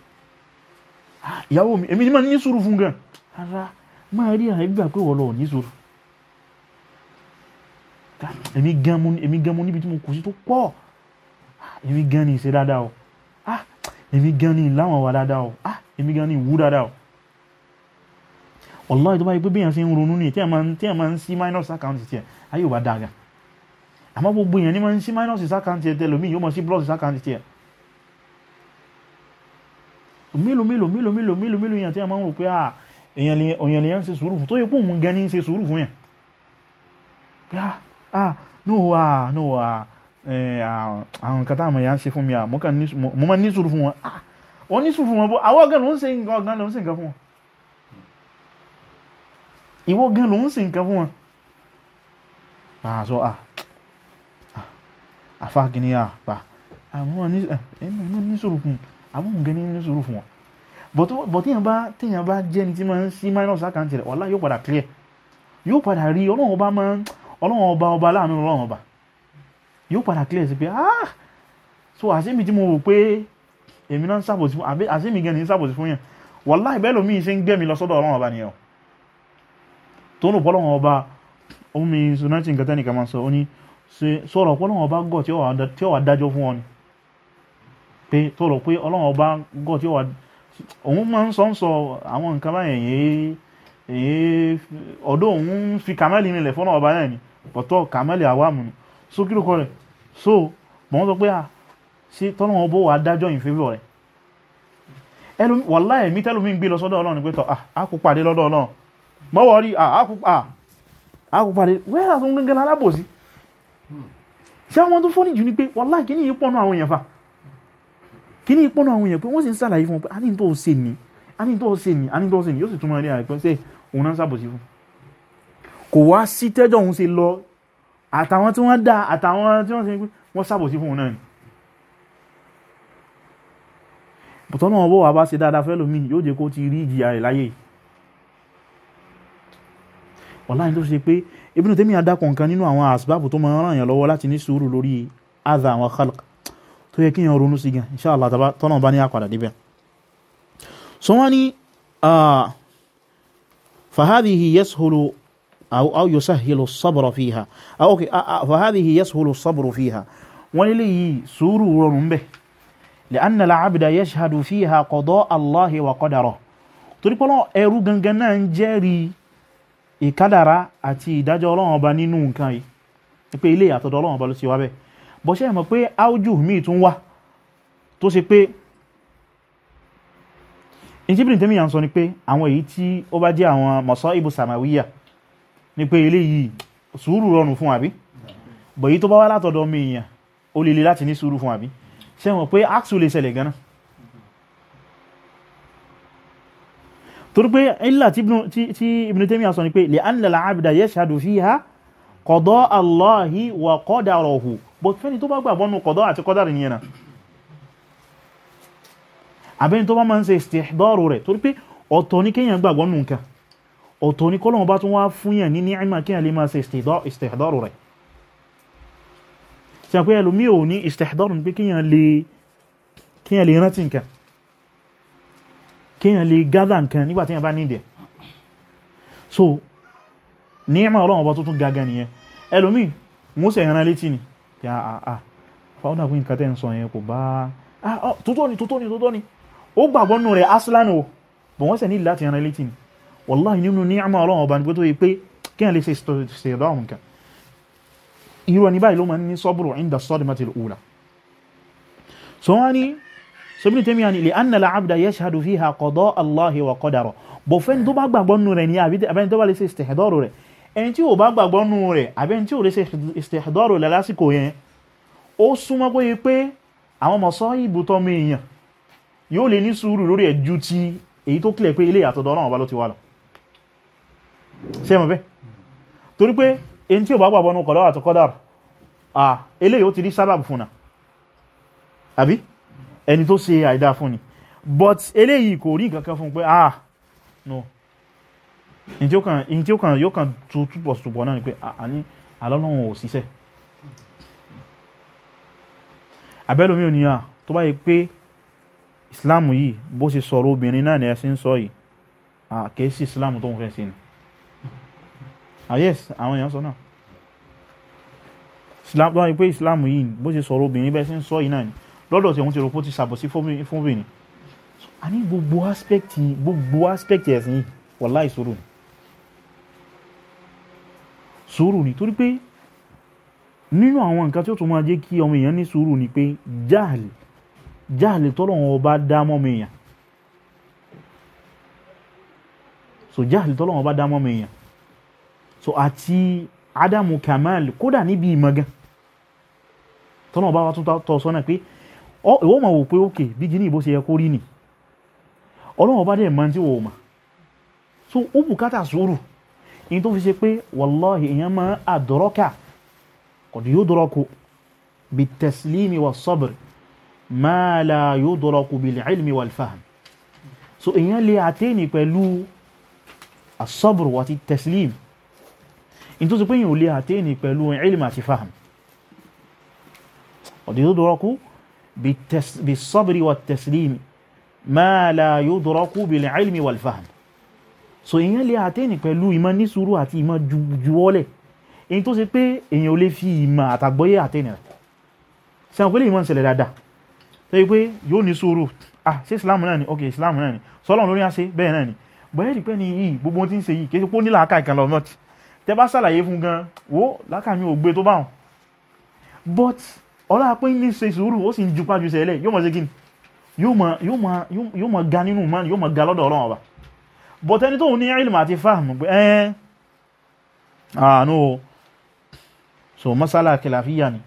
ìyàwó mi èmi ní máa ní sùúrù fún gan ara máa rí àwọn ẹgbẹ́ pé wọ́lọ́ ní sùúrù èmi gan mo níbi tí mo kù sí tó pọ̀ èmi gan ni ìṣe dáadáa o èmi gan ni ìláwọ̀n wa dáadáa o èmi gan ni ìwú dáadáa o wallahi tó bá yẹ pé bí èèyàn ṣe ń ronú nìyẹn tí èèyàn máa ń sí minus account tiẹ̀ ayé ò bá dáa gan àmọ́ gbogbo èèyàn ní máa ń sí minus sákàǹtì ẹ̀tẹ́ lómi yóò mọ̀ sí plus sákàǹtì tiẹ̀ mélòó mélòó mélòó mélòó mélòó mélòó èèyàn tí a máa ń rò pé à èèyàn lè yàn ṣe sùúrù fún tó yẹ pé òun gan ní ṣe sùúrù fún yẹn pé à à no à no à àwọn nǹkan táwọn èèyàn ṣe fún mi à mo máa ní sùúrù fún wọn à wọ́n ní sùúrù fún wọn bó àwọn ọ̀gán ló ń ṣe nǹkan ọ̀gán ló ń ṣe nǹkan fún wọn ìwọ gan ló ń ṣe nǹkan fún wọn bá sọ à àfa gini à bá àwọn ní sùúrù fún àwọn òǹgẹ́ ah, ní sùúrù fún wọn bọ̀ téèyàn bá téèyàn bá jẹ́ ní tí máa ń sí minus account rẹ̀ ọ̀la yóò padà clear yóò padà rí ọlọ́run ọba máa ń ọlọ́run ọba ọba láàánú ọlọ́run ọba yóò padà clear sí pé ah so àṣẹ́mi tí mo rò pé èmi náà ń ṣàbòsí fún àbí àṣẹ́mi gan ni ń ṣàbòsí fún yẹn wàláì bẹ́ẹ̀ lómi ṣe ń gbẹ̀mí lọ sọ́dọ̀ ọlọ́run ọba nìyẹn tó ń lò pọ́ ọlọ́run ọba omi mi rántí nǹkan tẹ́nìkan máa sọ ó ní sọ̀rọ̀ pé ọba gọ̀ tí ó wà dájọ́ fún ọ pé tọ̀rọ̀ pé ọlọ́run ọba gọ̀ tí ó wà òun máa ń sọ ń sọ àwọn nǹkan báyẹn èyí ọ̀dọ́ òun fi kàmẹ́lì nílẹ̀ fọ́nà ọba náà ni pọ̀tọ́ kàmẹ́lì àwa ni so kí ló kọ́ so mọ̀ sọ pé ọba wà dájọ́ rẹ̀ gbé lọ sọ́dọ̀ ọlọ́run pé tọ́ àkùpàdé wẹ́rà tó ń gángan alábòsí ṣé àwọn tó fọ́nì jù ni pé wàláì kí ni yìí pọ̀nù àwọn èèyàn fa kí ni yìí pọ̀nù àwọn èèyàn pé wọ́n sì ń sàlàyé fún wọn pé a ní tó ṣe ni a ní tó ṣe ni a ní tó ṣe ni yóò sì túmọ̀ rí àìpẹ́ sẹ́ òun náà sàbòsí fún kò wá sí tẹ́jọ́ òun ṣe lọ àtàwọn tí wọ́n dá àtàwọn tí wọ́n ṣe pé wọ́n sàbòsí fún òun náà ni bùtọ́nà ọwọ́ wàláhì tó ṣe pé Ibn Taymiyyah àdàkọ̀ nǹkan nínú àwọn asbáàbù tó máa ń ràn yàn lọ́wọ́ láti ní sùúrù lórí adha àwọn khalq tó yẹ kí yàn ronú sí gan insha Allah tọ́nà bá ní àpàdà débẹ̀ so wọ́n ní fahadihi yashulu أو أو يسهل الصبر فيها أو أوكي فهذه يسهل الصبر فيها وللي سرور به لأن العبد يشهد فيها قضاء الله وقدره torí pé Ọlọ́run ẹrú gangan náà ń jẹ́rìí ìkádàrá àti ìdájọ́ ọlọ́run ọba nínú nǹkan yìí pé ilé àtọ̀dọ̀ ọlọ́run ọba ló ti wá bẹ́ẹ̀ bọ́ ṣe mọ̀ pé áújù míì tún wà tó ṣe pé ìjíbìrì tẹ́mìyà ń sọ ni pé àwọn èyí tí ó bá jẹ́ àwọn mọ̀sọ́ ibù samawiya ni pé ilé yìí sùúrù rọrùn fún àbí bọ̀ èyí tó bá wá látọ̀dọ̀ mi èèyàn ó lè láti ní sùúrù fún àbí ṣe mọ̀ pé axel lè ṣẹlẹ̀ gan torí pé ilá tí Ibn Taymiyyah sọ ni pé lè an lẹ́la abdá yashhadu fiha qada Allahi wa qadarahu bọ̀ fẹ́ni tó bá gbàgbọ́ nù qada àti qadar ní ẹ̀nà abẹ́ni tó bá máa ń ṣe istihdaru rẹ̀ torí ọ̀tọ̀ ní kéèyàn gbàgbọ́ nù nǹkan ọ̀tọ̀ ní kọ́lọ̀ bá tún wá fún yàn ní ní kéèyàn lè gather nǹkan nígbà téèyàn bá nídìí so ní ìmọ̀ ọlọ́run ọba tuntun gaga nìyẹn ẹlòmíì wọ́n sì ẹ̀ran létí ni yà á á fáwọn àpín nǹkan tẹ́ ń sọ yẹn kò bá ah, oh, tótó ni tótó ni tótó ni ó gbàgbọ́ nù rẹ̀ aslan o bọ̀ wọ́n sì ní láti ẹ̀ran létí ni wàláhì nínú ní ìmọ̀ ọlọ́run ọba ni pé tó yẹ pé kéèyàn lè ṣe ìṣèdọ́ àwọn nǹkan irú ẹni báyìí ló máa ń ní sọ́bùrù inda sọ́dìmọ́tì òwúlà so wọ́n ní so Ibn Taymiyyah ní li anna al-abda yashhadu fiha qada Allahi wa qadara bọ̀ fẹ́ni tó bá gbàgbọ́ nù rẹ̀ ní àbẹ́ni tó bá lè ṣe istihdaru rẹ̀ ẹni tí ò bá gbàgbọ́ nù rẹ̀ àbẹ́ni tí ò lè ṣe istihdaru rẹ̀ lásìkò yẹn ó súnmọ́ pé pé àwọn masaibu tọ́mọ èèyàn yóò lè ní sùúrù lórí ẹ̀ ju ti èyí tó kílẹ̀ pé ilé àtọ̀dọ̀ Ọlọ́run ọba ló ti wà lọ ṣe bẹ́ẹ̀ torí pé èyí tí ò bá gbàgbọ́ nù qada àti àbí ẹni tó ṣe àìdá fún ni but eléyìí kò rí nǹkan fún pé ah no in tí ó kàn yóò kàn túbọ̀ túbọ̀ náà ni pé ah, àní alọ́lọ́wọ̀n ò síṣẹ́ abẹ́lómi ò níyà ah, tó bá yẹ pé islam yìí bó ṣe sọ̀rọ̀ obìnrin náà ni ẹ sí ń sọ yìí ah, kìí sí islam tó ń fẹ́ sí ni ah yes àwọn èèyàn sọ náà islam tó bá yẹ pé islam yìí bó ṣe sọ̀rọ̀ obìnrin bẹ́ẹ̀ sí ń sọ yìí náà ni lọ́dọ̀ tí òun ti rò pé ó ti ṣàbòsí fún bìnrin a ní gbogbo aspect gbogbo aspect ẹ̀sìn yìí wàláì sùúrù ni sùúrù ni torí pé nínú àwọn nǹkan tí ó tún máa jẹ́ kí ọmọ èèyàn ní sùúrù ni pé jáàlì jáàlì tọ́lọ́run ọba dá mọ́mọ èèyàn so jáàlì tọ́lọ́run ọba dá mọ́mọ èèyàn so àti ádámù kamal kódà níbi ìmọ̀ gan tọ́lọ́run ọba wa tún tọ́ sọ́nà pé ìwọ ma wò pé òkè bí gíní ìbó ṣe yẹ kó rí nì ọlọ́run ọba dẹ̀ mọ́ tí wò mà so ó bùkátà sùúrù in tó fi ṣe pé wallahi èèyàn máa àdọ́rọ́kà qad yudraku bitaslimi was-sabr ma la yudraku bil-ilmi wal-fahm so èèyàn lè àtẹ́ni pẹ̀lú as-sabr àti taslim in tó ṣe pé èèyàn lè àtẹ́ni pẹ̀lú ilmi àti fahm qad yudraku بالتس بالصبر والتسليم ما لا يدرك بالعلم والفهم so èèyàn lè àtẹ́ni pẹ̀lú ìmọ̀ ní sùúrù àti ìmọ̀ juwọ́lẹ̀ èyí tó ṣe pé èèyàn ò lè fi ìmọ̀ àtàgbọ́yé àtẹ́ni rẹ̀ ṣe àwọn pẹ̀lú ìmọ̀ ìṣẹ̀lẹ̀ dáadáa tó yẹ pé yóò ní sùúrù ah ṣé islam náà ni ok islam náà ni sọlọ́run lórí àṣẹ bẹ́ẹ̀ náà ni bẹ́ẹ̀ rí pé ní yìí gbogbo ohun ń ṣe yìí kì í ní làákà ìkànnì ọ̀nà tẹ bá ṣàlàyé fún gan wo làákà mi ò gbé tó báwọn but ọlá pé ní ṣe sùúrù ó sì ń jupá ju sẹ́lẹ̀ yóò mọ̀ sí kí yóò mọ̀ ga nínú man yóò mọ̀ ga lọ́dọ̀ ọlọ́run ọba but ẹni tó ní ilmà àti fáàmù pé ẹ́n àánú o so masala kìláfíyà ni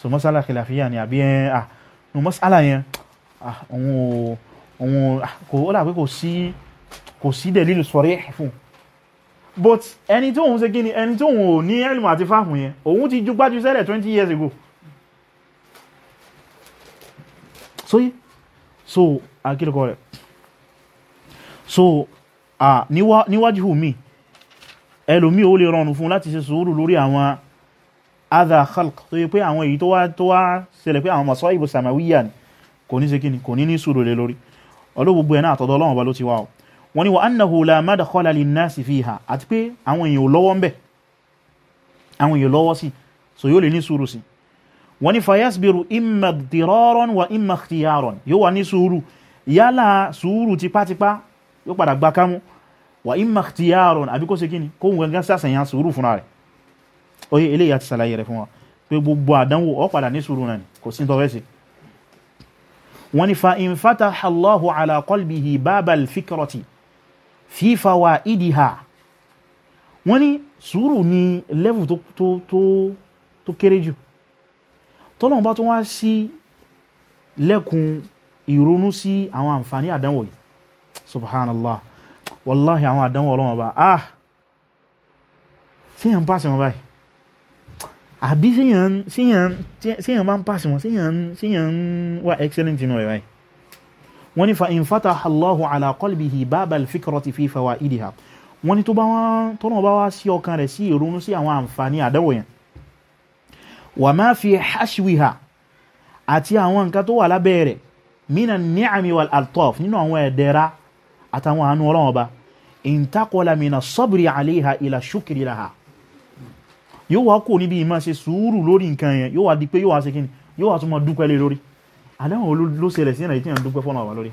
so masala kìláfíyà ni àbí ẹ́n à no masala yẹn àwọn kò ó dà pé kò sí kò sí dẹ̀ lílù sọ̀rí fún un but ẹni tó òun ṣe kí ni ẹni tó òun ò ní ẹlùmọ̀ àti fáàmù yẹn òun ti jú gbájú sẹ́lẹ̀ 20 years ago so yí so akílùkọ rẹ̀ so níwájú mi ẹlòmí ó lè rọrùn fún láti ṣe sùúrù lórí àwọn adha khalq tó yí pé àwọn èyí tó wá tó wá ṣẹlẹ̀ pé àwọn masọ́ ìbò samawiya ni kò ní ṣe kí ni kò ní ní sùúrù lé lórí ọlọ́gbogbo ẹ̀ náà àtọ̀dọ̀ Ọlọ́run bá ló ti wá ọ̀ wọ́n ni wa annahu la madkhala linnasi fiha àti pé àwọn èèyàn lọ́wọ́ ń bẹ̀ àwọn èèyàn lọ́wọ́ sí so yóò lè ní sùúrù sí wọ́n ni fayasbiru imma diraran wa imma ikhtiyaran yóò wà ní sùúrù yálà sùúrù tipátipá yóò padà gba kámú wa imma ikhtiyaran àbí se kíni kó wọn gán sàṣẹyàn sùúrù fúnra rẹ̀ oye eléyà ti sàlàyé rẹ̀ fún wa pé gbogbo àdánwò ọ padà ní sùúrù náà kò sí tọ́fẹ́sì wọ́n ni fa in fataha ala qalbihi babal fikrati fi fawaidiha wọ́n ní sùúrù ní level tó tó tó tó kéré jù tọ́lọ́run bá tó wá sí lẹ́kùn ìrònú sí àwọn àǹfààní àdánwò yìí subhanallah wallahi àwọn àdánwò ọlọ́run ọba ah síyàn pàṣẹ wọn báyìí àbí síyàn síyàn síyàn bá ń pàṣẹ wọn síyàn síyàn wà excellent nínú rẹ̀ báyìí wọ́n ní fa in fataha Allahu ala qalbihi baba al-fikrati fi fawaidiha wọ́n ní tó bá wọ́n tọ́nà bá wá sí ọkàn rẹ̀ sí ìrònú sí àwọn àǹfààní àdáwò yẹn wa ma fi hashwiha àti àwọn nǹkan tó wà lábẹ́ rẹ̀ mina ni'ami wal altaf nínú àwọn ẹ̀dẹ́ra àtàwọn àánú ọlọ́wọ́ àdáwọn ló ṣẹlẹ̀ sí ẹ̀nà tí yàn dúpẹ́ fọ́nà wà lórí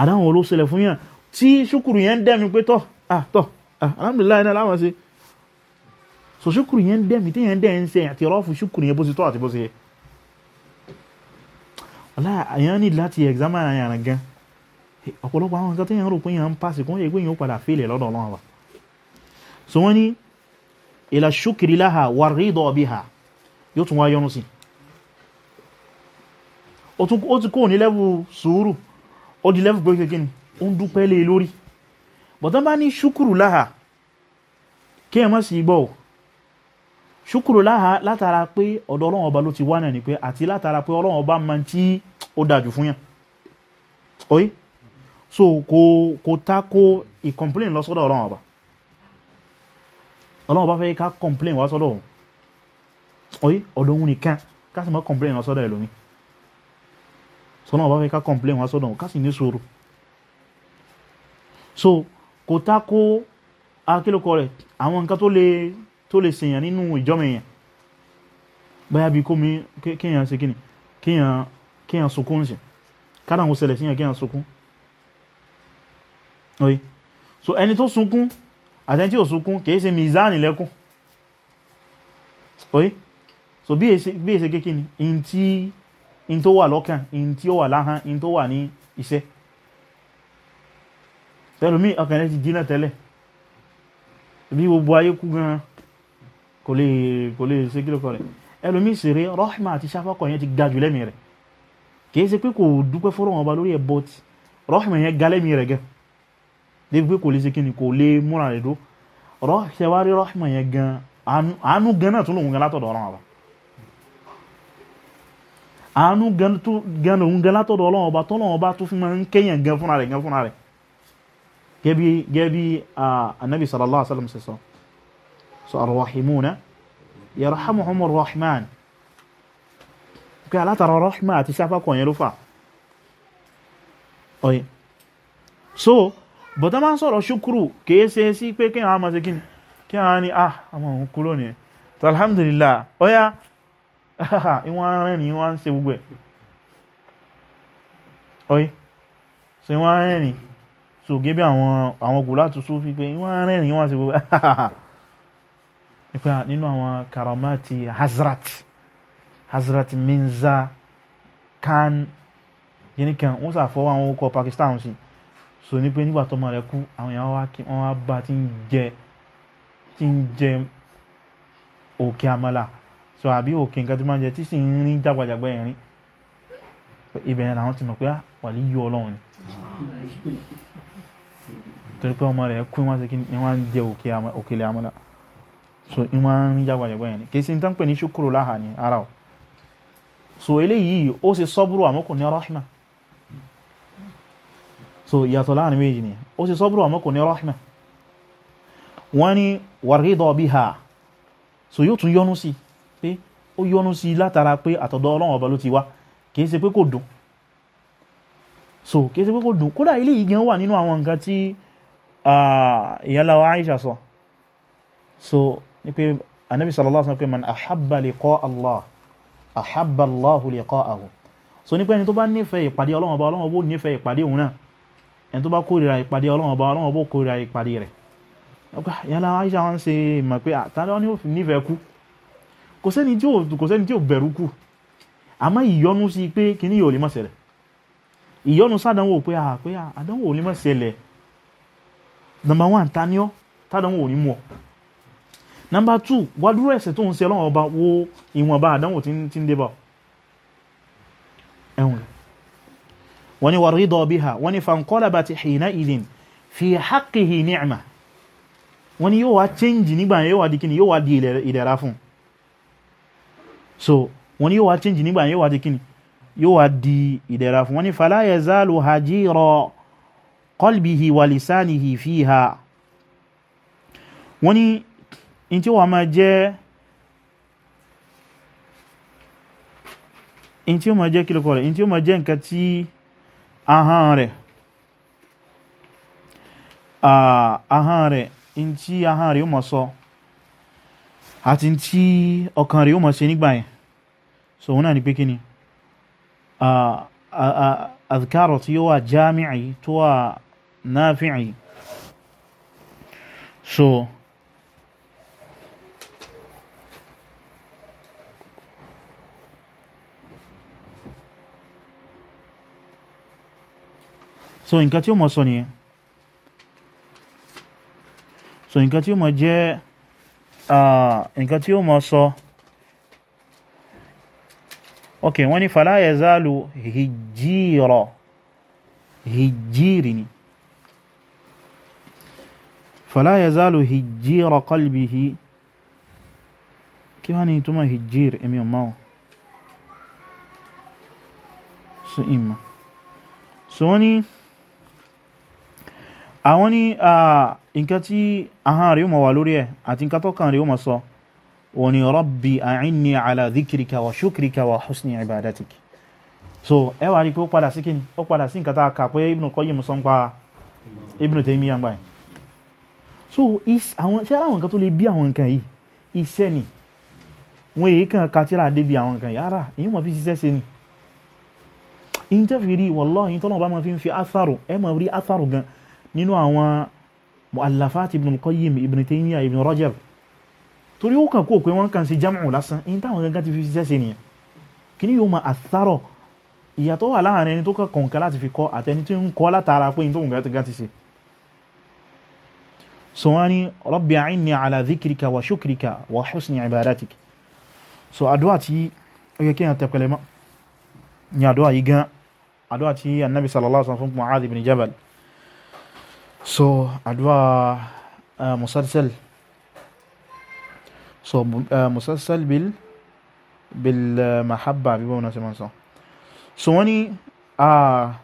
àdáwọn ló ṣẹlẹ̀ fún yàn tí ṣúkùrù yẹn dẹ́mi pé tọ́ àtọ́ alhamdulillah iná láwọn sí so ṣúkùrù yẹn dẹ́mi tí yẹn dẹ́ ń ṣe àti rọ́fù ṣúkùrù yẹn bó ṣe tọ́ àti bó ṣe yẹ àyàn ní láti examine àyàn gan ọ̀pọ̀lọpọ̀ àwọn nǹkan tí yẹn rò pé yẹn ń pàṣẹ kún yẹ pé yẹn ó padà fèlè lọ́dọ̀ ọlọ́run wa so wọ́n ní ila ṣúkìrí láha wà rídọ̀ bí ha yóò tún wá yọnu sí ó ti kó ní lẹ́bù sùúrù ó di lẹ́bù gbé gẹ́gẹ́ ni ó ń dúpẹ́ lé e lórí bọ̀tán bá ní ṣúkùrù láha kí ẹ mọ́ sí gbọ́ ṣúkùrù láha látara pé ọ̀dọ̀ ọlọ́run ọba ló ti wá náà ni pé àti látara pé ọlọ́run ọba máa tí ó dájú fún yàn so kò ta ko ìkọ̀mplẹ̀n lọ́sọ́dọ̀ ọlọ́run ọba ọlọ́run bá fẹ́ ká complain wá sọ́dọ̀ òun oye ọ̀dọ̀ òun nìkan ká sì má complain wá sọ́dọ̀ ẹlòmí sọ́nà bá fẹ́ ká complain wá sọ́dọ̀ òun ká sì ní sùúrù so kò tá kó akílùkọ rẹ̀ àwọn nǹkan tó lè tó lè ṣèyàn nínú ìjọ́mẹ̀yàn báyà bí kó mi kéèyàn ṣe kíni kéèyàn kéèyàn sunkún ṣe kádà àwọn ṣẹlẹ̀ síyàn kéèyàn sunkún oye so ẹni tó sunkún àtẹ́ntí ò sunkún kìí ṣe mizani lẹ́kún oye so bí èsẹ kéèkì ni in tí in tó wà lọ́kàn in tí ó wà láhán in tó wà ní iṣẹ́ tẹ́lùmí ọkàn rẹ̀ ti dínà tẹ́lẹ̀ bí gbogbo ayé kú gan kò lè kò lè ṣe kí lókọ̀ rẹ̀ ẹlùmí ìṣeré rọ́hìmá àti sáfàkọ̀ yẹn ti ga jù lẹ́mìí rẹ̀ kìí ṣe pé kò dúpẹ́ fọ́rọ̀ wọn ọba lórí ẹ̀ rọ́hìmá yẹn ga lẹ́mìí rẹ̀ gẹ́gẹ́ débi pé kò lè ṣe kíni kò lè múra rẹ̀ dó ọ̀rọ̀ ṣẹwárí rọ́ṣmọ̀ yẹn gan àánú gan náà tó lòun gan látọ̀dọ̀ ọlọ́run ọba àánú gan lòun gan látọ̀dọ̀ ọlọ́run ọba tọ́lọ́run ọba tó fi máa ń kéyàn gan fúnra rẹ̀ gan fúnra rẹ̀ gẹ́bí gẹ́bí anabi sallallahu alaihi wasallam ṣe sọ so arrahimuna yarhamuhumur rahman pé alátara rahman àti sáfà kọ̀ọ̀yẹn ló fà so bọ̀tá máa ń sọ̀rọ̀ ṣúkúrù kìí ṣe sí pé kí àwọn àmàṣe kí kí àwọn ní ah àwọn òun kúrò ní tó alhamdulillah ọya ìwọ̀n rẹ̀ ní wọ́n ń ṣe gbogbo ẹ̀ e. ọyí so ìwọ̀n rẹ̀ ní so gébí àwọn kò látú só fi pé ìwọ̀n rẹ̀ ní karamati Hazrat Hazrat Mirza Khan yìí nìkan wọ́n sàfọwọ́ àwọn Pakistan sí so ní pé nígbà tọ́mọ rẹ̀ kú àwọn èèyàn wá kí wọ́n wá bá ti ń jẹ ti ń jẹ òkè àmàlà so àbí òkè nǹkan tí máa ń jẹ tí sì ń rí jágbàjàgbà ẹ̀rín ibẹ̀ yẹn làwọn ti mọ̀ pé ah, wàlí yí ọlọ́run ni torí pé ọmọ rẹ̀ kú wọ́n ṣe kí ni wọ́n ń jẹ òkèlè àmàlà so ìwọ́n ń rí jágbàjàgbà ẹ̀rín kì í sí ní tán pè ní ṣúkúrò láhà ní ara ọ̀ so eléyìí ó ṣe sọ́búrò àmọ́ kò so ìyàtọ̀ láàrin méjì ni ó sì sọ́bùrù àmọ́ kò ní rahma wọ́n ní wàrídọ̀ bí ha so yóò tún yọnú sí pé ó yọnú sí látara pé àtọ̀dọ̀ ọlọ́run ọba ló ti wá kìí ṣe pé kò dùn so kìí ṣe pé kò dùn kódà ilé ìgbìyàn wà nínú àwọn nǹkan tí ìyálàwà Aisha sọ so ní pé anabi sallallahu alaihi wasallam pé man ahabba liqa Allah ahabba Allahu liqa'ahu so ní pé ẹni tó bá nífẹ̀ẹ́ ìpàdé ọlọ́run ọba ọlọ́run ó nífẹ̀ẹ́ ìpàdé òun náà ẹni tó bá kórìíra ìpàdé ọlọ́run ọba ọlọ́run ọba kórìíra ìpàdé rẹ̀ ọgbà ìyàlá aisha wọn ṣe mọ̀ pé àtàlẹ́ wọn ni ó fi nífẹ̀ẹ́ kú kò sẹ́ni tí ò kò sẹ́ni tí ò bẹ̀rù kú àmọ́ ìyọnu sí pé kíní yóò lè má ṣẹlẹ̀ ìyọnu sádánwò pé à pé àdánwò ò lè má ṣẹlẹ̀ number one taniọ́ tádánwò ò ní mú ọ number two wàdúrà ẹ̀ṣẹ̀ tó ń ṣe ọlọ́run ọba wo ìwọ̀nba àdánwò tí ń dé bá ẹ̀wọ̀n wọ́n ni wà rí dọ̀bíhà wọ́n ni fankọ́lábà ti hìnà ìdín fi haƙihi ni'ma wọ́n ni yóò wá change nígbà yóò wá di kíni yóò wá di ìdẹ̀ra fún so wọ́n ni yóò wá change nígbà yóò wá di kíni yóò wá wọ́n ni in tí wà máa jẹ́ in tí ó máa jẹ́ kílùkọ́ in tí ó máa jẹ́ nǹkan tí ahán rẹ̀ ahán rẹ̀ in tí ahán rẹ̀ ó mọ̀ sọ àti in tí ọkàn rẹ̀ ó mọ̀ ṣe nígbà yẹn so wọ́n náà ni pé kí ni àdìkárọ̀ tí ó wà jámìí tó wà náàfíì so so nǹkan tí ó mọ̀ sọ nìyẹn so nǹkan tí ó mọ̀ jẹ́ nǹkan tí ó mọ̀ sọ ok wọ́n ni fala yazalu hijira hijiri ni fala yazalu hijira qalbihi kí wá ní túnmọ̀ hijir emi ọmọ wọn so ima so wọ́n ni àwọn ní nǹkan tí ahọ́n rẹ̀ mọ̀ wà lórí ẹ̀ àti nǹkan tó kàn rẹ̀ mọ̀ sọ wọ́n ní rabbi a'inni ala dhikrika wa shukrika wa ibadatik so ẹ wà rí pé ó padà sí kíni ó padà sí nǹkan tá a kà pé Ibn Qayyim sọ ń pa Ibn Taymiyyah ń gbà yìí so àwọn ṣé àwọn nǹkan tó lè bí àwọn nǹkan yìí iṣẹ́ ni wọ́n èyí kan katira débi àwọn nǹkan yìí ara èyí mọ̀ fi ṣiṣẹ́ ṣe ni in tẹ́ fi rí wallahi tọ́lọ̀ bá mọ̀ fi ń fi atharu ẹ mọ̀ rí atharu gan-an nínú àwọn mu'allafat ibn al-qayyim ibn taymiya ibn rajab torí ó kàn kó pé wọ́n kàn sí jam'u lásán in táwọn gangan ti fi ṣiṣẹ́ sí nìyẹn kí ni yóò máa àtàrọ̀ ìyàtọ̀ wà láàrin ẹni tó kàn kọ̀ǹkan láti fi kọ́ àtẹni tó ń kọ́ látara pé in tó ń gan ti ṣe so wọ́n ní rabbi a'inni ala dhikrika wa shukrika wa husni ibadatik so àdúrà tí ó kí èèyàn tẹpẹlẹ mọ́ ní àdúrà yìí gan àdúrà tí annabi sallallahu alaihi wasallam fún mu'adh ibn jabal so addu'a uh, musalsal so uh, musalsal bil bil uh, mahabba bí wọ́n se ma so wani a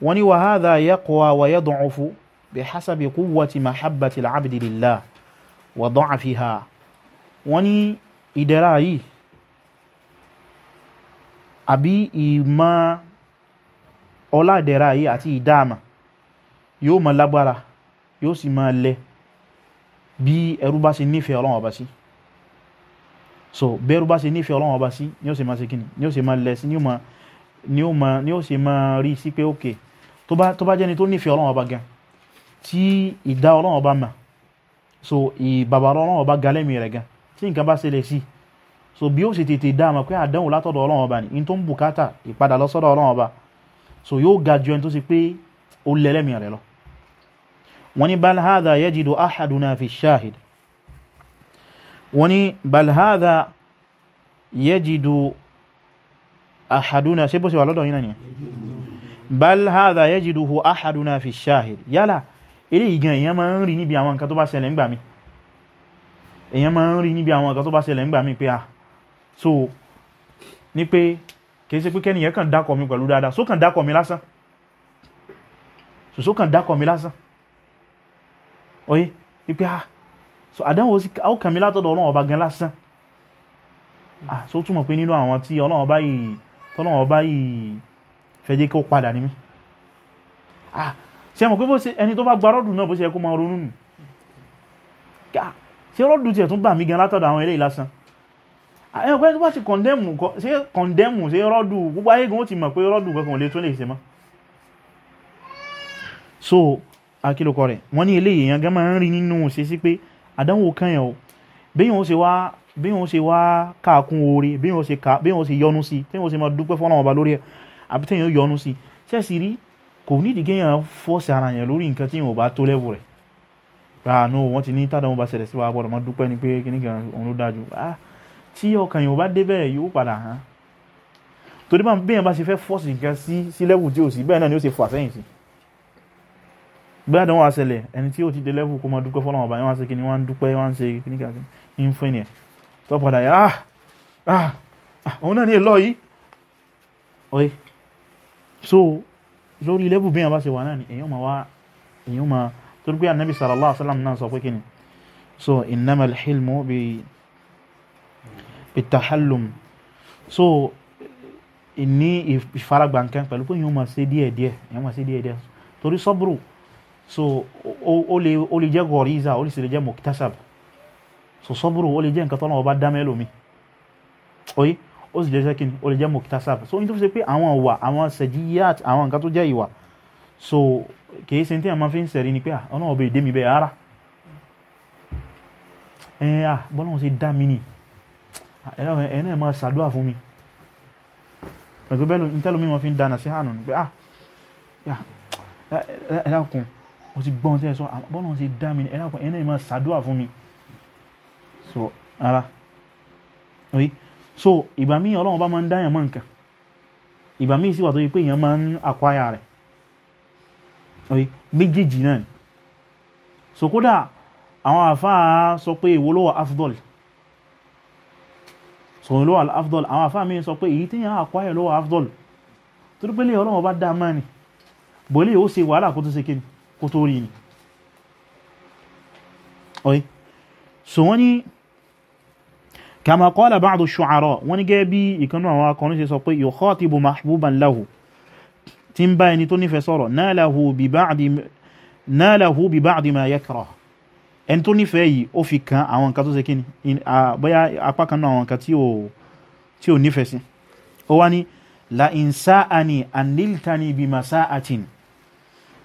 wani wa hadha yaqwa wa yad'ufu bi hasabi quwwati mahabbati al-'abdi lillah wa da'fiha wani idara yi àbí ìmọ̀ ọlá ìdẹ̀ra yìí yóò máa lágbára yóò sì máa lẹ bí ẹrú bá ṣe nífẹ̀ẹ́ Ọlọ́run ọba sí so bí ẹrú bá ṣe nífẹ̀ẹ́ Ọlọ́run ọba sí ni ó ṣe máa ṣe kíni ni ó ṣe máa lẹ sí ni ó máa ni ó ni ó ṣe máa rí sí pé okay tó bá tó tó nífẹ̀ẹ́ Ọlọ́run ọba gan tí ìdá Ọlọ́run ọba mà so ìbàbà Ọlọ́run ọba ga lẹ́mìí rẹ̀ gan tí nǹkan bá ṣẹlẹ̀ sí so bí ó ṣe tètè dá àmọ́ pé àdánwò látọ̀dọ̀ Ọlọ́run ọba ni in tó ń bùkátà ìpadà lọ sọ́dọ̀ Ọlọ́run ọba so yóò ga ju ẹni tó ṣe pé ó lẹ́lẹ́mìí rẹ̀ lọ wọ́n ní bal hadha yajidu ahaduna fi shahid wọ́n ní bal hadha yajidu ahaduna ṣe bó ṣe wà lọ́dọ̀ yìí náà ni bal hadha yajiduhu ahaduna fi shahid yálà ilé ìgan èyàn máa ń rí níbi àwọn nǹkan tó bá ṣẹlẹ̀ ńgbà èyàn máa ń rí níbi àwọn nǹkan tó bá ṣẹlẹ̀ ńgbà pé ah so ní pé kìí ṣe pé kẹ́niyàn kàn dákọ̀ mi pẹ̀lú dáadáa só kàn dákọ̀ mi lásán so só kàn dákọ̀ mi lásán ọyẹ wípé ah so àdánwò sí àwòkànmí látọ̀dọ̀ ọlọ́run ọba gan lásán ah so túmọ̀ pé nínú àwọn tí ọlọ́run ọba yìí tọ́lọ́run ọba yìí fẹ́ jẹ́ kí ó padà ní mí ah ṣe mọ̀ pé bó ṣe ẹni tó bá gba rọ́dù náà bó ṣe yẹ kó máa ronú nù ah, ṣe rọ́dù tiẹ̀ tún bà mí gan látọ̀dọ̀ àwọn eléyìí lásán ah, ẹ̀yìn ọ̀pẹ́ tó bá ti kọ̀ndẹ́mù ṣe rọ́dù gbogbo ayé gan ó ti mọ̀ pé rọ́dù kankan ò lè tún lè ṣe mọ́ so akílòkọ rẹ̀ wọ́n ní eléyìí èèyàn gan máa ń rí nínú ṣe sí pé àdánwò kan yẹn o béèyàn ó ṣe wá béèyàn ó ṣe wá káàkún oore béèyàn ó ṣe ká béèyàn ó ṣe yọnu sí téèyàn ó ṣe máa dúpẹ́ fọ́nà ọba lórí ẹ̀ àbí téèyàn ó yọnu sí ṣẹ́ẹ̀sì rí kò nídìí kéèyàn fọ́ọ̀sì ara yẹn lórí nǹkan téèyàn ò bá tó lẹ́wù rẹ̀ ràánú wọ́n ti ní tádàmú bá ṣẹlẹ̀ sí wa gbọ́dọ̀ máa dúpẹ́ ni pé kíní kan òun ló dájú ah tí ọkàn yẹn ò bá dé bẹ́ẹ̀ yóò padà hàn torí bá béèyàn bá ṣe fẹ́ fọ́ọ̀sì nǹkan sí sí lẹ́wù gbádùn wà ṣẹlẹ̀ ẹni tí ó ti dé level kó máa dúpẹ́ fọ́lọ́run ọba yẹn wá ṣe kí ni wọ́n ń dúpẹ́ wọ́n ń ṣe kí ni kàkí ń fún ènìyàn tó padà yà áà ah, ah, ah, òun náà ní èlò yìí oye so lórí level bí wọn bá ṣe wà náà ni èyàn máa wá èyàn máa torí pé anabi sallallahu alaihi wasallam náà sọ pé kí ni so innamal hilmu bi bitahallum so ní ìfaragbàǹkan pẹ̀lú pé èyàn máa ṣe díẹ̀díẹ̀ èyàn máa ṣe díẹ̀díẹ̀ torí sọ́bùrù so o ó lè ó lè jẹ́ gọ̀ríza ó lè sì lè jẹ́ mọ̀kítàṣàb so sọ́bùrù o lè jẹ́ nǹkan tọ́lọ́wọ́ bá dámẹ́ lómi oye ó sì jẹ́ sẹ́kìn ó lè jẹ́ mọ̀kítàṣàb so ní tó fi ṣe pé àwọn ìwà àwọn sẹ̀jíyàt àwọn nǹkan tó jẹ́ ìwà so kìí ṣe tí a máa fi ń sẹ̀rí ni pé ah, ọlọ́wọ́ bẹ dé mi bẹ́ẹ̀ ara ẹ̀yìn à ah, bọ́lọ́wọ́ sí dá mi ni ẹ̀yìn náà máa ṣàdúrà fún mi pẹ̀lú bẹ́ẹ̀ ní tẹ́lómi wọn fi ń dáná sí hànú ni pé ah ẹ̀dá kùn mo ti gbọ́n tí ẹ sọ bọ́lọ̀ ti dá mi ní ẹ̀rọ ẹ̀rọ ìmọ̀ ṣàdúrà fún mi so ara oye so ìgbà míì ọlọ́run bá máa ń dáyàn mọ́ nǹkan ìgbà míì sì wà tó yẹ pé èèyàn máa ń àkwáyà rẹ̀ oye méjèèjì náà ni so kódà àwọn àfáà sọ pé èwo ló wà afdol so ló wà afdol àwọn àfáà mi sọ pé èyí tí yàn àkwáyà ló wà afdol torí pé lè ọlọ́run bá dá máa ni bọ́lẹ̀ ó wàhálà kó tó ṣe kéde kó tó rí ni ọ̀yí so wọ́n ni kama qala ba'du shu'ara wọ́n ni gẹ́ bí ìkanú àwọn akọrin ṣe sọ pé yukhatibu mahbuban lahu tí ń bá ẹni tó nífẹ̀ẹ́ sọ̀rọ̀ nalahu bi ba'di ma yakrah ẹni tó nífẹ̀ẹ́ yìí ó fi kan àwọn nǹkan tó ṣe kíni bóyá apá kan àwọn nǹkan tí ò nífẹ̀ẹ́ sí ó wá ní la in sa'ani an niltani bi masa'atin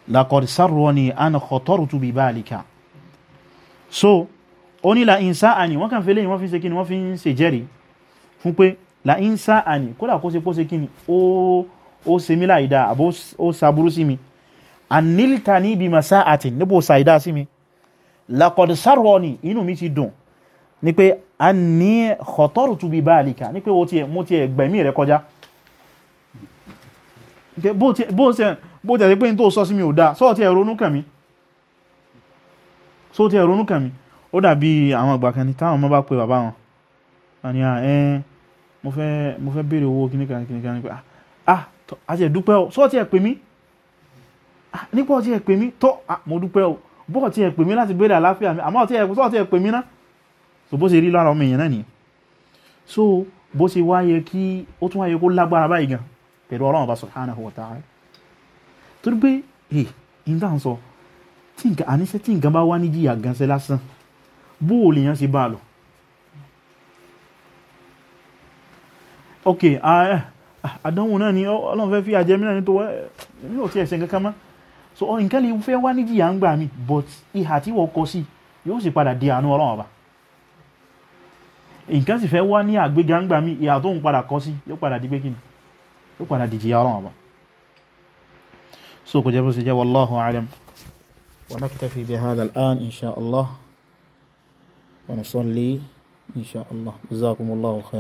laqad sarrani an khatartu bi balika so oni la insa ani wọ́n kàn fẹ́ lẹ́yìn wọ́n fi ṣe kíni wọ́n fi ń ṣe jẹ́rìí fún pé la insa ani kódà kó ṣe kó ṣe kíni ó ó ṣe mí láìda àbó ó ṣaburú sí mi anilta ní ibi masá àti níbo ṣàìdá sí mi laqad sarrani inú mi ti dùn ni pé a khatartu bi balika ni pé mo ti ẹ̀gbẹ̀mí rẹ̀ kọjá bó tẹ̀ sí pé ní tó sọ sí mi ò dáa sọ́ọ̀tí ẹ̀ ronú kàn mí sọ́ọ̀tí ẹ̀ ronú kàn mí ó dàbí àwọn àgbà kan ní táwọn ọmọ bá pe bàbá wọn àní à ẹ mo fẹ́ mo fẹ́ béèrè owó kìnnìkan kìnnìkan ní pé ah àti ẹ̀ dúpẹ́ o sọ́ọ̀tí ẹ̀ pè mí nípa ọtí ẹ̀ pè mí tọ́ mo dúpẹ́ o bọ́ọ̀ tí ẹ̀ pè mí láti béèrè àláfíà mi àmọ́ ọtí ẹ̀ pè mí náà so bó ṣe rí lára ọmọ èèyàn náà nìyẹn so bó ṣe wáyé kí ó tún wáyé kó lágbára báyìí gan pẹ̀lú ọlọ́run ọba subhanahu wa ta'ala torí pé ẹ̀ ń ń sọ tí nǹkan àníṣe tí nǹkan bá wá ní jìyà ganṣẹ́ lásán bó o lè yàn bá a lọ. ok eh, àdánwò náà ni ọlọ́run fẹ́ fi àjẹmí náà ní tó wá ní òtí ẹ̀sẹ̀ kankan mọ́ so nǹkan lè fẹ́ wá ní jìyà ń gbà but ìhà tí wọ́n kọ sí yóò sì padà di àánú ọlọ́run ọba nǹkan sì fẹ́ wá ní padà kọ yóò padà dìjìyà ọlọ́run ọba so kò jẹ́ bó ṣe jẹ́ wallahu alam wa naktafi bi hadha al-an insha Allah wa nusalli insha Allah jazakumullahu khairan